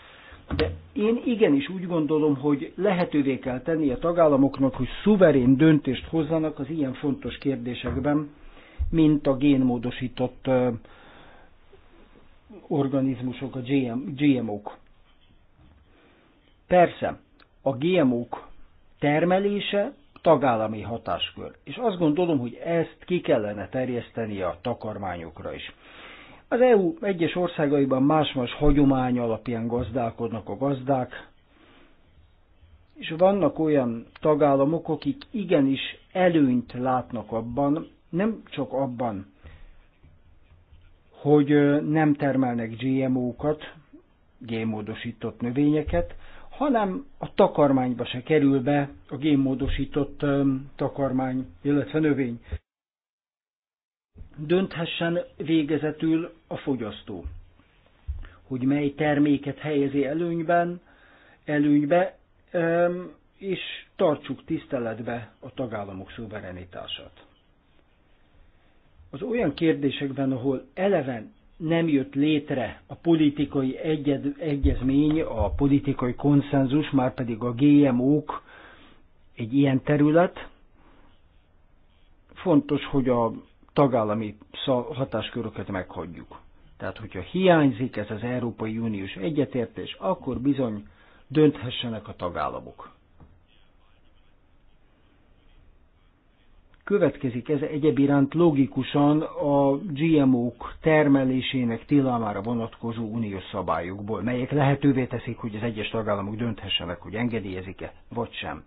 Speaker 2: de én igenis úgy gondolom, hogy lehetővé kell tenni a tagállamoknak, hogy szuverén döntést hozzanak az ilyen fontos kérdésekben, mint a génmódosított organizmusok, a GM, GMO-k. Persze, a GMO-k termelése tagállami hatáskör, és azt gondolom, hogy ezt ki kellene terjeszteni a takarmányokra is. Az EU egyes országaiban más-más hagyomány alapján gazdálkodnak a gazdák, és vannak olyan tagállamok, akik igenis előnyt látnak abban, nem csak abban, hogy nem termelnek GMO-kat, génmódosított növényeket, hanem a takarmányba se kerül be a génmódosított takarmány, illetve növény dönthessen végezetül a fogyasztó, hogy mely terméket helyezi előnyben, előnybe, és tartsuk tiszteletbe a tagállamok szuverenitását. Az olyan kérdésekben, ahol eleven nem jött létre a politikai egyed, egyezmény, a politikai konszenzus, már pedig a GMO-k egy ilyen terület, fontos, hogy a tagállami hatásköröket meghagyjuk. Tehát, hogyha hiányzik ez az Európai Uniós egyetértés, akkor bizony dönthessenek a tagállamok. Következik ez egyebiránt logikusan a GMO-k termelésének tilalmára vonatkozó uniós szabályokból, melyek lehetővé teszik, hogy az egyes tagállamok dönthessenek, hogy engedélyezik-e, vagy sem.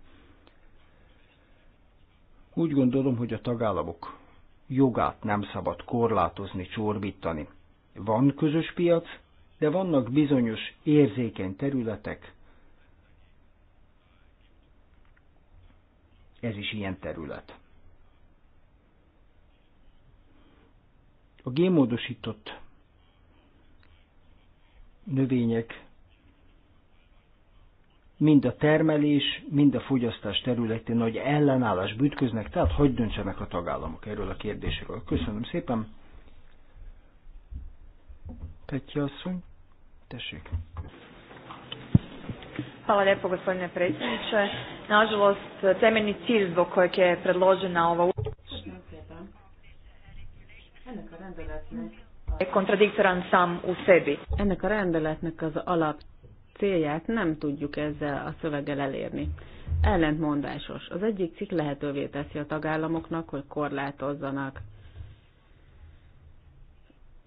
Speaker 2: Úgy gondolom, hogy a tagállamok jogát nem szabad korlátozni, csorbítani. Van közös piac, de vannak bizonyos érzékeny területek, ez is ilyen terület. A gémódosított növények mind a termelés, mind a fogyasztás területén nagy ellenállás bütköznek, tehát hogy döntsenek a tagállamok erről a kérdésről. Köszönöm szépen. Petya asszony, tessék.
Speaker 4: Hvala lijepo gospodine predsjedniče. Nažalost, temeljni cilj zbog kojeg je predložena ova je kontradiktoran sam u sebi. Ennek a rendeletnek az alap célját nem tudjuk ezzel a szöveggel elérni. Ellentmondásos. Az egyik cikk lehetővé teszi a tagállamoknak, hogy korlátozzanak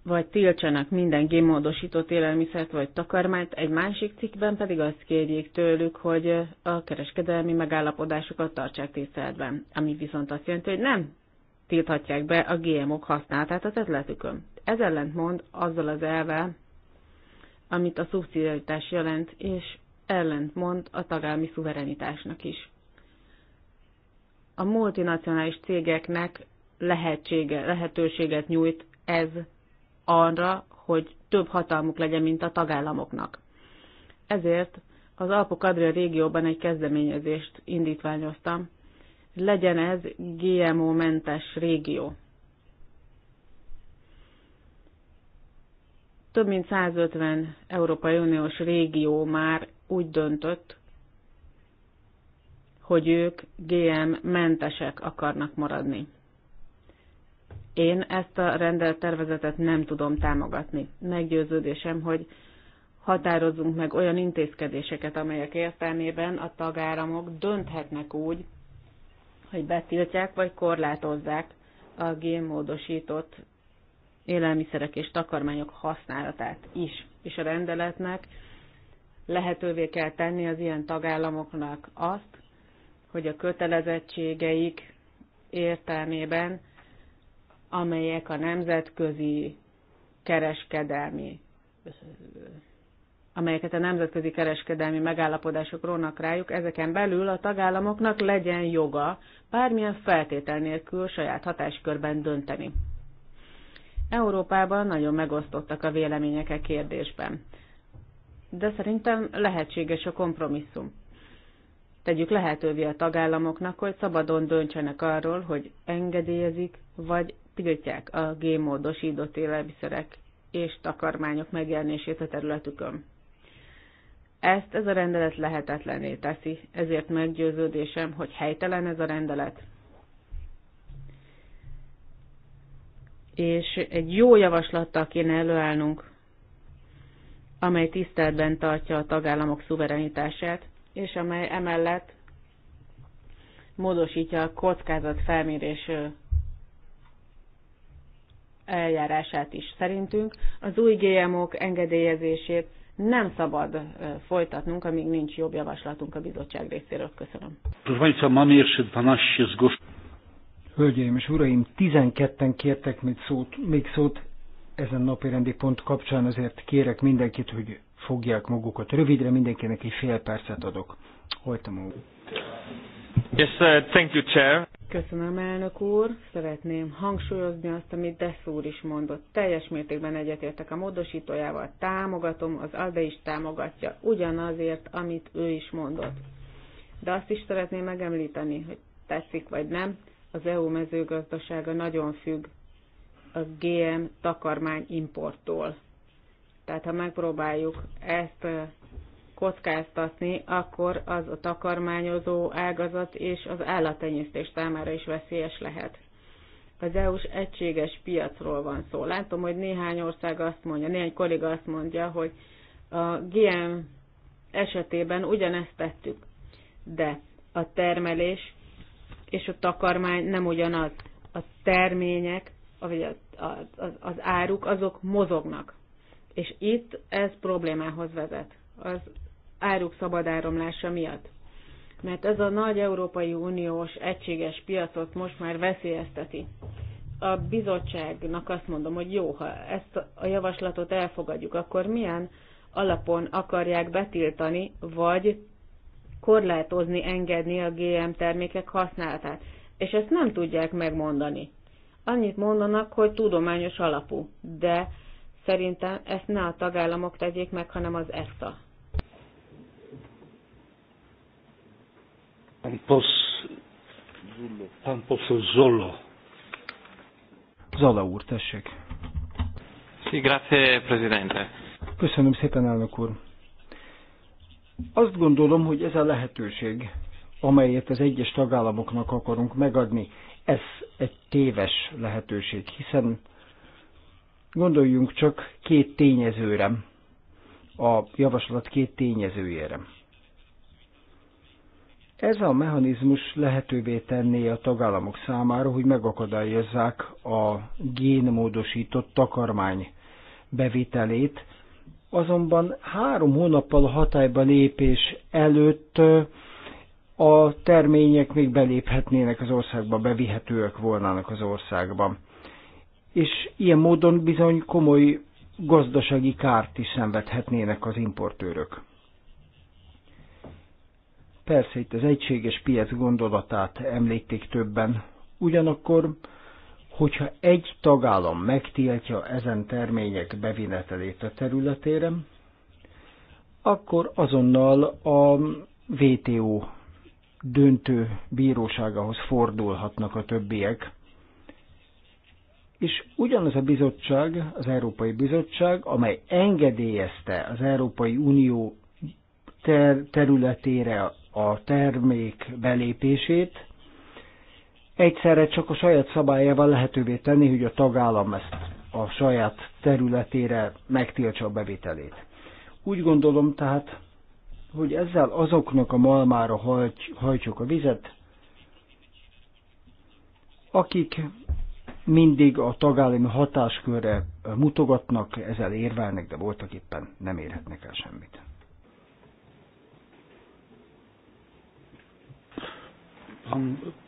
Speaker 4: vagy tiltsanak minden gémódosított élelmiszert vagy takarmányt, egy másik cikkben pedig azt kérjék tőlük, hogy a kereskedelmi megállapodásokat tartsák tiszteletben, ami viszont azt jelenti, hogy nem tilthatják be a GMO-k használatát az területükön. Ez ellentmond azzal az elvel, amit a szubszidiaritás jelent, és ellentmond a tagállami szuverenitásnak is. A multinacionális cégeknek lehetsége, lehetőséget nyújt ez arra, hogy több hatalmuk legyen, mint a tagállamoknak. Ezért az Alpok Adria régióban egy kezdeményezést indítványoztam, legyen ez GMO-mentes régió. Több mint 150 Európai Uniós régió már úgy döntött, hogy ők GM mentesek akarnak maradni. Én ezt a rendelt tervezetet nem tudom támogatni. Meggyőződésem, hogy határozzunk meg olyan intézkedéseket, amelyek értelmében a tagáramok dönthetnek úgy, hogy betiltják vagy korlátozzák a génmódosított élelmiszerek és takarmányok használatát is. És a rendeletnek lehetővé kell tenni az ilyen tagállamoknak azt, hogy a kötelezettségeik értelmében, amelyek a nemzetközi kereskedelmi amelyeket a nemzetközi kereskedelmi megállapodások rónak rájuk, ezeken belül a tagállamoknak legyen joga bármilyen feltétel nélkül saját hatáskörben dönteni. Európában nagyon megosztottak a vélemények a e kérdésben. De szerintem lehetséges a kompromisszum. Tegyük lehetővé a tagállamoknak, hogy szabadon döntsenek arról, hogy engedélyezik vagy tiltják a gémódosított élelmiszerek és takarmányok megjelenését a területükön. Ezt ez a rendelet lehetetlené teszi, ezért meggyőződésem, hogy helytelen ez a rendelet, és egy jó javaslattal kéne előállnunk, amely tiszteletben tartja a tagállamok szuverenitását, és amely emellett módosítja a kockázat felmérés eljárását is szerintünk. Az új GMO-k engedélyezését nem szabad folytatnunk, amíg nincs jobb javaslatunk a bizottság részéről. Köszönöm.
Speaker 1: Hölgyeim és uraim,
Speaker 2: 12-en kértek még szót, még szót ezen napi rendi pont kapcsán, azért kérek mindenkit, hogy fogják magukat rövidre, mindenkinek egy fél percet adok. Hajtam maguk.
Speaker 4: Yes, uh, thank you, Chair. Köszönöm, elnök úr. Szeretném hangsúlyozni azt, amit Desz úr is mondott. Teljes mértékben egyetértek a módosítójával. Támogatom, az ALDE is támogatja. Ugyanazért, amit ő is mondott. De azt is szeretném megemlíteni, hogy tetszik vagy nem az EU mezőgazdasága nagyon függ a GM takarmány importtól. Tehát ha megpróbáljuk ezt kockáztatni, akkor az a takarmányozó ágazat és az állattenyésztés számára is veszélyes lehet. Az EU-s egységes piacról van szó. Látom, hogy néhány ország azt mondja, néhány kolléga azt mondja, hogy a GM esetében ugyanezt tettük, de a termelés és a takarmány nem ugyanaz. A termények, vagy az, az, az áruk, azok mozognak. És itt ez problémához vezet. Az áruk szabad áramlása miatt. Mert ez a nagy Európai Uniós egységes piacot most már veszélyezteti. A bizottságnak azt mondom, hogy jó, ha ezt a javaslatot elfogadjuk, akkor milyen alapon akarják betiltani, vagy korlátozni, engedni a GM termékek használatát. És ezt nem tudják megmondani. Annyit mondanak, hogy tudományos alapú, de szerintem ezt ne a tagállamok tegyék meg, hanem az EFSA.
Speaker 1: Pan Zolo. Zola úr, tessék. Sí, grazie, presidente.
Speaker 2: Köszönöm szépen, elnök úr. Azt gondolom, hogy ez a lehetőség, amelyet az egyes tagállamoknak akarunk megadni, ez egy téves lehetőség, hiszen gondoljunk csak két tényezőre, a javaslat két tényezőjére. Ez a mechanizmus lehetővé tenné a tagállamok számára, hogy megakadályozzák a génmódosított takarmány bevitelét, azonban három hónappal a hatályba lépés előtt a termények még beléphetnének az országba, bevihetőek volnának az országban. És ilyen módon bizony komoly gazdasági kárt is szenvedhetnének az importőrök. Persze itt az egységes piac gondolatát említik többen, ugyanakkor hogyha egy tagállam megtiltja ezen termények bevinetelét a területére, akkor azonnal a VTO döntő bíróságához fordulhatnak a többiek. És ugyanaz a bizottság, az Európai Bizottság, amely engedélyezte az Európai Unió ter- területére a termék belépését, egyszerre csak a saját szabályával lehetővé tenni, hogy a tagállam ezt a saját területére megtiltsa a bevételét. Úgy gondolom tehát, hogy ezzel azoknak a malmára hajt, hajtsuk a vizet, akik mindig a tagállami hatáskörre mutogatnak, ezzel érvelnek, de voltak éppen
Speaker 1: nem érhetnek el semmit.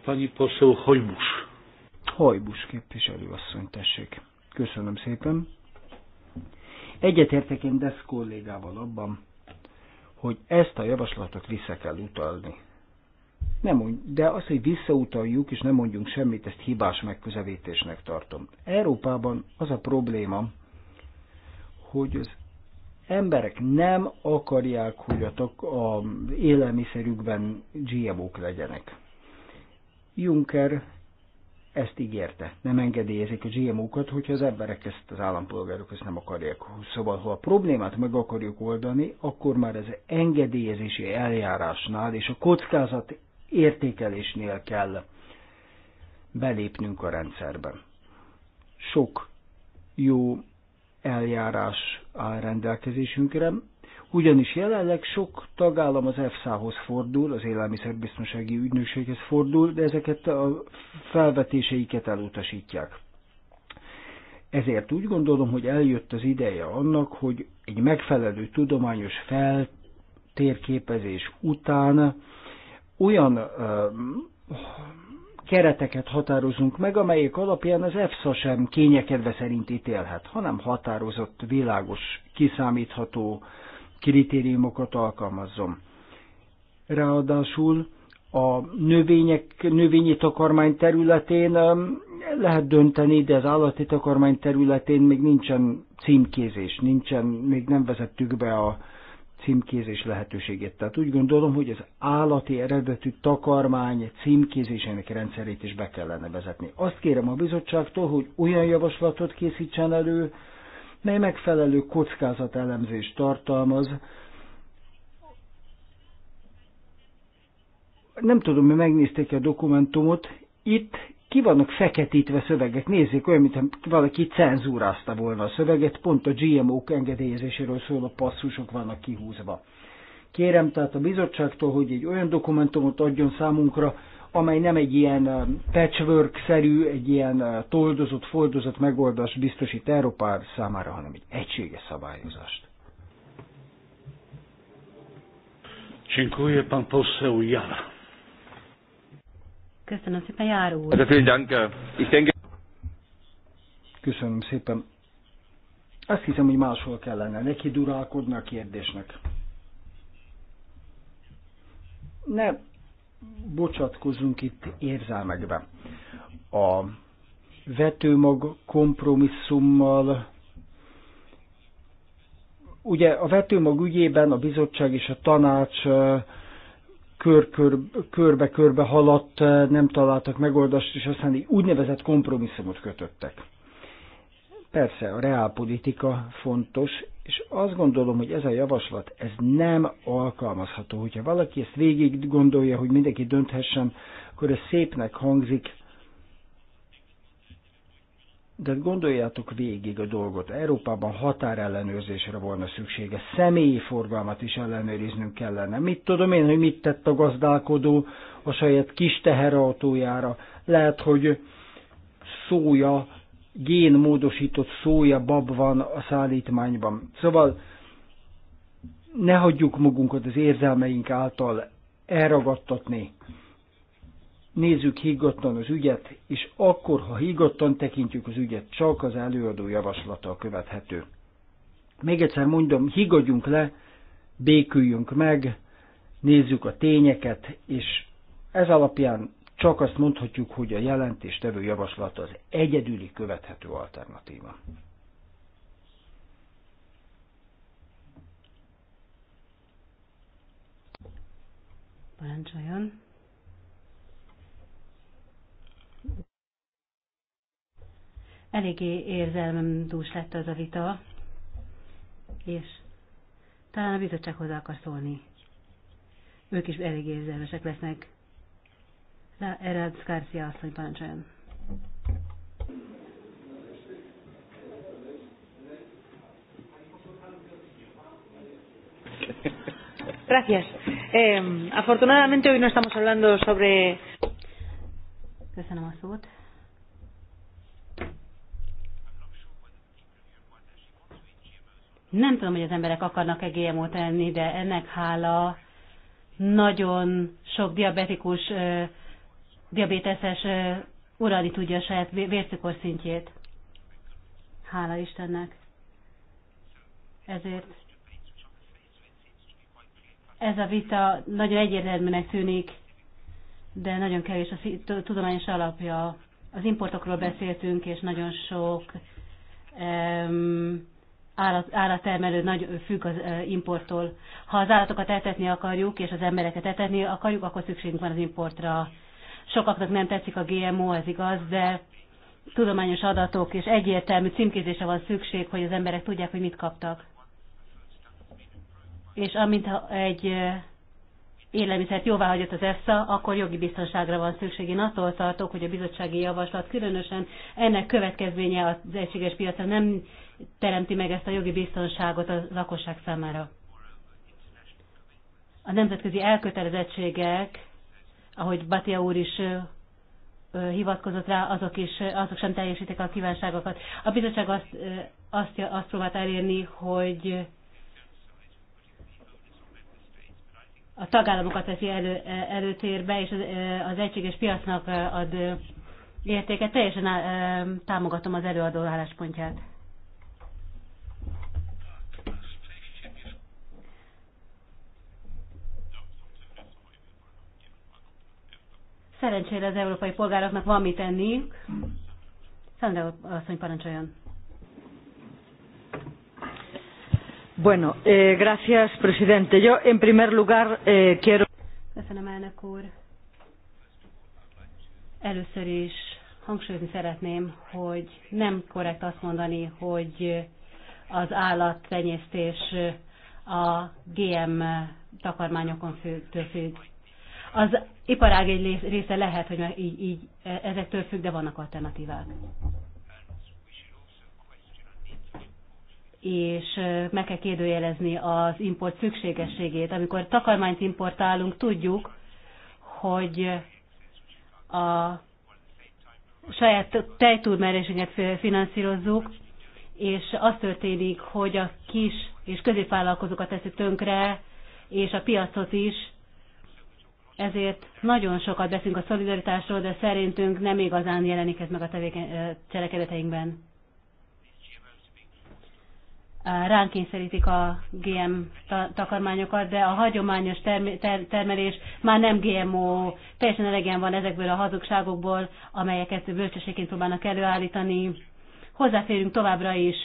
Speaker 1: Pani poseł Hojbus
Speaker 2: képviselő asszony, tessék. Köszönöm szépen. Egyetértek én Desz kollégával abban, hogy ezt a javaslatot vissza kell utalni. Nem mondj, de az, hogy visszautaljuk és nem mondjunk semmit, ezt hibás megközelítésnek tartom. Európában az a probléma, hogy az emberek nem akarják, hogy a, a élelmiszerükben GMO-k legyenek. Juncker ezt ígérte. Nem engedélyezik a GMO-kat, hogyha az emberek ezt, az állampolgárok ezt nem akarják. Szóval, ha a problémát meg akarjuk oldani, akkor már ez engedélyezési eljárásnál és a kockázat értékelésnél kell belépnünk a rendszerbe. Sok jó eljárás áll rendelkezésünkre, ugyanis jelenleg sok tagállam az EFSA-hoz fordul, az Élelmiszerbiztonsági Ügynökséghez fordul, de ezeket a felvetéseiket elutasítják. Ezért úgy gondolom, hogy eljött az ideje annak, hogy egy megfelelő tudományos feltérképezés után olyan ö, kereteket határozunk meg, amelyek alapján az EFSA sem kényekedve szerint ítélhet, hanem határozott, világos, kiszámítható kritériumokat alkalmazzon. Ráadásul a növények, növényi takarmány területén um, lehet dönteni, de az állati takarmány területén még nincsen címkézés, nincsen, még nem vezettük be a címkézés lehetőségét. Tehát úgy gondolom, hogy az állati eredetű takarmány címkézésének rendszerét is be kellene vezetni. Azt kérem a bizottságtól, hogy olyan javaslatot készítsen elő, mely megfelelő elemzést tartalmaz. Nem tudom, mi megnézték a dokumentumot, itt ki vannak feketítve szövegek, nézzék, olyan, mintha valaki cenzúrázta volna a szöveget, pont a GMO-k engedélyezéséről szóló passzusok vannak kihúzva. Kérem tehát a bizottságtól, hogy egy olyan dokumentumot adjon számunkra, amely nem egy ilyen patchwork-szerű, egy ilyen toldozott-foldozott megoldás biztosít Európa számára, hanem egy egységes szabályozást.
Speaker 3: Köszönöm szépen, Jár úr. Hát,
Speaker 2: Köszönöm szépen. Azt hiszem, hogy máshol kellene neki durálkodni a kérdésnek. Ne bocsatkozunk itt érzelmekbe. A vetőmag kompromisszummal, ugye a vetőmag ügyében a bizottság és a tanács eh, körbe-körbe haladt, eh, nem találtak megoldást, és aztán egy úgynevezett kompromisszumot kötöttek. Persze a reálpolitika fontos, és azt gondolom, hogy ez a javaslat, ez nem alkalmazható. Hogyha valaki ezt végig gondolja, hogy mindenki dönthessen, akkor ez szépnek hangzik, de gondoljátok végig a dolgot. Európában határellenőrzésre volna szüksége. Személyi forgalmat is ellenőriznünk kellene. Mit tudom én, hogy mit tett a gazdálkodó a saját kis teherautójára. Lehet, hogy szója génmódosított szója bab van a szállítmányban. Szóval ne hagyjuk magunkat az érzelmeink által elragadtatni. Nézzük higgadtan az ügyet, és akkor, ha higgadtan tekintjük az ügyet, csak az előadó javaslata követhető. Még egyszer mondom, higgadjunk le, béküljünk meg, nézzük a tényeket, és ez alapján csak azt mondhatjuk, hogy a jelentéstevő javaslat az egyedüli követhető alternatíva.
Speaker 3: Parancsoljon. Eléggé dús lett az a vita, és talán a bizottsághoz hozzá akar szólni. Ők is elég érzelmesek lesznek Ered Garcia asszony parancsoljon. Gracias. Eh, afortunadamente hoy no estamos hablando sobre. Köszönöm a szót. Nem tudom, hogy az emberek akarnak-e GMO-t enni, de ennek hála nagyon sok diabetikus diabéteses uralni tudja a saját vércukor szintjét. Hála Istennek. Ezért ez a vita nagyon egyértelműnek tűnik, de nagyon kevés a tudományos alapja. Az importokról beszéltünk, és nagyon sok um, állat, állattermelő nagy, függ az uh, importtól. Ha az állatokat etetni akarjuk, és az embereket etetni akarjuk, akkor szükségünk van az importra Sokaknak nem tetszik a GMO, ez igaz, de tudományos adatok és egyértelmű címkézése van szükség, hogy az emberek tudják, hogy mit kaptak. És amint egy élelmiszert jóvá hagyott az EFSA, akkor jogi biztonságra van szükség. Én attól tartok, hogy a bizottsági javaslat különösen ennek következménye az egységes piacra nem teremti meg ezt a jogi biztonságot a lakosság számára. A nemzetközi elkötelezettségek ahogy Batia úr is hivatkozott rá, azok, is, azok sem teljesítik a kívánságokat. A bizottság azt, azt, azt próbált elérni, hogy a tagállamokat teszi elő, e, előtérbe, és az, az egységes piacnak ad értéket. Teljesen támogatom az előadó álláspontját. Szerencsére az európai polgároknak van mit enniük. Szandra asszony parancsoljon. Bueno, eh, gracias, presidente. Yo, en primer lugar, eh, quiero... Köszönöm, elnök úr. Először is hangsúlyozni szeretném, hogy nem korrekt azt mondani, hogy az állattenyésztés a GM takarmányokon függ az iparág egy része lehet, hogy így, így e, ezektől függ, de vannak alternatívák. és e, meg kell kérdőjelezni az import szükségességét. Amikor takarmányt importálunk, tudjuk, hogy a saját tejtúrmerésünket finanszírozzuk, és az történik, hogy a kis és középvállalkozókat teszi tönkre, és a piacot is, ezért nagyon sokat beszélünk a szolidaritásról, de szerintünk nem igazán jelenik ez meg a tevéken, cselekedeteinkben. Ránk kényszerítik a GM takarmányokat, de a hagyományos termelés már nem GMO, teljesen elegen van ezekből a hazugságokból, amelyeket bölcsességként próbálnak előállítani. Hozzáférünk továbbra is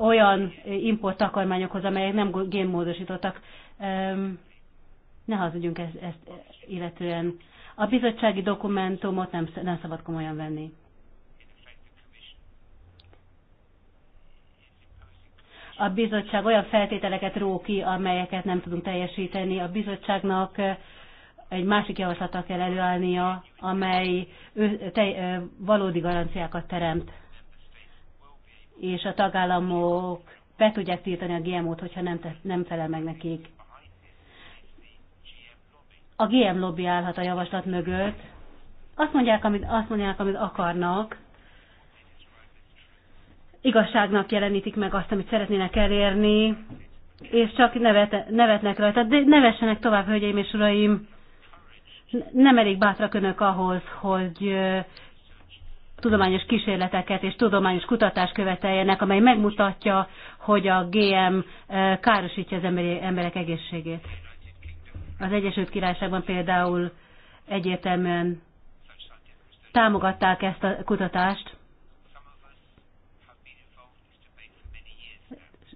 Speaker 3: olyan import takarmányokhoz, amelyek nem génmódosítottak. Um, ne hazudjunk ezt, ezt illetően. A bizottsági dokumentumot nem, nem szabad komolyan venni. A bizottság olyan feltételeket ró ki, amelyeket nem tudunk teljesíteni. A bizottságnak egy másik javaslata kell előállnia, amely ő, te, valódi garanciákat teremt, és a tagállamok be tudják tiltani a GMO-t, hogyha nem, nem felel meg nekik a GM lobby állhat a javaslat mögött. Azt mondják, amit, azt mondják, amit akarnak. Igazságnak jelenítik meg azt, amit szeretnének elérni, és csak nevet, nevetnek rajta. De nevessenek tovább, hölgyeim és uraim! Nem elég bátrak önök ahhoz, hogy tudományos kísérleteket és tudományos kutatást követeljenek, amely megmutatja, hogy a GM károsítja az emberek egészségét. Az Egyesült Királyságban például egyértelműen támogatták ezt a kutatást.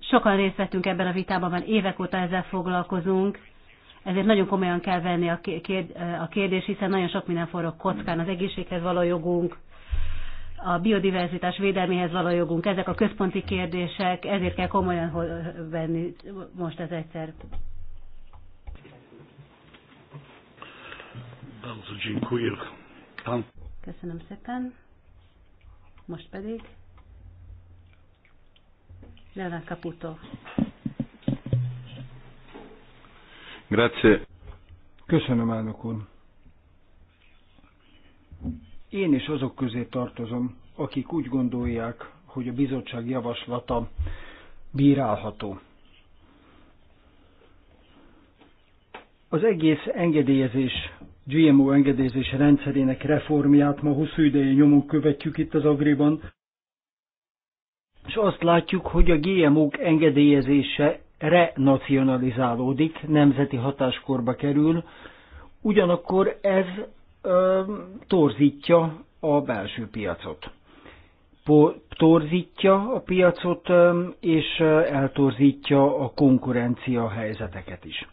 Speaker 3: Sokan részt vettünk ebben a vitában, mert évek óta ezzel foglalkozunk, ezért nagyon komolyan kell venni a kérdés, hiszen nagyon sok minden forró kockán, az egészséghez való jogunk, a biodiverzitás védelméhez való jogunk, ezek a központi kérdések, ezért kell komolyan venni most ez egyszer.
Speaker 5: Bardzo
Speaker 1: dziękuję. Pan...
Speaker 3: Köszönöm szépen. Most pedig Lena Caputo.
Speaker 1: Grazie. Köszönöm, elnök úr.
Speaker 2: Én is azok közé tartozom, akik úgy gondolják, hogy a bizottság javaslata bírálható. Az egész engedélyezés GMO engedélyzés rendszerének reformját ma hosszú ideje nyomon követjük itt az Agriban, és azt látjuk, hogy a GMO-k engedélyezése renacionalizálódik, nemzeti hatáskorba kerül, ugyanakkor ez ö, torzítja a belső piacot. Po, torzítja a piacot, ö, és eltorzítja a konkurencia helyzeteket is.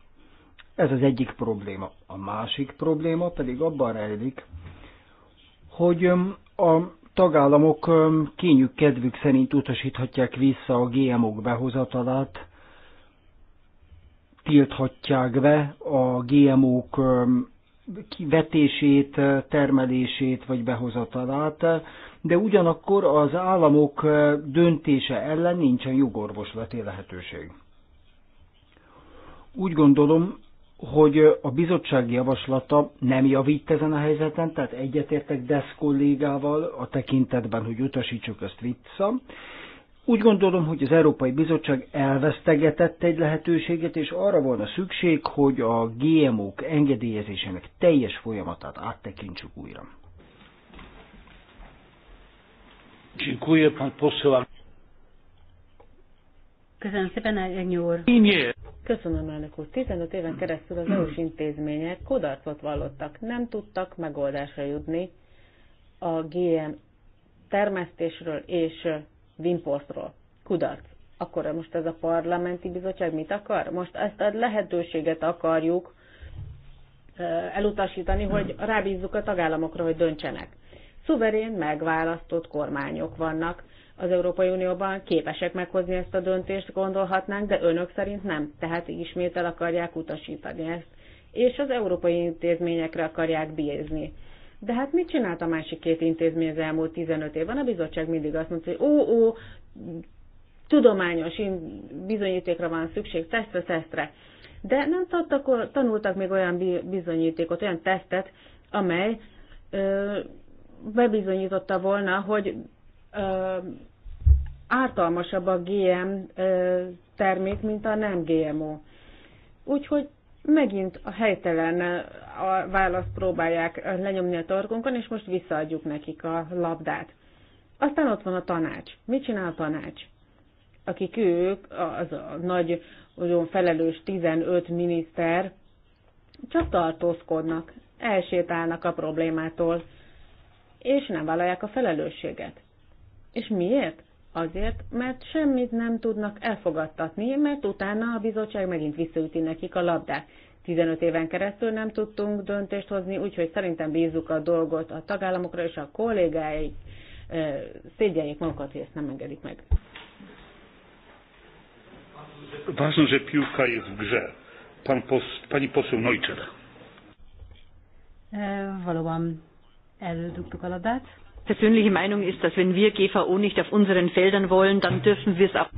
Speaker 2: Ez az egyik probléma. A másik probléma pedig abban rejlik, hogy a tagállamok kényük kedvük szerint utasíthatják vissza a GMO-k behozatalát, tilthatják be a GMO-k vetését, termelését vagy behozatalát, de ugyanakkor az államok döntése ellen nincsen jogorvoslati lehetőség. Úgy gondolom, hogy a bizottság javaslata nem javít ezen a helyzeten, tehát egyetértek DESZ kollégával a tekintetben, hogy utasítsuk ezt vissza. Úgy gondolom, hogy az Európai Bizottság elvesztegetett egy lehetőséget, és arra volna szükség, hogy a GMO-k engedélyezésének teljes folyamatát áttekintsük újra.
Speaker 3: Köszönöm szépen, Egnyúr.
Speaker 4: Köszönöm, elnök úr. 15 éven keresztül az EU-s intézmények kudarcot vallottak, nem tudtak megoldásra jutni a GM termesztésről és vimportról. Kudarc. Akkor most ez a parlamenti bizottság mit akar? Most ezt a lehetőséget akarjuk elutasítani, hogy rábízzuk a tagállamokra, hogy döntsenek. Szuverén, megválasztott kormányok vannak, az Európai Unióban képesek meghozni ezt a döntést, gondolhatnánk, de önök szerint nem. Tehát ismét el akarják utasítani ezt, és az európai intézményekre akarják bízni. De hát mit csinált a másik két intézmény az elmúlt 15 évben? A bizottság mindig azt mondta, hogy ó, ó, tudományos bizonyítékra van szükség, tesztre, tesztre. De nem tattak, tanultak még olyan bizonyítékot, olyan tesztet, amely ö, bebizonyította volna, hogy ö, ártalmasabb a GM termék, mint a nem GMO. Úgyhogy megint a helytelen a választ próbálják lenyomni a torkunkon, és most visszaadjuk nekik a labdát. Aztán ott van a tanács. Mit csinál a tanács? Akik ők, az a nagy, nagyon felelős 15 miniszter, csak tartózkodnak, elsétálnak a problémától, és nem vállalják a felelősséget. És miért? Azért, mert semmit nem tudnak elfogadtatni, mert utána a bizottság megint visszaüti nekik a labdát. 15 éven keresztül nem tudtunk döntést hozni, úgyhogy szerintem bízzuk a dolgot a tagállamokra, és a kollégáik. szégyeljék magukat, hogy ezt nem engedik meg.
Speaker 1: Ważne, że piłka jest w grze. Pan pos, pani poseł Neutscher.
Speaker 3: E, valóban elrugtuk a labdát persönliche Meinung ist, dass wenn wir GVO nicht auf unseren Feldern wollen, dann dürfen wir es ab.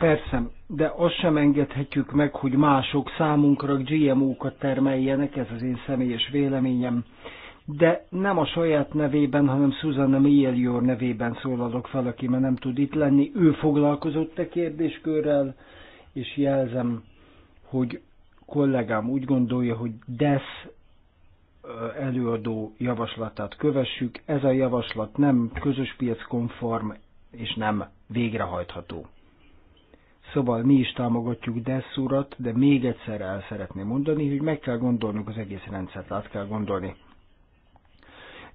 Speaker 3: Persze, de azt sem engedhetjük
Speaker 2: meg, hogy mások számunkra GMO-kat termeljenek, ez az én személyes véleményem. De nem a saját nevében, hanem Susanna Mielior nevében szólalok fel, aki már nem tud itt lenni. Ő foglalkozott a kérdéskörrel, és jelzem, hogy kollégám úgy gondolja, hogy DESZ előadó javaslatát kövessük. Ez a javaslat nem közös piac konform és nem végrehajtható. Szóval mi is támogatjuk Dessz urat, de még egyszer el szeretném mondani, hogy meg kell gondolnunk az egész rendszert, át kell gondolni.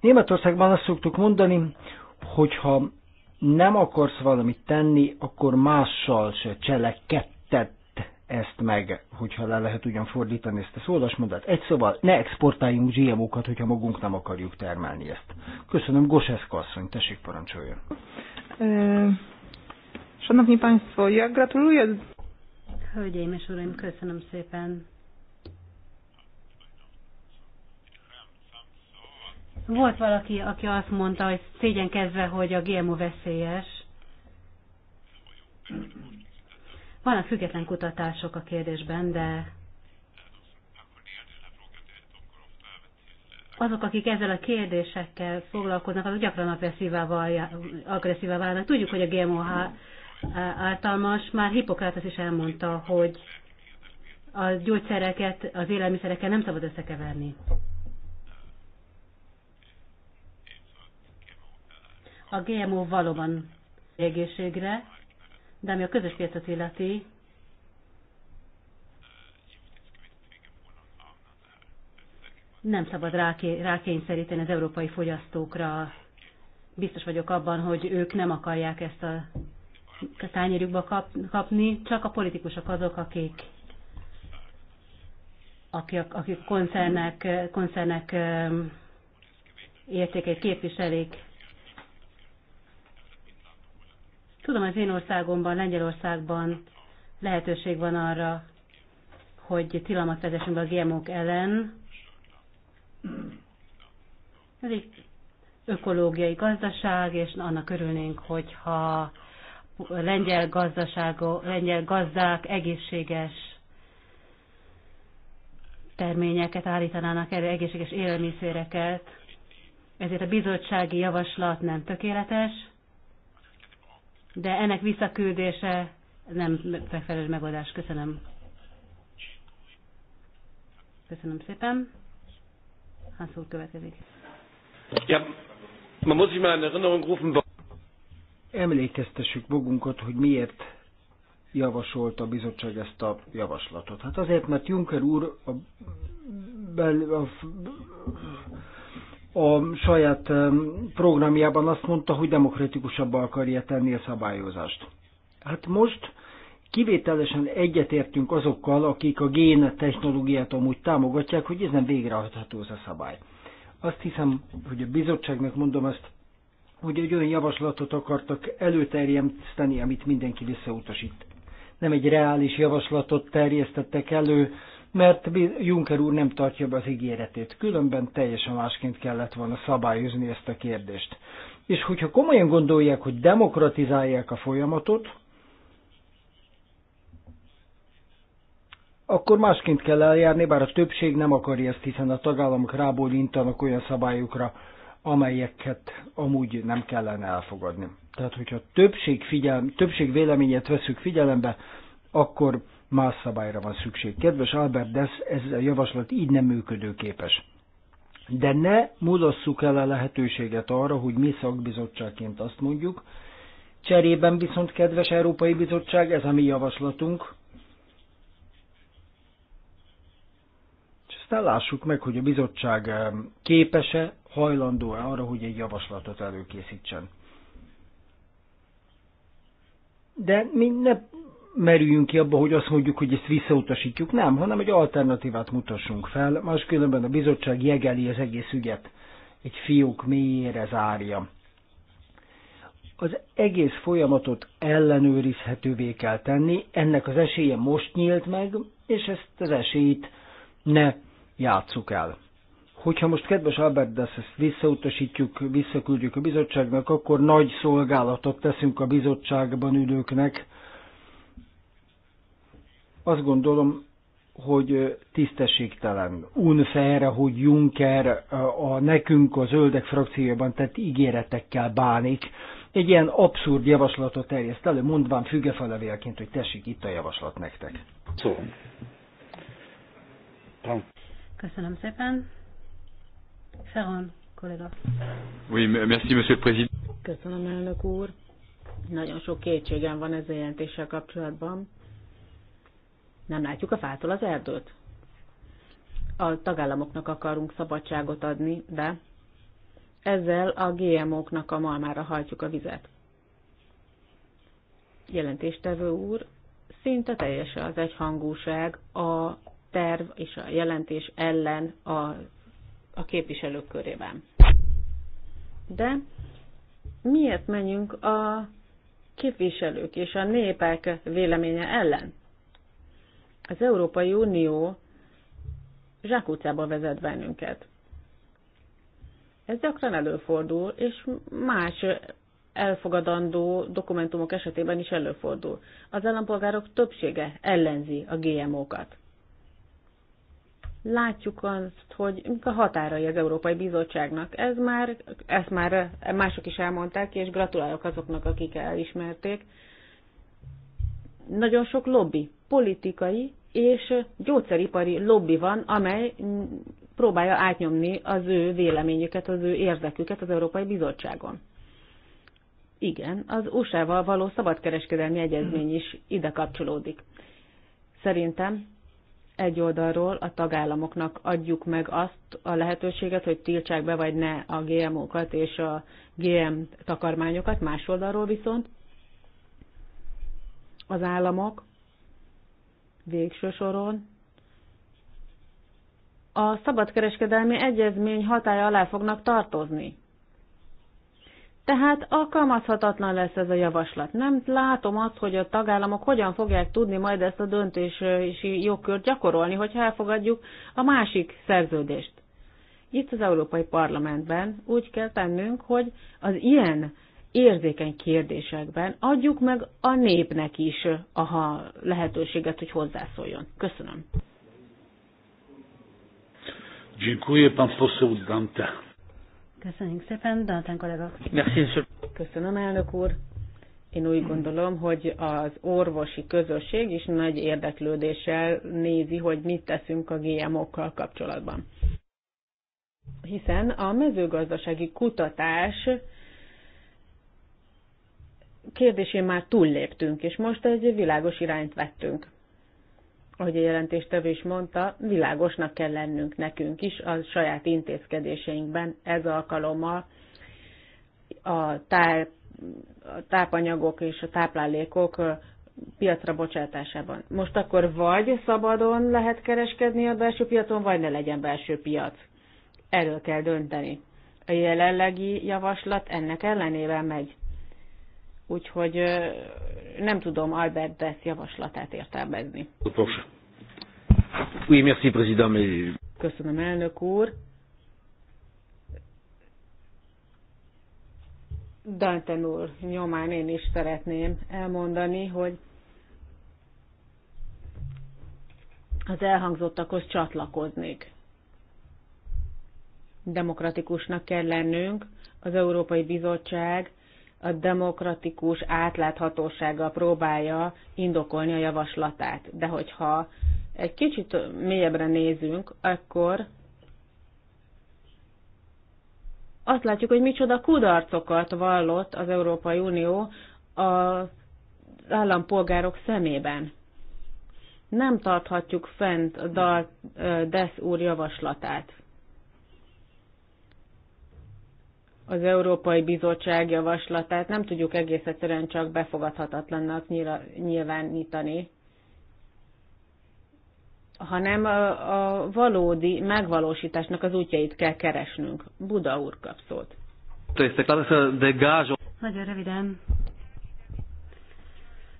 Speaker 2: Németországban azt szoktuk mondani, hogyha nem akarsz valamit tenni, akkor mással se cselekedj ezt meg, hogyha le lehet ugyan fordítani ezt a szólásmondát. Egy szóval, ne exportáljunk GMO-kat, hogyha magunk nem akarjuk termelni ezt. Köszönöm, Goseszka asszony, tessék parancsoljon.
Speaker 3: Szanowni Państwo, ja gratuluję. Hölgyeim és Uraim, köszönöm szépen. Volt valaki, aki azt mondta, hogy szégyenkezve, hogy a GMO veszélyes. Vannak független kutatások a kérdésben, de azok, akik ezzel a kérdésekkel foglalkoznak, azok gyakran agresszívá válnak. Tudjuk, hogy a GMO ártalmas, már Hippokrates is elmondta, hogy a gyógyszereket az élelmiszerekkel nem szabad összekeverni. A GMO valóban egészségre, de ami a közös piacot illeti, nem szabad rákényszeríteni az európai fogyasztókra. Biztos vagyok abban, hogy ők nem akarják ezt a tányérjukba kap, kapni, csak a politikusok azok, akik akik, akik koncernek, koncernek értékeit képviselik. Tudom, az én országomban, Lengyelországban lehetőség van arra, hogy tilalmat vezessünk a GMO-k ellen. Ez egy ökológiai gazdaság, és annak örülnénk, hogyha lengyel, lengyel gazdák egészséges terményeket állítanának elő, egészséges élelmiszereket. Ezért a bizottsági javaslat nem tökéletes, de ennek visszaküldése nem megfelelő megoldás. Köszönöm. Köszönöm szépen. Hát szól következik.
Speaker 1: Ja, ma muss sich mal in Erinnerung rufen,
Speaker 2: emlékeztessük magunkat, hogy miért javasolt a bizottság ezt a javaslatot. Hát azért, mert Juncker úr a, a, a, a saját programjában azt mondta, hogy demokratikusabbá akarja tenni a szabályozást. Hát most kivételesen egyetértünk azokkal, akik a gén technológiát amúgy támogatják, hogy ez nem végrehajtható ez a szabály. Azt hiszem, hogy a bizottságnak mondom ezt, hogy egy olyan javaslatot akartak előterjeszteni, amit mindenki visszautasít. Nem egy reális javaslatot terjesztettek elő, mert Juncker úr nem tartja be az ígéretét. Különben teljesen másként kellett volna szabályozni ezt a kérdést. És hogyha komolyan gondolják, hogy demokratizálják a folyamatot, akkor másként kell eljárni, bár a többség nem akarja ezt, hiszen a tagállamok intanak olyan szabályokra, amelyeket amúgy nem kellene elfogadni. Tehát, hogyha többség, figyel, többség véleményét veszük figyelembe, akkor más szabályra van szükség. Kedves Albert de ez a javaslat így nem működőképes. De ne mulasszuk el a lehetőséget arra, hogy mi szakbizottságként azt mondjuk, cserében viszont, kedves Európai Bizottság, ez a mi javaslatunk, és aztán lássuk meg, hogy a bizottság képes-e, hajlandó-e arra, hogy egy javaslatot előkészítsen. De mi ne merüljünk ki abba, hogy azt mondjuk, hogy ezt visszautasítjuk. Nem, hanem egy alternatívát mutassunk fel, máskülönben a bizottság jegeli az egész ügyet, egy fiók mélyére zárja. Az egész folyamatot ellenőrizhetővé kell tenni, ennek az esélye most nyílt meg, és ezt az esélyt ne játsszuk el. Hogyha most kedves Albert de ezt visszautasítjuk, visszaküldjük a bizottságnak, akkor nagy szolgálatot teszünk a bizottságban ülőknek, azt gondolom, hogy tisztességtelen, unfair, hogy Juncker a nekünk a zöldek frakciójában tett ígéretekkel bánik. Egy ilyen abszurd javaslatot terjeszt elő, mondván függefelevélként, hogy tessék itt a javaslat nektek.
Speaker 3: Szó. Köszönöm szépen. Ferran, kollega.
Speaker 1: Oui, merci, monsieur le président.
Speaker 3: Köszönöm, elnök úr.
Speaker 4: Nagyon sok kétségem van ez a jelentéssel kapcsolatban nem látjuk a fától az erdőt. A tagállamoknak akarunk szabadságot adni, de ezzel a GMO-knak a malmára hajtjuk a vizet. Jelentéstevő úr, szinte teljes az egyhangúság a terv és a jelentés ellen a, a képviselők körében. De miért menjünk a képviselők és a népek véleménye ellen? Az Európai Unió zsákutcába vezet bennünket. Ez gyakran előfordul, és más elfogadandó dokumentumok esetében is előfordul. Az állampolgárok többsége ellenzi a GMO-kat. Látjuk azt, hogy a határai az Európai Bizottságnak. Ez már, ezt már mások is elmondták, és gratulálok azoknak, akik elismerték. Nagyon sok lobby, politikai és gyógyszeripari lobby van, amely próbálja átnyomni az ő véleményüket, az ő érdeküket az Európai Bizottságon. Igen, az USA-val való szabadkereskedelmi egyezmény is ide kapcsolódik. Szerintem egy oldalról a tagállamoknak adjuk meg azt a lehetőséget, hogy tiltsák be vagy ne a GMO-kat és a GM takarmányokat, más oldalról viszont az államok Végső soron a szabadkereskedelmi egyezmény hatája alá fognak tartozni. Tehát alkalmazhatatlan lesz ez a javaslat. Nem látom azt, hogy a tagállamok hogyan fogják tudni majd ezt a döntési jogkört gyakorolni, hogyha elfogadjuk a másik szerződést. Itt az Európai Parlamentben úgy kell tennünk, hogy az ilyen érzékeny kérdésekben adjuk meg a népnek is a lehetőséget, hogy hozzászóljon.
Speaker 3: Köszönöm. Köszönjük szépen, Dantán kollega. Köszönöm, elnök úr.
Speaker 4: Én úgy gondolom, hogy az orvosi közösség is nagy érdeklődéssel nézi, hogy mit teszünk a GMO-kkal kapcsolatban. Hiszen a mezőgazdasági kutatás kérdésén már túlléptünk, és most egy világos irányt vettünk. Ahogy a jelentéstevő is mondta, világosnak kell lennünk nekünk is a saját intézkedéseinkben ez alkalommal a, tár, a tápanyagok és a táplálékok piacra bocsátásában. Most akkor vagy szabadon lehet kereskedni a belső piacon, vagy ne legyen belső piac. Erről kell dönteni. A jelenlegi javaslat ennek ellenében megy. Úgyhogy nem tudom Albert Dess javaslatát értelmezni.
Speaker 6: Oui, merci, président.
Speaker 4: Köszönöm, elnök úr. Danten úr nyomán én is szeretném elmondani, hogy az elhangzottakhoz csatlakoznék. Demokratikusnak kell lennünk, az Európai Bizottság a demokratikus átláthatósággal próbálja indokolni a javaslatát. De hogyha egy kicsit mélyebbre nézünk, akkor azt látjuk, hogy micsoda kudarcokat vallott az Európai Unió az állampolgárok szemében. Nem tarthatjuk fent a Dal Desz úr javaslatát. az Európai Bizottság javaslatát nem tudjuk egész egyszerűen csak befogadhatatlannak nyilvánítani, hanem a, a valódi megvalósításnak az útjait kell keresnünk.
Speaker 3: Buda úr kap szót. Nagyon röviden.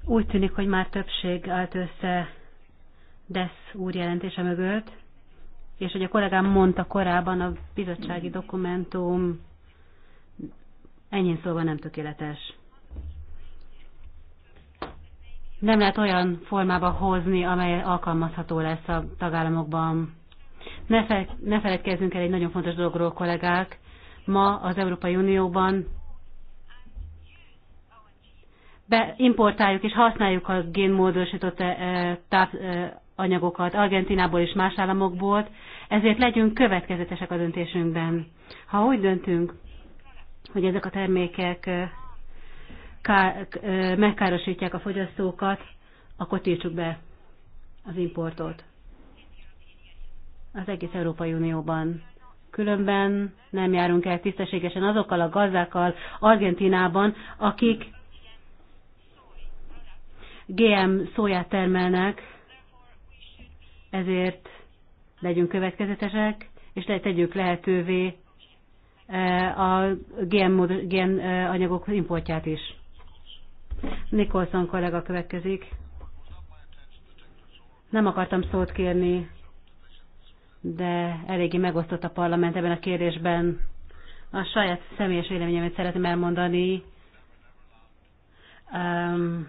Speaker 3: Úgy tűnik, hogy már többség állt össze DESZ úr jelentése mögött, és hogy a kollégám mondta korábban, a bizottsági dokumentum Ennyi szóval nem tökéletes. Nem lehet olyan formába hozni, amely alkalmazható lesz a tagállamokban. Ne, fe, ne feledkezzünk el egy nagyon fontos dologról, kollégák. Ma az Európai Unióban beimportáljuk importáljuk és használjuk a génmódosított eh, eh, anyagokat Argentinából és más államokból, ezért legyünk következetesek a döntésünkben. Ha úgy döntünk, hogy ezek a termékek megkárosítják a fogyasztókat, akkor tiltsuk be az importot az egész Európai Unióban. Különben nem járunk el tisztességesen azokkal a gazdákkal Argentinában, akik GM szóját termelnek, ezért legyünk következetesek, és tegyük lehetővé a GM, GM anyagok importját is. Nikolson kollega következik. Nem akartam szót kérni, de eléggé megosztott a parlament ebben a kérdésben. A saját személyes véleményemet szeretném elmondani. Um,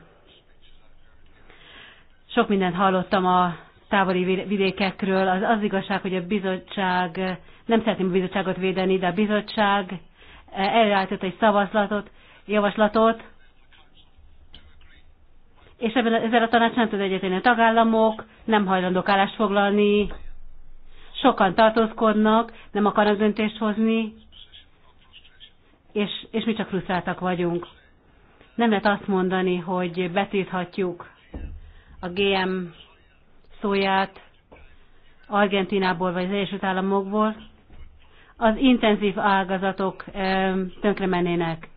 Speaker 3: sok mindent hallottam a távoli vidékekről. Az, az igazság, hogy a bizottság nem szeretném a bizottságot védeni, de a bizottság eh, előállított egy szavazlatot, javaslatot, és ebben, ezzel a tanács nem tud egyetlen a tagállamok, nem hajlandók állást foglalni, sokan tartózkodnak, nem akarnak döntést hozni, és, és mi csak frusztráltak vagyunk. Nem lehet azt mondani, hogy betilthatjuk a GM szóját Argentinából vagy az Egyesült Államokból, az intenzív ágazatok tönkre mennének.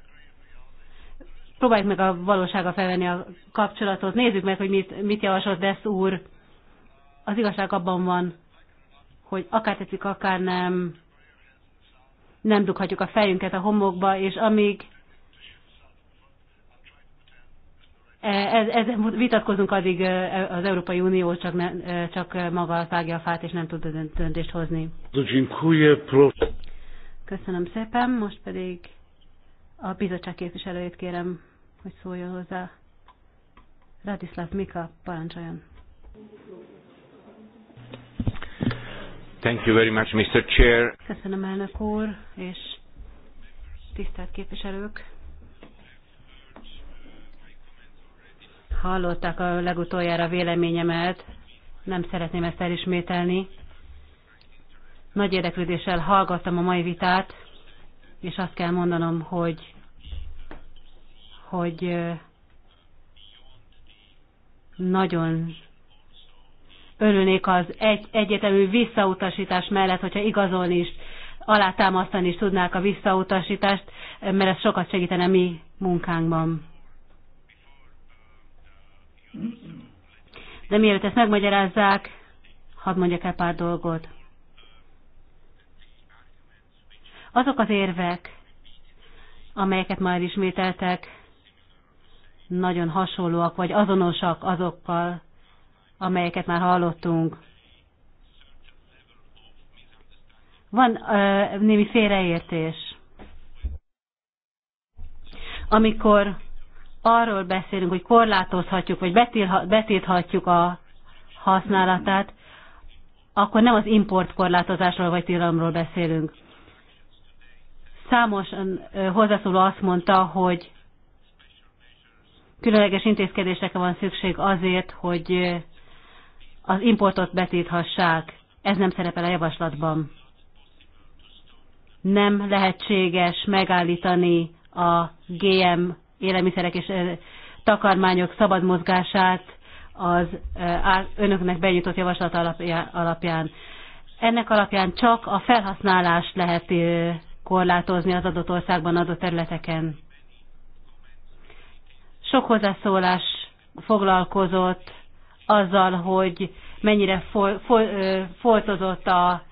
Speaker 3: Próbáljuk meg a valósága felvenni a kapcsolatot, nézzük meg, hogy mit, mit javasolt Desz úr. Az igazság abban van, hogy akár tetszik, akár nem, nem dughatjuk a fejünket a homokba, és amíg Ez, ez vitatkozunk addig az Európai Unió csak, ne, csak maga vágja a fát, és nem tud döntést hozni. Köszönöm szépen, most pedig a bizottság képviselőjét kérem, hogy szóljon hozzá. Radislav Mika, parancsoljon.
Speaker 1: Thank you very much, Mr. Chair.
Speaker 3: Köszönöm, elnök úr, és tisztelt képviselők. Hallották a legutoljára véleményemet, nem szeretném ezt elismételni. Nagy érdeklődéssel hallgattam a mai vitát, és azt kell mondanom, hogy, hogy nagyon örülnék az egy, egyetemű visszautasítás mellett, hogyha igazolni is, alátámasztani is tudnák a visszautasítást, mert ez sokat segítene mi munkánkban. De mielőtt ezt megmagyarázzák, hadd mondjak el pár dolgot. Azok az érvek, amelyeket már ismételtek, nagyon hasonlóak, vagy azonosak azokkal, amelyeket már hallottunk. Van ö, némi félreértés. Amikor arról beszélünk, hogy korlátozhatjuk, vagy betilthatjuk a használatát, akkor nem az import korlátozásról vagy tilalomról beszélünk. Számos hozzászóló azt mondta, hogy különleges intézkedésekre van szükség azért, hogy az importot betilthassák. Ez nem szerepel a javaslatban. Nem lehetséges megállítani a GM élelmiszerek és eh, takarmányok szabad mozgását az eh, önöknek benyújtott javaslat alapján. Ennek alapján csak a felhasználást lehet eh, korlátozni az adott országban, adott területeken. Sok hozzászólás foglalkozott azzal, hogy mennyire fol, fol, foltozott a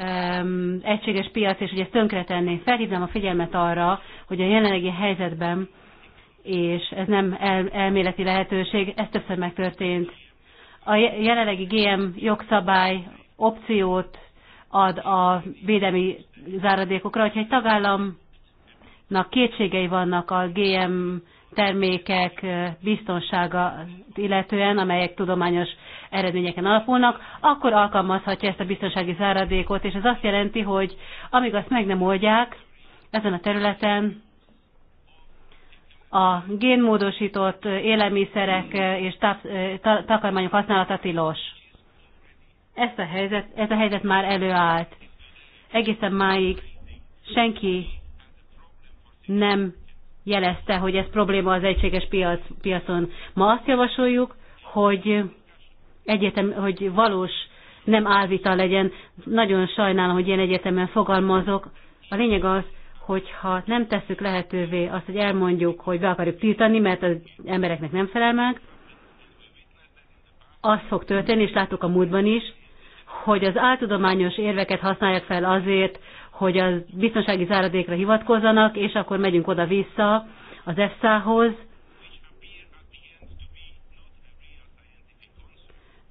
Speaker 3: um, egységes piac, és hogy ezt tönkretenné. Felhívnám a figyelmet arra, hogy a jelenlegi helyzetben és ez nem el, elméleti lehetőség, ez többször megtörtént. A jelenlegi GM jogszabály opciót ad a védelmi záradékokra, hogyha egy tagállamnak kétségei vannak a GM termékek biztonsága illetően, amelyek tudományos eredményeken alapulnak, akkor alkalmazhatja ezt a biztonsági záradékot, és ez azt jelenti, hogy amíg azt meg nem oldják ezen a területen, a génmódosított élelmiszerek eh, és eh, takarmányok használata tilos. Ezt a helyzet, ez a helyzet már előállt. Egészen máig senki nem jelezte, hogy ez probléma az egységes piac, piacon. Ma azt javasoljuk, hogy egyetem, hogy valós nem álvita legyen. Nagyon sajnálom, hogy ilyen egyetemen fogalmazok. A lényeg az, hogyha nem tesszük lehetővé azt, hogy elmondjuk, hogy be akarjuk tiltani, mert az embereknek nem felel meg, az fog történni, és láttuk a múltban is, hogy az áltudományos érveket használják fel azért, hogy a biztonsági záradékra hivatkozzanak, és akkor megyünk oda-vissza az EFSA-hoz,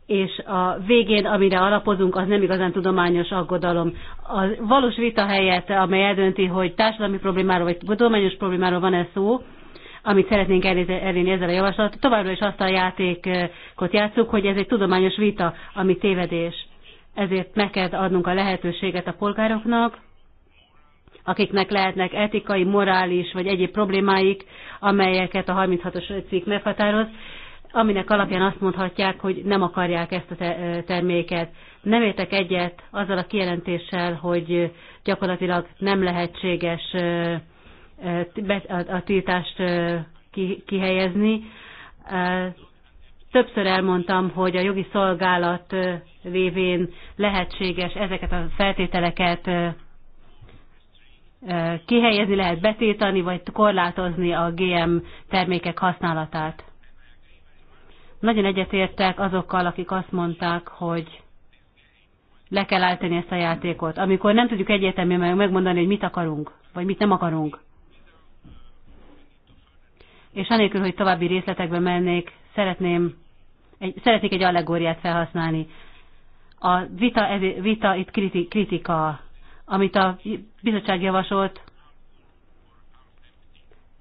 Speaker 3: és a végén, amire alapozunk, az nem igazán tudományos aggodalom. A valós vita helyett, amely eldönti, hogy társadalmi problémáról vagy tudományos problémáról van-e szó, amit szeretnénk elérni ezzel a javaslat, továbbra is azt a játékot játszunk, hogy ez egy tudományos vita, ami tévedés. Ezért meg kell adnunk a lehetőséget a polgároknak, akiknek lehetnek etikai, morális vagy egyéb problémáik, amelyeket a 36-os cikk meghatároz, aminek alapján azt mondhatják, hogy nem akarják ezt a terméket. Nem értek egyet azzal a kijelentéssel, hogy gyakorlatilag nem lehetséges a tiltást kihelyezni. Többször elmondtam, hogy a jogi szolgálat révén lehetséges ezeket a feltételeket kihelyezni, lehet betiltani, vagy korlátozni a GM termékek használatát. Nagyon egyetértek azokkal, akik azt mondták, hogy le kell állítani ezt a játékot, amikor nem tudjuk egyértelműen megmondani, hogy mit akarunk, vagy mit nem akarunk. És anélkül, hogy további részletekbe mennék, szeretném, egy, szeretnék egy allegóriát felhasználni. A vita, ez, vita itt kriti, kritika, amit a bizottság javasolt,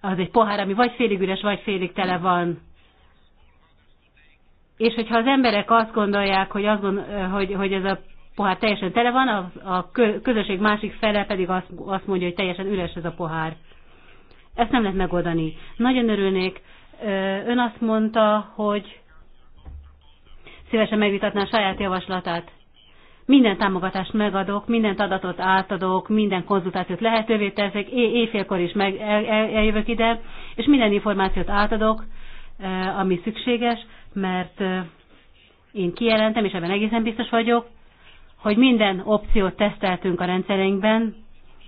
Speaker 3: az egy pohár, ami vagy félig üres, vagy félig tele van. És hogyha az emberek azt gondolják, hogy, azt gond, eh, hogy, hogy ez a pohár teljesen tele van, a, a közösség másik fele pedig azt, azt mondja, hogy teljesen üres ez a pohár. Ezt nem lehet megoldani. Nagyon örülnék. Eh, ön azt mondta, hogy szívesen megvitatná a saját javaslatát. Minden támogatást megadok, mindent adatot átadok, minden konzultációt lehetővé teszek, éjfélkor is meg, el, el, eljövök ide, és minden információt átadok, eh, ami szükséges mert én kijelentem, és ebben egészen biztos vagyok, hogy minden opciót teszteltünk a rendszerünkben,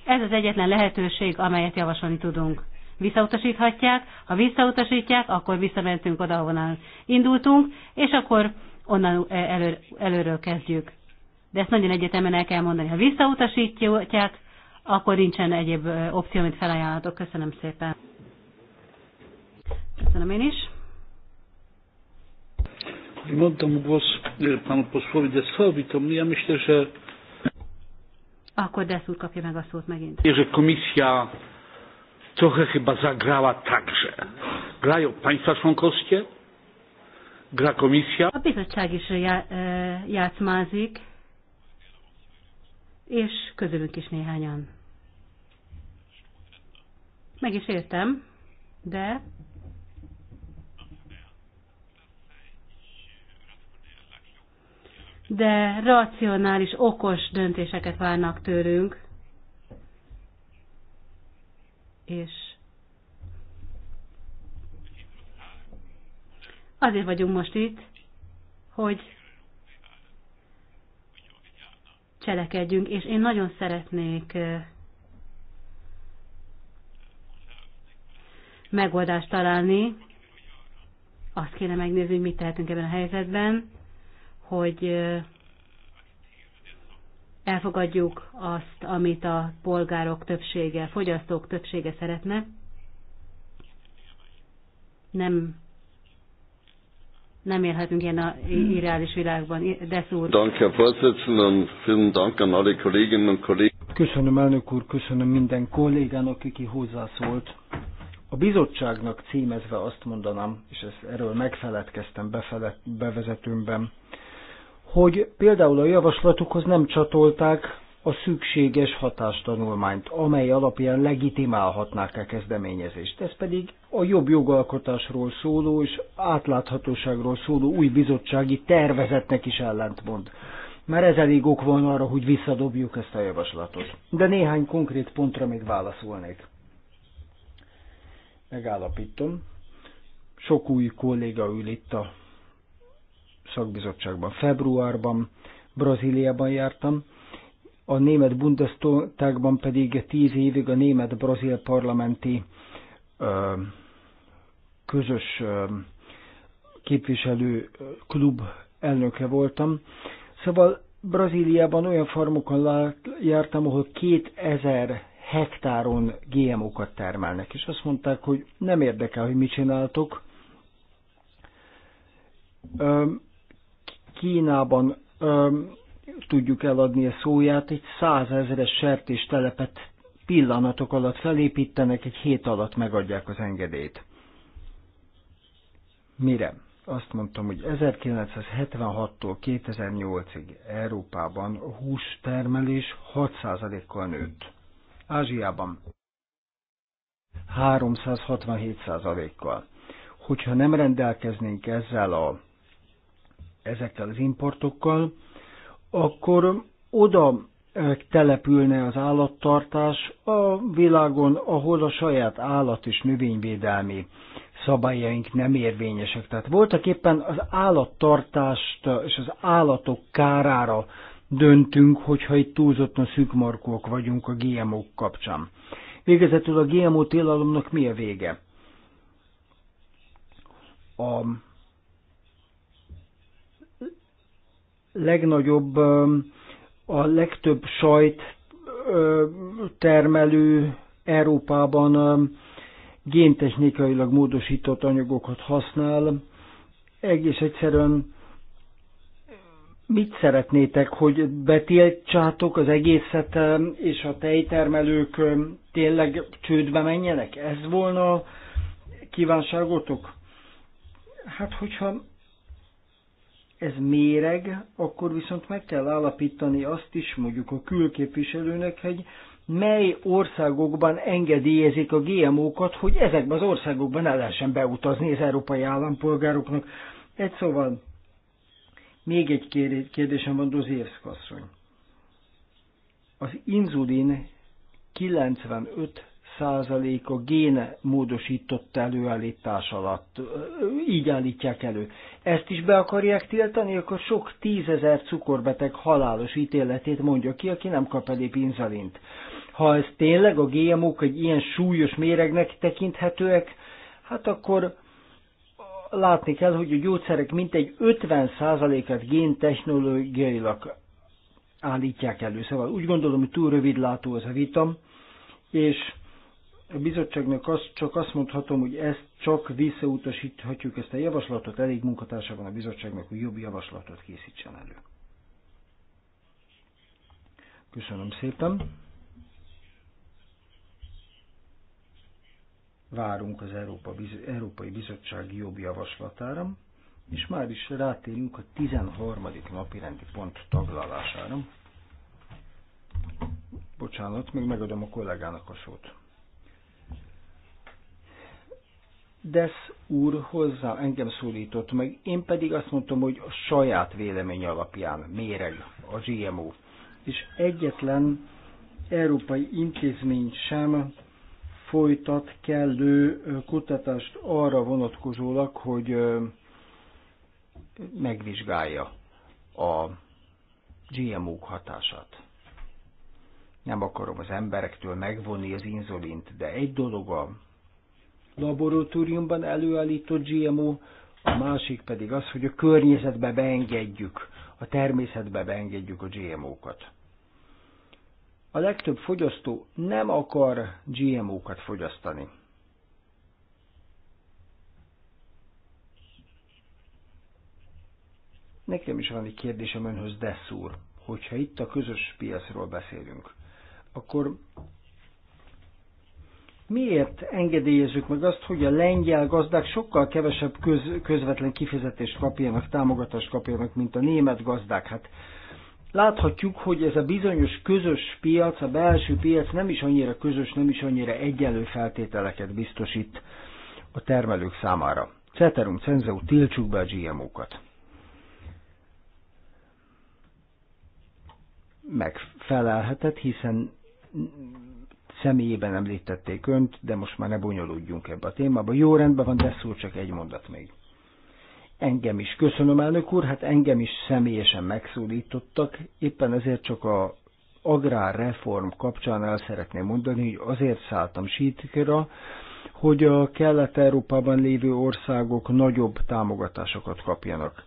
Speaker 3: ez az egyetlen lehetőség, amelyet javasolni tudunk. Visszautasíthatják, ha visszautasítják, akkor visszamentünk oda, ahonnan indultunk, és akkor onnan elő, előről kezdjük. De ezt nagyon egyetemen el kell mondani. Ha visszautasítják, akkor nincsen egyéb opció, mint felajánlatok. Köszönöm szépen. Köszönöm én is.
Speaker 1: Nim oddam głos e, panu posłowi Desowi, to ja myślę, że...
Speaker 3: Akkor Desz kapja meg a szót megint. Że
Speaker 1: komisja trochę chyba zagrała także. Grają państwa członkowskie, gra komisja. A
Speaker 3: bizottság is já, e, játszmázik, és közülünk is néhányan. Meg is értem, de de racionális, okos döntéseket várnak tőlünk, és azért vagyunk most itt, hogy cselekedjünk, és én nagyon szeretnék megoldást találni. Azt kéne megnézni, hogy mit tehetünk ebben a helyzetben hogy elfogadjuk azt, amit a polgárok többsége, fogyasztók többsége szeretne. Nem, nem élhetünk ilyen a irreális világban. De Köszönöm, elnök úr,
Speaker 2: köszönöm minden kollégának, aki hozzászólt. A bizottságnak címezve azt mondanám, és ezt erről megfeledkeztem bevezetőmben, hogy például a javaslatukhoz nem csatolták a szükséges hatástanulmányt, amely alapján legitimálhatnák a kezdeményezést. Ez pedig a jobb jogalkotásról szóló és átláthatóságról szóló új bizottsági tervezetnek is ellentmond. Már ez elég ok van arra, hogy visszadobjuk ezt a javaslatot. De néhány konkrét pontra még válaszolnék. Megállapítom. Sok új kolléga ül itt a szakbizottságban februárban, Brazíliában jártam, a német Bundestagban pedig tíz évig a német-brazil parlamenti ö, közös ö, képviselő klub elnöke voltam. Szóval Brazíliában olyan farmokon jártam, ahol 2000 hektáron GMO-kat termelnek, és azt mondták, hogy nem érdekel, hogy mit csináltok. Ö, Kínában öm, tudjuk eladni a szóját, egy százezeres sertés telepet pillanatok alatt felépítenek, egy hét alatt megadják az engedélyt. Mire? Azt mondtam, hogy 1976-tól 2008-ig Európában a hústermelés 6%-kal nőtt. Ázsiában 367%-kal. Hogyha nem rendelkeznénk ezzel a ezekkel az importokkal, akkor oda e, települne az állattartás a világon, ahol a saját állat- és növényvédelmi szabályaink nem érvényesek. Tehát voltak éppen az állattartást e, és az állatok kárára döntünk, hogyha itt túlzottan szűkmarkók vagyunk a GMO kapcsán. Végezetül a GMO tilalomnak mi a vége? A legnagyobb, a legtöbb sajt termelő Európában géntechnikailag módosított anyagokat használ. Egész egyszerűen mit szeretnétek, hogy betiltsátok az egészet, és a tejtermelők tényleg csődbe menjenek? Ez volna kívánságotok? Hát, hogyha ez méreg, akkor viszont meg kell állapítani azt is, mondjuk a külképviselőnek, hogy mely országokban engedélyezik a GMO-kat, hogy ezekben az országokban el lehessen beutazni az európai állampolgároknak. Egy szóval, még egy kérdésem van Dozérszk asszony. Az inzulin 95 százaléka géne módosított előállítás alatt. Így állítják elő. Ezt is be akarják tiltani, akkor sok tízezer cukorbeteg halálos ítéletét mondja ki, aki nem kap elé pinzalint. Ha ez tényleg a GMO-k egy ilyen súlyos méregnek tekinthetőek, hát akkor látni kell, hogy a gyógyszerek mintegy 50%-át géntechnológiailag állítják elő. Szóval úgy gondolom, hogy túl rövidlátó ez a vitam, és a bizottságnak azt, csak azt mondhatom, hogy ezt csak visszautasíthatjuk ezt a javaslatot, elég munkatársa van a bizottságnak, hogy jobb javaslatot készítsen elő. Köszönöm szépen. Várunk az Európa, Európai Bizottság jobb javaslatára, és már is rátérünk a 13. napi rendi pont taglalására. Bocsánat, még megadom a kollégának a szót. Desz úr hozzá engem szólított meg, én pedig azt mondtam, hogy a saját vélemény alapján méreg a GMO. És egyetlen európai intézmény sem folytat kellő kutatást arra vonatkozólag, hogy megvizsgálja a GMO-k hatását. Nem akarom az emberektől megvonni az inzulint, de egy dolog a laboratóriumban előállított GMO, a másik pedig az, hogy a környezetbe beengedjük, a természetbe beengedjük a GMO-kat. A legtöbb fogyasztó nem akar GMO-kat fogyasztani. Nekem is van egy kérdésem önhöz, Dessz úr, hogyha itt a közös piacról beszélünk, akkor Miért engedélyezzük meg azt, hogy a lengyel gazdák sokkal kevesebb köz, közvetlen kifizetést kapjanak, támogatást kapjanak, mint a német gazdák? Hát láthatjuk, hogy ez a bizonyos közös piac, a belső piac nem is annyira közös, nem is annyira egyenlő feltételeket biztosít a termelők számára. Ceterum cenzeu, tiltsuk be a GMO-kat. Megfelelhetett, hiszen személyében említették önt, de most már ne bonyolódjunk ebbe a témába. Jó, rendben van, de szól csak egy mondat még. Engem is. Köszönöm, elnök úr, hát engem is személyesen megszólítottak, éppen ezért csak a agrárreform kapcsán el szeretném mondani, hogy azért szálltam sítikra, hogy a Kelet-Európában lévő országok nagyobb támogatásokat kapjanak.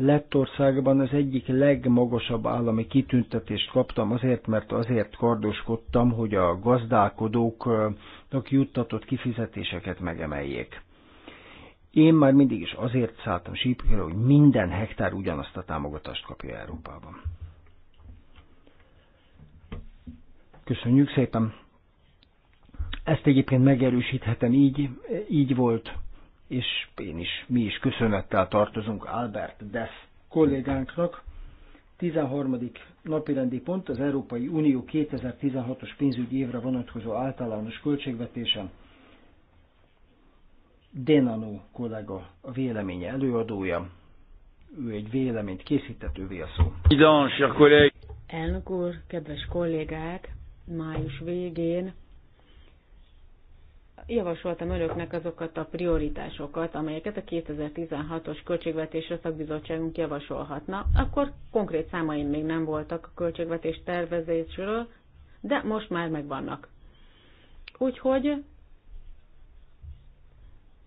Speaker 2: Lettországban az egyik legmagasabb állami kitüntetést kaptam azért, mert azért kardoskodtam, hogy a gazdálkodóknak juttatott kifizetéseket megemeljék. Én már mindig is azért szálltam sípkére, hogy minden hektár ugyanazt a támogatást kapja Európában. Köszönjük szépen! Ezt egyébként megerősíthetem, így, így volt és én is, mi is köszönettel tartozunk Albert Dess kollégánknak. 13. napirendi pont az Európai Unió 2016-os pénzügyi évre vonatkozó általános költségvetése. Denano kollega a véleménye előadója. Ő egy véleményt készített, ővé a szó.
Speaker 4: Elnök úr, kedves kollégák, május végén javasoltam önöknek azokat a prioritásokat, amelyeket a 2016-os költségvetésre szakbizottságunk javasolhatna. Akkor konkrét számaim még nem voltak a költségvetés tervezésről, de most már megvannak. Úgyhogy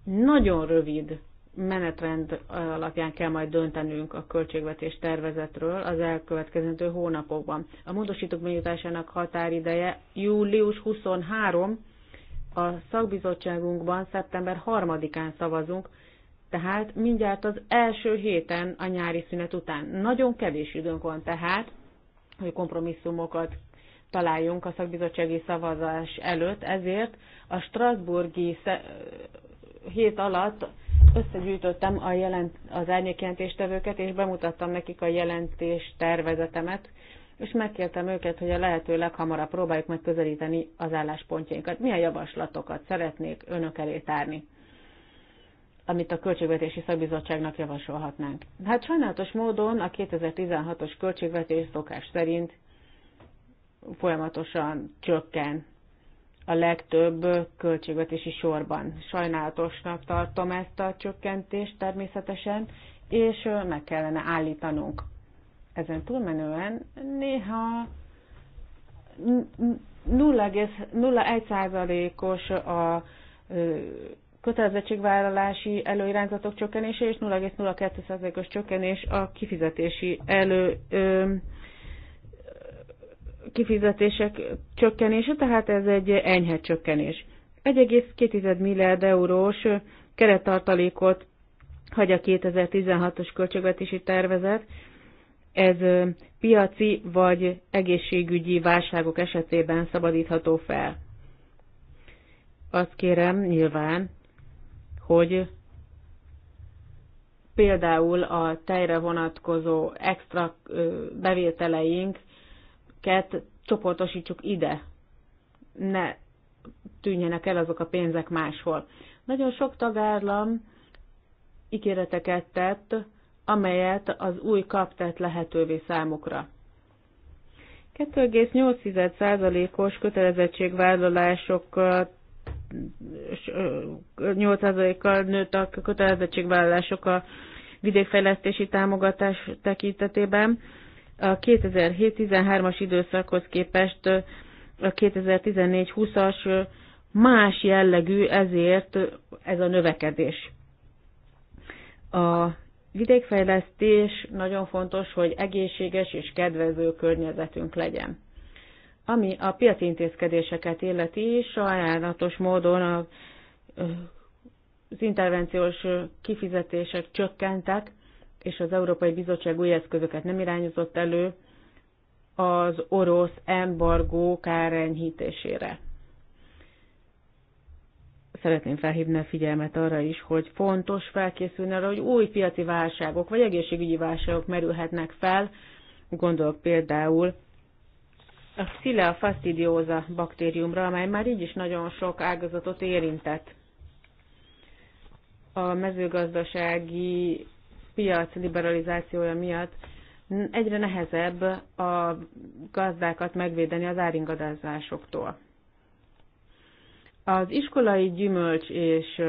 Speaker 4: nagyon rövid menetrend alapján kell majd döntenünk a költségvetés tervezetről az elkövetkezendő hónapokban. A módosítók benyújtásának határideje július 23, a szakbizottságunkban szeptember 3-án szavazunk, tehát mindjárt az első héten a nyári szünet után. Nagyon kevés időnk van tehát, hogy kompromisszumokat találjunk a szakbizottsági szavazás előtt, ezért a Strasburgi hét alatt összegyűjtöttem a jelent, az árnyékjelentéstevőket, és bemutattam nekik a jelentés tervezetemet, és megkértem őket, hogy a lehető leghamarabb próbáljuk meg közelíteni az álláspontjainkat. Milyen javaslatokat szeretnék önök elé tárni, amit a Költségvetési Szakbizottságnak javasolhatnánk. Hát sajnálatos módon a 2016-os költségvetés szokás szerint folyamatosan csökken a legtöbb költségvetési sorban. Sajnálatosnak tartom ezt a csökkentést természetesen, és meg kellene állítanunk ezen túlmenően néha 0,01%-os a kötelezettségvállalási előirányzatok csökkenése és 0,02%-os csökkenés a kifizetési elő ö, kifizetések csökkenése, tehát ez egy enyhe csökkenés. 1,2 milliárd eurós kerettartalékot hagy a 2016-os költségvetési tervezet, ez piaci vagy egészségügyi válságok esetében szabadítható fel. Azt kérem nyilván, hogy például a tejre vonatkozó extra bevételeinket csoportosítsuk ide. Ne tűnjenek el azok a pénzek máshol. Nagyon sok tagállam ígéreteket tett, amelyet az új kap tett lehetővé számukra. 2,8%-os kötelezettségvállalások, 8%-kal nőtt a kötelezettségvállalások a vidékfejlesztési támogatás tekintetében. A 2007-13-as időszakhoz képest a 2014-20-as más jellegű, ezért ez a növekedés. A vidékfejlesztés nagyon fontos, hogy egészséges és kedvező környezetünk legyen. Ami a piaci intézkedéseket illeti, sajnálatos módon a, az intervenciós kifizetések csökkentek, és az Európai Bizottság új eszközöket nem irányozott elő az orosz embargó kárenyhítésére szeretném felhívni a figyelmet arra is, hogy fontos felkészülni arra, hogy új piaci válságok vagy egészségügyi válságok merülhetnek fel. Gondolok például a Xylella fastidiosa baktériumra, amely már így is nagyon sok ágazatot érintett. A mezőgazdasági piac liberalizációja miatt egyre nehezebb a gazdákat megvédeni az áringadázásoktól. Az iskolai gyümölcs és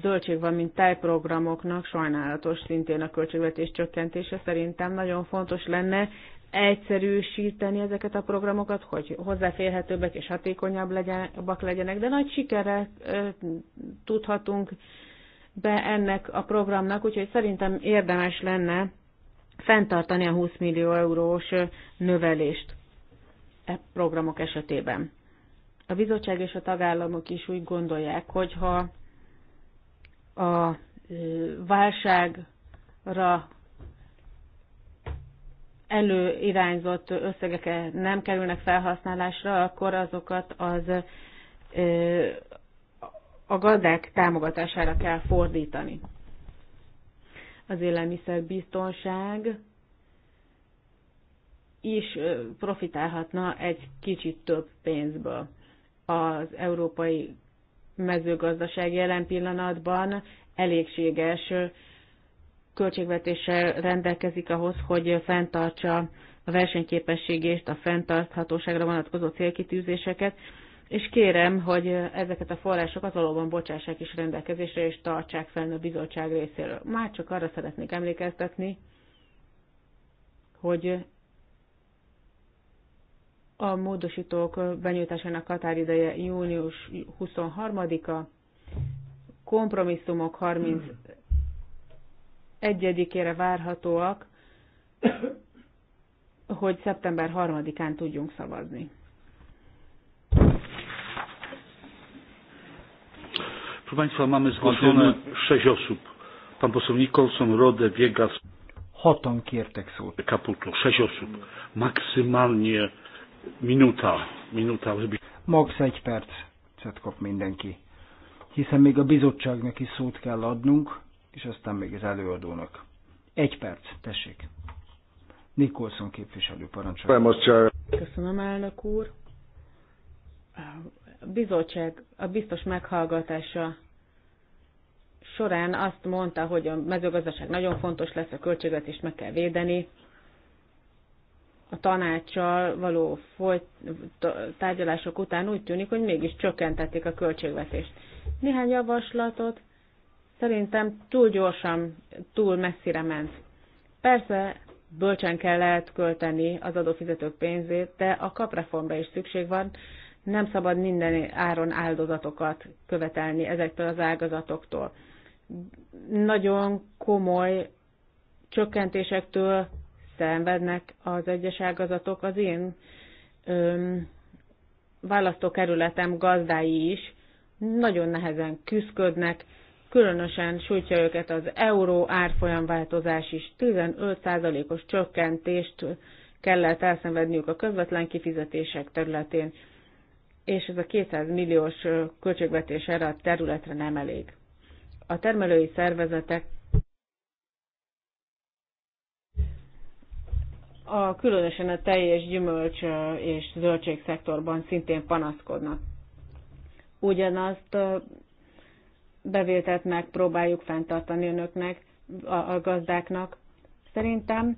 Speaker 4: zöldség, mint tájprogramoknak sajnálatos szintén a költségvetés csökkentése szerintem nagyon fontos lenne egyszerűsíteni ezeket a programokat, hogy hozzáférhetőbbek és hatékonyabbak legyenek, de nagy sikere tudhatunk be ennek a programnak, úgyhogy szerintem érdemes lenne fenntartani a 20 millió eurós növelést e programok esetében. A bizottság és a tagállamok is úgy gondolják, hogy ha a válságra előirányzott összegek nem kerülnek felhasználásra, akkor azokat az a gazdák támogatására kell fordítani. Az élelmiszerbiztonság is profitálhatna egy kicsit több pénzből az európai mezőgazdaság jelen pillanatban elégséges költségvetéssel rendelkezik ahhoz, hogy fenntartsa a versenyképességét, a fenntarthatóságra vonatkozó célkitűzéseket, és kérem, hogy ezeket a forrásokat valóban bocsássák is rendelkezésre, és tartsák fel a bizottság részéről. Már csak arra szeretnék emlékeztetni, hogy a módosítók benyújtásának határideje június 23-a, kompromisszumok 31-ére várhatóak, hogy szeptember 3-án tudjunk szavazni.
Speaker 1: Proszę Państwa, mamy zgłoszone sześć osób. Pan poseł Nikolson, Rodę, Wiegas. Hotą kiertek słów. Caputo, sześć osób. Maksymalnie Minuta. Minuta.
Speaker 2: Max egy percet kap mindenki. Hiszen még a bizottságnak is szót kell adnunk, és aztán még az előadónak. Egy perc, tessék. Nikolson képviselő parancsolja.
Speaker 4: Köszönöm,
Speaker 5: elnök úr.
Speaker 4: A bizottság a biztos meghallgatása során azt mondta, hogy a mezőgazdaság nagyon fontos lesz, a költségvetést meg kell védeni, a tanácssal való folyt, tárgyalások után úgy tűnik, hogy mégis csökkentették a költségvetést. Néhány javaslatot szerintem túl gyorsan, túl messzire ment. Persze bölcsen kell lehet költeni az adófizetők pénzét, de a kapreformra is szükség van. Nem szabad minden áron áldozatokat követelni ezektől az ágazatoktól. Nagyon komoly csökkentésektől szenvednek az egyes ágazatok. Az én öm, választókerületem gazdái is nagyon nehezen küzdködnek, különösen sújtja őket az euró árfolyamváltozás is. 15%-os csökkentést kellett elszenvedniük a közvetlen kifizetések területén, és ez a 200 milliós költségvetés erre a területre nem elég. A termelői szervezetek a, különösen a teljes gyümölcs és szektorban szintén panaszkodnak. Ugyanazt bevételt megpróbáljuk fenntartani önöknek, a, a gazdáknak. Szerintem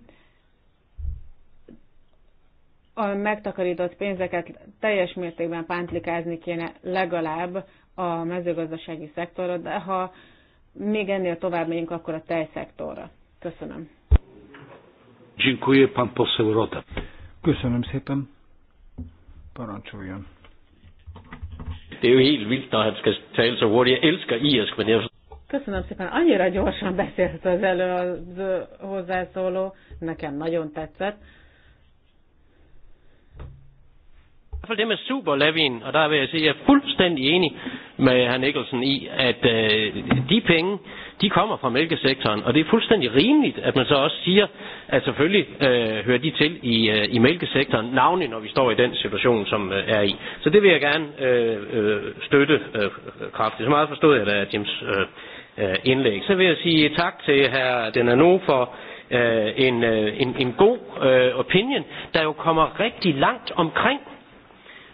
Speaker 4: a megtakarított pénzeket teljes mértékben pántlikázni kéne legalább a mezőgazdasági szektorra, de ha még ennél tovább megyünk, akkor a tejszektorra. Köszönöm.
Speaker 1: Dziękuję, pan
Speaker 6: poseł Roda.
Speaker 2: Köszönöm szépen.
Speaker 1: Parancsoljon.
Speaker 6: Er
Speaker 4: Köszönöm szépen. Annyira gyorsan beszélt az elő az hozzászóló. Nekem nagyon tetszett.
Speaker 6: hvert fald det med superlavin, og der vil jeg sige, at jeg er fuldstændig enig med herr Nicholson i, at øh, de penge, de kommer fra mælkesektoren, og det er fuldstændig rimeligt, at man så også siger, at selvfølgelig øh, hører de til i, øh, i mælkesektoren, navnlig når vi står i den situation, som øh, er i. Så det vil jeg gerne øh, øh støtte øh, kraftigt. Så meget forstod jeg da Jims øh, øh indlæg. Så vil jeg sige tak til hr. Denano for øh, en, øh, en, en god øh, opinion, der jo kommer rigtig langt omkring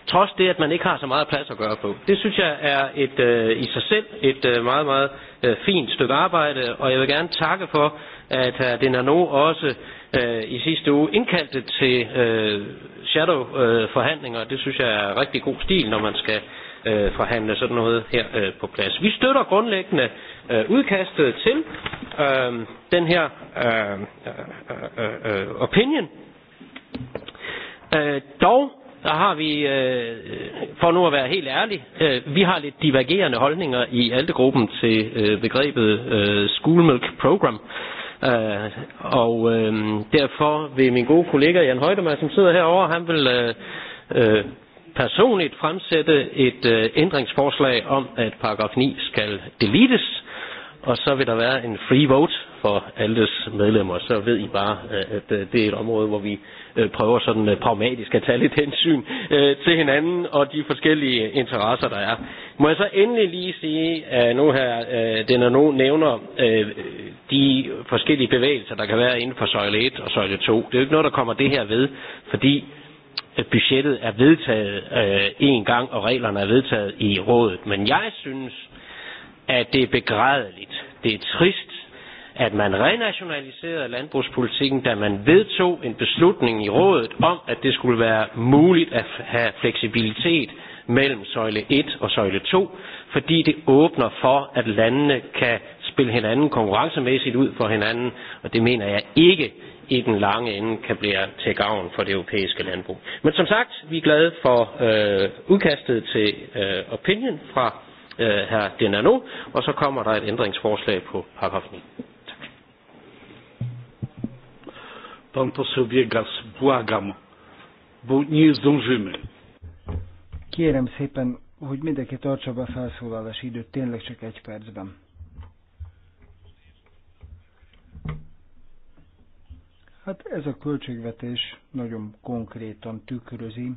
Speaker 6: trods det, at man ikke har så meget plads at gøre på. Det synes jeg er et, øh, i sig selv et øh, meget, meget øh, fint stykke arbejde, og jeg vil gerne takke for, at herr Denano også øh, i sidste uge indkaldte til øh, shadow-forhandlinger. Øh, det synes jeg er rigtig god stil, når man skal øh, forhandle sådan noget her øh, på plads. Vi støtter grundlæggende øh, udkastet til øh, den her øh, øh, øh, øh, øh opinion. Øh, dog der har vi, øh, for nu at være helt ærlig, øh, vi har lidt divergerende holdninger i altegruppen til øh, begrebet øh, School Milk Program. Øh, og øh, derfor vil min gode kollega Jan Højdemar, som sidder herovre, han vil øh, øh, personligt fremsætte et øh, ændringsforslag om, at paragraf 9 skal deletes, og så vil der være en free vote for alles medlemmer, så ved I bare, at det er et område, hvor vi øh, prøver sådan øh, pragmatisk at tage lidt hensyn øh, til hinanden og de forskellige interesser, der er. Må jeg så endelig lige sige, at nu her den er nu nævner de forskellige bevægelser, der kan være inden for søjle 1 og søjle 2. Det er jo ikke noget, der kommer det her ved, fordi at budgettet er vedtaget en gang, og reglerne er vedtaget i rådet. Men jeg synes, at det er begrædeligt, det er trist, at man renationaliserede landbrugspolitikken, da man vedtog en beslutning i rådet om, at det skulle være muligt at have fleksibilitet mellem søjle 1 og søjle 2, fordi det åbner for, at landene kan spille hinanden konkurrencemæssigt ud for hinanden, og det mener jeg ikke i den lange ende kan blive til gavn for det europæiske landbrug. Men som sagt, vi er glade for øh, udkastet til øh, opinion fra øh, her Denano, og så kommer der et ændringsforslag på paragraf 9.
Speaker 1: Pan poseł Biegas, błagam, bo nie zdążymy.
Speaker 2: Kérem szépen, hogy mindenki tartsa be a felszólalási időt, tényleg csak egy percben. Hát ez a költségvetés nagyon konkrétan tükrözi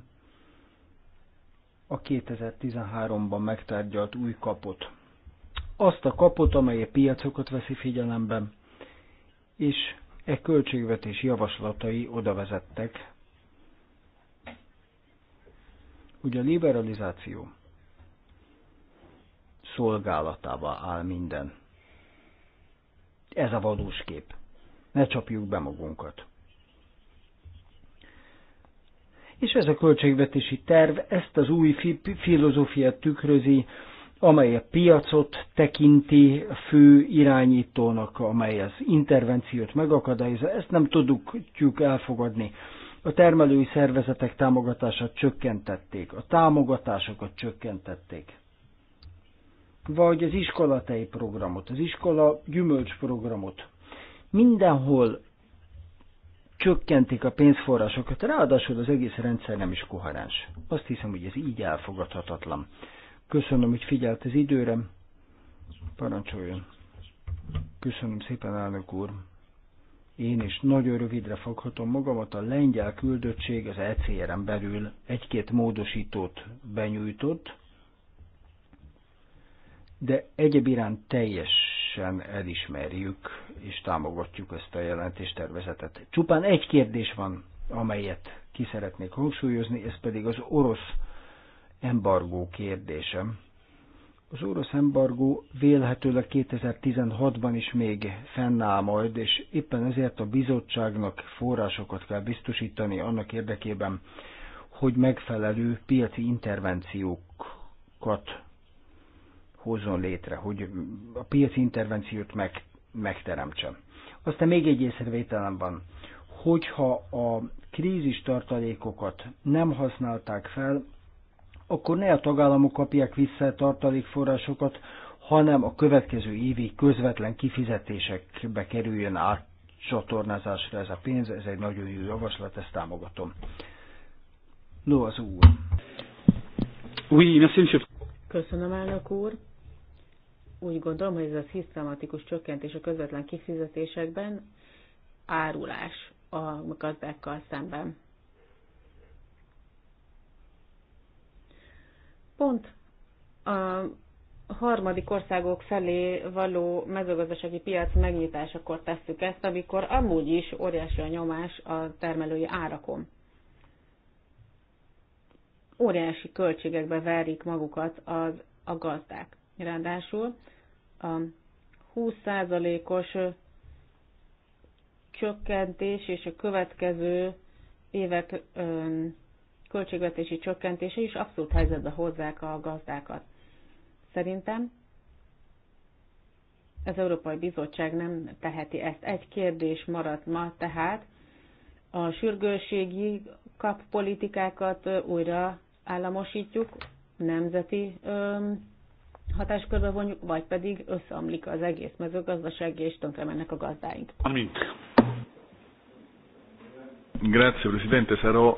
Speaker 2: a 2013-ban megtárgyalt új kapot. Azt a kapot, amely a piacokat veszi figyelembe, és E költségvetés javaslatai oda vezettek, hogy a liberalizáció szolgálatába áll minden. Ez a valós kép. Ne csapjuk be magunkat. És ez a költségvetési terv ezt az új fi- filozófiát tükrözi, amely a piacot tekinti fő irányítónak, amely az intervenciót megakadályozza, ezt nem tudjuk elfogadni. A termelői szervezetek támogatását csökkentették, a támogatásokat csökkentették. Vagy az iskolatei programot, az iskola gyümölcsprogramot. Mindenhol csökkentik a pénzforrásokat, ráadásul az egész rendszer nem is koherens. Azt hiszem, hogy ez így elfogadhatatlan. Köszönöm, hogy figyelt az időre. Parancsoljon. Köszönöm szépen, elnök úr. Én is nagyon rövidre foghatom magamat. A lengyel küldöttség az ECR-en belül egy-két módosítót benyújtott, de egyéb iránt teljesen elismerjük és támogatjuk ezt a jelentéstervezetet. Csupán egy kérdés van, amelyet ki szeretnék hangsúlyozni, ez pedig az orosz embargó kérdésem. Az orosz embargó vélhetőleg 2016-ban is még fennáll majd, és éppen ezért a bizottságnak forrásokat kell biztosítani annak érdekében, hogy megfelelő piaci intervenciókat hozzon létre, hogy a piaci intervenciót meg, megteremtsen. Aztán még egy észrevételem van, hogyha a krízis tartalékokat nem használták fel, akkor ne a tagállamok kapják vissza a tartalékforrásokat, hanem a következő évi közvetlen kifizetésekbe kerüljön át csatornázásra ez a pénz. Ez egy nagyon jó javaslat, ezt támogatom. No, az úr. Oui,
Speaker 1: merci,
Speaker 4: Köszönöm, elnök úr. Úgy gondolom, hogy ez a szisztematikus csökkentés a közvetlen kifizetésekben árulás a gazdákkal szemben. pont a harmadik országok felé való mezőgazdasági piac megnyitásakor tesszük ezt, amikor amúgy is óriási a nyomás a termelői árakon. Óriási költségekbe verik magukat az, a gazdák. Ráadásul a 20%-os csökkentés és a következő évek költségvetési csökkentése is abszolút helyzetbe hozzák a gazdákat. Szerintem az Európai Bizottság nem teheti ezt. Egy kérdés maradt ma tehát, a sürgőségi kap politikákat újra államosítjuk, nemzeti hatáskörbe vonjuk, vagy pedig összeomlik az egész mezőgazdaság, és tönkre mennek a gazdáink.
Speaker 5: Amint.
Speaker 1: Grazie, Presidente, sarò...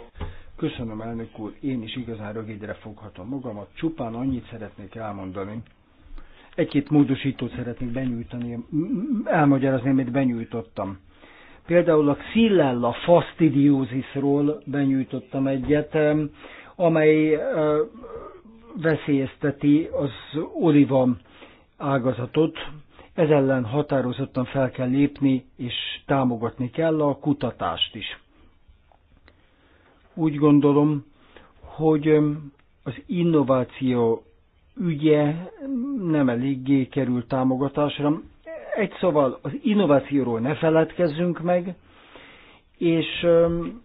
Speaker 2: Köszönöm, elnök úr, én is igazán rövidre foghatom magamat, csupán annyit szeretnék elmondani. Egy-két módosítót szeretnék benyújtani, elmagyarázni, amit benyújtottam. Például a Xillella fastidiosisról benyújtottam egyet, amely eh, veszélyezteti az oliva ágazatot. Ez ellen határozottan fel kell lépni, és támogatni kell a kutatást is úgy gondolom, hogy az innováció ügye nem eléggé került támogatásra. Egy szóval az innovációról ne feledkezzünk meg, és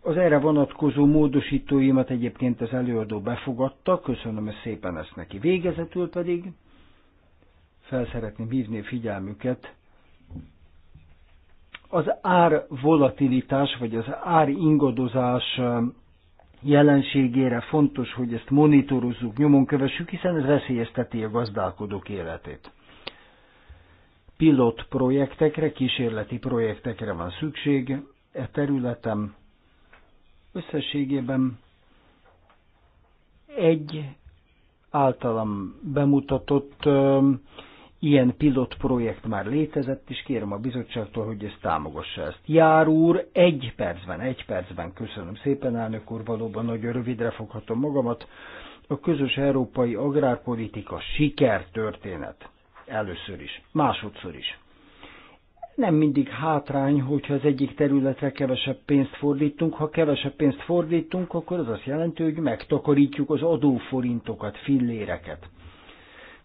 Speaker 2: az erre vonatkozó módosítóimat egyébként az előadó befogadta, köszönöm szépen ezt neki. Végezetül pedig fel szeretném hívni a figyelmüket az ár volatilitás, vagy az ár ingadozás jelenségére fontos, hogy ezt monitorozzuk, nyomon kövessük, hiszen ez veszélyezteti a gazdálkodók életét. Pilot projektekre, kísérleti projektekre van szükség e területen. Összességében egy általam bemutatott Ilyen pilot projekt már létezett, és kérem a bizottságtól, hogy ezt támogassa ezt. Jár úr, egy percben, egy percben, köszönöm szépen, elnök úr, valóban nagyon rövidre foghatom magamat. A közös európai agrárpolitika sikertörténet. Először is, másodszor is. Nem mindig hátrány, hogyha az egyik területre kevesebb pénzt fordítunk. Ha kevesebb pénzt fordítunk, akkor az azt jelenti, hogy megtakarítjuk az adóforintokat, filléreket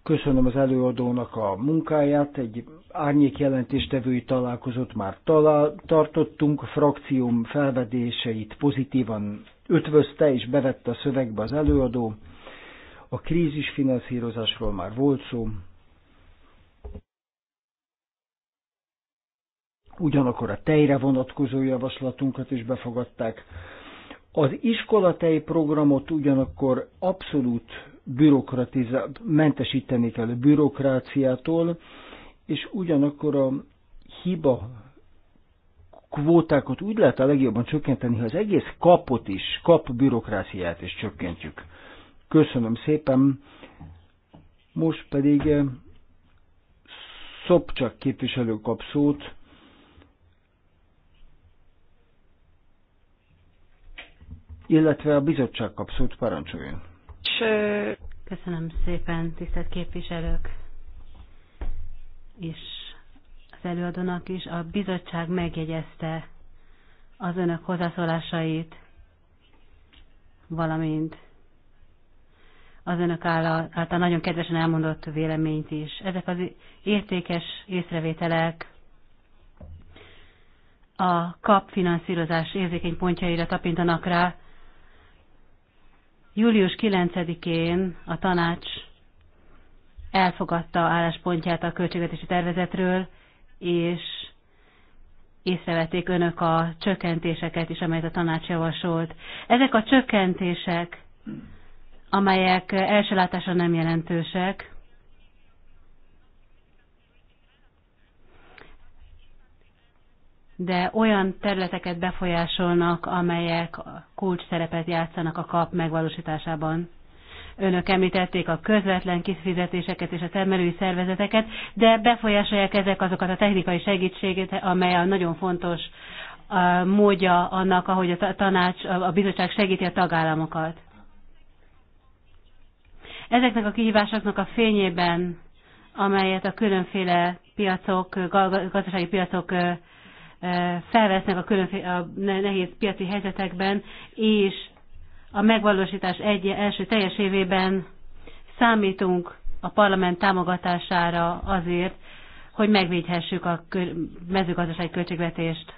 Speaker 2: Köszönöm az előadónak a munkáját, egy árnyék jelentéstevői találkozót már talál, tartottunk, a frakcióm felvedéseit pozitívan ötvözte és bevette a szövegbe az előadó. A krízisfinanszírozásról már volt szó. Ugyanakkor a tejre vonatkozó javaslatunkat is befogadták. Az iskolatei programot ugyanakkor abszolút bürokratizál, mentesíteni kell a bürokráciától, és ugyanakkor a hiba kvótákat úgy lehet a legjobban csökkenteni, ha az egész kapot is, kap bürokráciát is csökkentjük. Köszönöm szépen. Most pedig eh, Szopcsak képviselő kap szót illetve a bizottság kapszót parancsoljon.
Speaker 3: Köszönöm szépen, tisztelt képviselők, és az előadónak is. A bizottság megjegyezte az önök hozzászólásait, valamint az önök által nagyon kedvesen elmondott véleményt is. Ezek az értékes észrevételek a kap finanszírozás érzékeny pontjaira tapintanak rá, Július 9-én a tanács elfogadta álláspontját a költségvetési tervezetről, és észrevették önök a csökkentéseket is, amelyet a tanács javasolt. Ezek a csökkentések, amelyek első látásra nem jelentősek, de olyan területeket befolyásolnak, amelyek kulcs szerepet játszanak a kap megvalósításában. Önök említették a közvetlen kifizetéseket és a termelői szervezeteket, de befolyásolják ezek azokat a technikai segítséget, amely a nagyon fontos módja annak, ahogy a tanács, a bizottság segíti a tagállamokat. Ezeknek a kihívásoknak a fényében, amelyet a különféle piacok, gazdasági piacok felvesznek a, különféle, a nehéz piaci helyzetekben, és a megvalósítás egy, első teljes évében számítunk a parlament támogatására azért, hogy megvédhessük a mezőgazdasági költségvetést.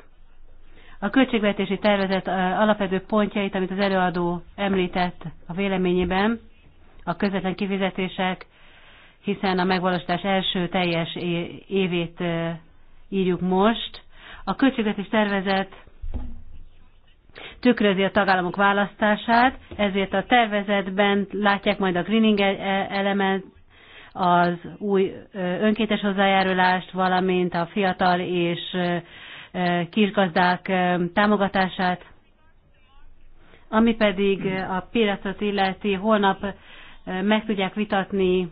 Speaker 3: A költségvetési tervezet alapvető pontjait, amit az előadó említett a véleményében, a közvetlen kifizetések, hiszen a megvalósítás első teljes évét írjuk most, a költségvetés tervezet tükrözi a tagállamok választását, ezért a tervezetben látják majd a greening e- e- elemet, az új önkétes hozzájárulást, valamint a fiatal és kisgazdák támogatását, ami pedig a piacot illeti, holnap meg tudják vitatni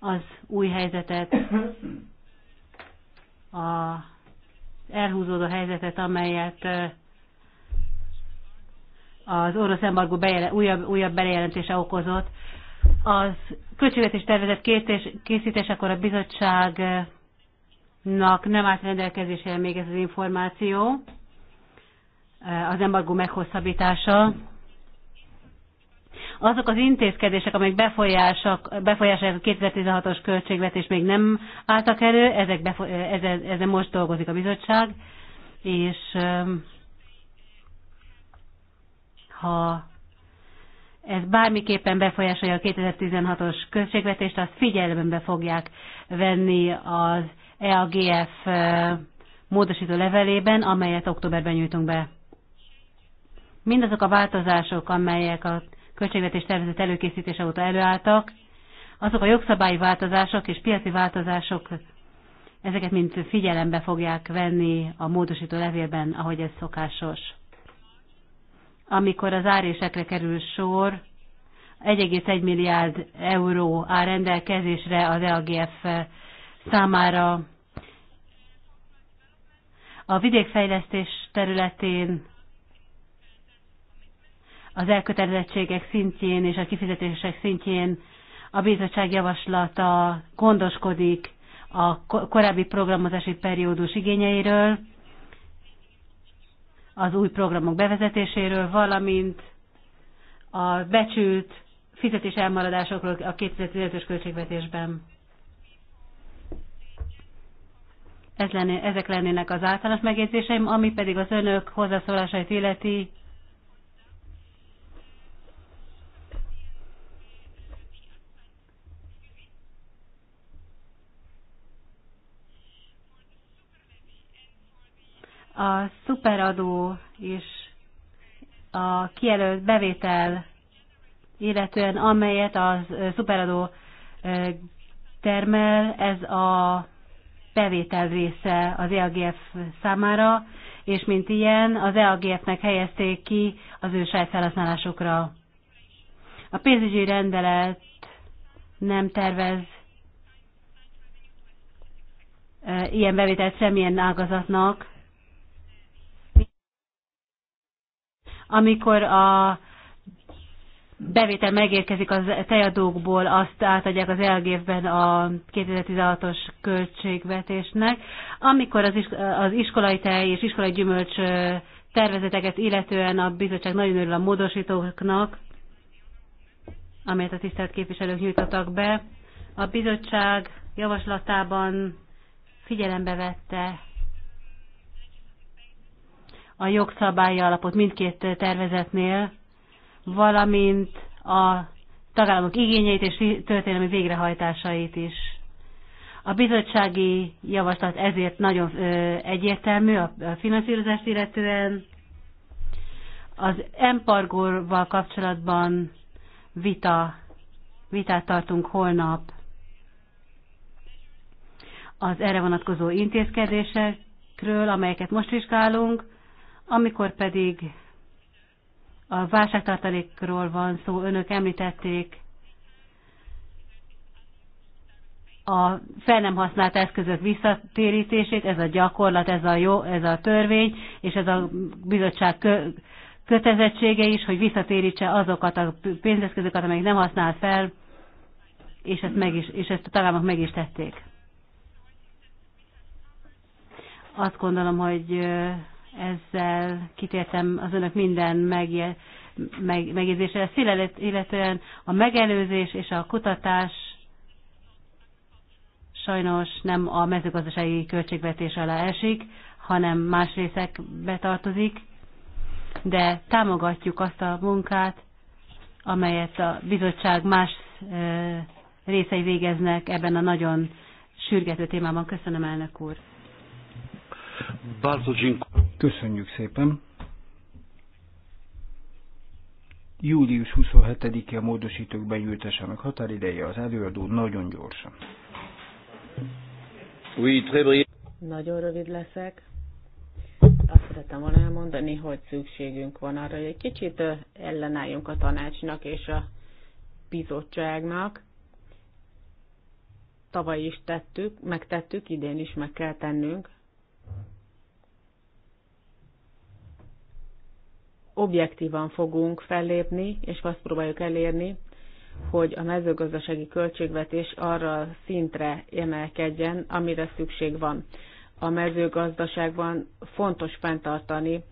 Speaker 3: az új helyzetet a elhúzódó helyzetet, amelyet az orosz embargó bejelent, újabb, újabb bejelentése okozott. Az költségvetés tervezet készítés, készítésekor a bizottságnak nem állt rendelkezésére még ez az információ, az embargó meghosszabbítása, azok az intézkedések, amelyek befolyásolják a 2016-os költségvetés még nem álltak elő, ezek befo- ezen, ezen most dolgozik a bizottság, és ha ez bármiképpen befolyásolja a 2016-os költségvetést, azt figyelembe fogják venni az EAGF módosító levelében, amelyet októberben nyújtunk be. Mindazok a változások, amelyek a költségvetés tervezet előkészítése óta előálltak. Azok a jogszabályi változások és piaci változások, ezeket mind figyelembe fogják venni a módosító levélben, ahogy ez szokásos. Amikor az árésekre kerül sor, 1,1 milliárd euró áll rendelkezésre az EAGF számára. A vidékfejlesztés területén az elkötelezettségek szintjén és a kifizetések szintjén a bizottság javaslata gondoskodik a korábbi programozási periódus igényeiről, az új programok bevezetéséről, valamint a becsült fizetés elmaradásokról a 2015-ös költségvetésben. Ez lenné, ezek lennének az általános megjegyzéseim, ami pedig az önök hozzászólásait illeti, A szuperadó és a kijelölt bevétel, illetően amelyet a szuperadó termel, ez a bevétel része az EAGF számára, és mint ilyen az EAGF-nek helyezték ki az ő saját felhasználásokra. A pénzügyi rendelet nem tervez ilyen bevételt semmilyen ágazatnak, amikor a bevétel megérkezik a tejadókból, azt átadják az lgf a 2016-os költségvetésnek. Amikor az, az iskolai tej és iskolai gyümölcs tervezeteket illetően a bizottság nagyon örül a módosítóknak, amelyet a tisztelt képviselők nyújtottak be, a bizottság javaslatában figyelembe vette a jogszabályi alapot mindkét tervezetnél, valamint a tagállamok igényeit és történelmi végrehajtásait is. A bizottsági javaslat ezért nagyon egyértelmű a finanszírozást illetően. Az embargóval kapcsolatban vita, vitát tartunk holnap az erre vonatkozó intézkedésekről, amelyeket most vizsgálunk amikor pedig a válságtartalékról van szó, önök említették a fel nem használt eszközök visszatérítését, ez a gyakorlat, ez a, jó, ez a törvény, és ez a bizottság kö, kötelezettsége is, hogy visszatérítse azokat a pénzeszközöket, amelyek nem használ fel, és ezt, meg is, és ezt a tagállamok meg is tették. Azt gondolom, hogy ezzel kitértem az önök minden megje, meg, megjegyzésre. illetően a megelőzés és a kutatás sajnos nem a mezőgazdasági költségvetés alá esik, hanem más részekbe tartozik, de támogatjuk azt a munkát, amelyet a bizottság más részei végeznek ebben a nagyon sürgető témában. Köszönöm, elnök úr!
Speaker 2: Bardzo dziękuję. Köszönjük szépen! Július 27-e a módosítók benyújtásának határideje az előadó nagyon gyorsan. Oui, très
Speaker 4: nagyon rövid leszek. Azt szeretem volna elmondani, hogy szükségünk van arra, hogy egy kicsit ellenálljunk a tanácsnak és a bizottságnak. Tavaly is tettük, megtettük, idén is meg kell tennünk, objektívan fogunk fellépni, és azt próbáljuk elérni, hogy a mezőgazdasági költségvetés arra a szintre emelkedjen, amire szükség van. A mezőgazdaságban fontos fenntartani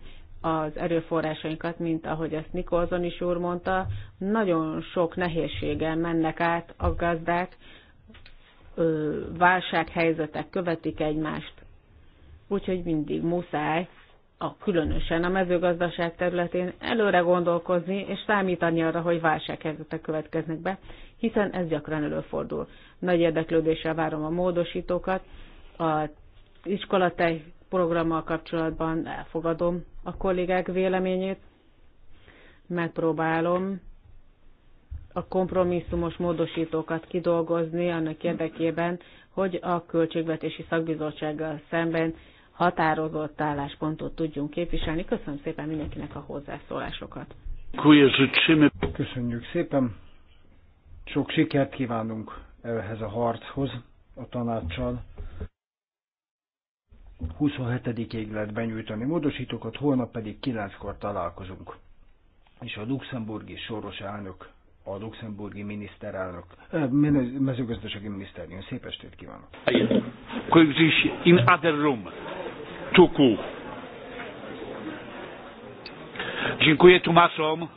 Speaker 4: az erőforrásainkat, mint ahogy ezt Nikolzon is úr mondta, nagyon sok nehézséggel mennek át a gazdák, válsághelyzetek követik egymást. Úgyhogy mindig muszáj a, különösen a mezőgazdaság területén előre gondolkozni és számítani arra, hogy válsághelyzetek következnek be, hiszen ez gyakran előfordul. Nagy érdeklődéssel várom a módosítókat, a iskolatej programmal kapcsolatban elfogadom a kollégák véleményét, megpróbálom a kompromisszumos módosítókat kidolgozni annak érdekében, hogy a költségvetési szakbizottsággal szemben határozott álláspontot tudjunk képviselni. Köszönöm szépen mindenkinek a hozzászólásokat.
Speaker 2: Köszönjük szépen. Sok sikert kívánunk ehhez a harchoz a tanácssal. 27-ig lehet benyújtani módosítókat, holnap pedig 9-kor
Speaker 1: találkozunk.
Speaker 2: És a luxemburgi soros elnök, a luxemburgi miniszterelnök, eh, mezőgazdasági miniszter jön. Szép estét kívánok!
Speaker 1: In other room. Tuku. Dziękuję tłumaczom.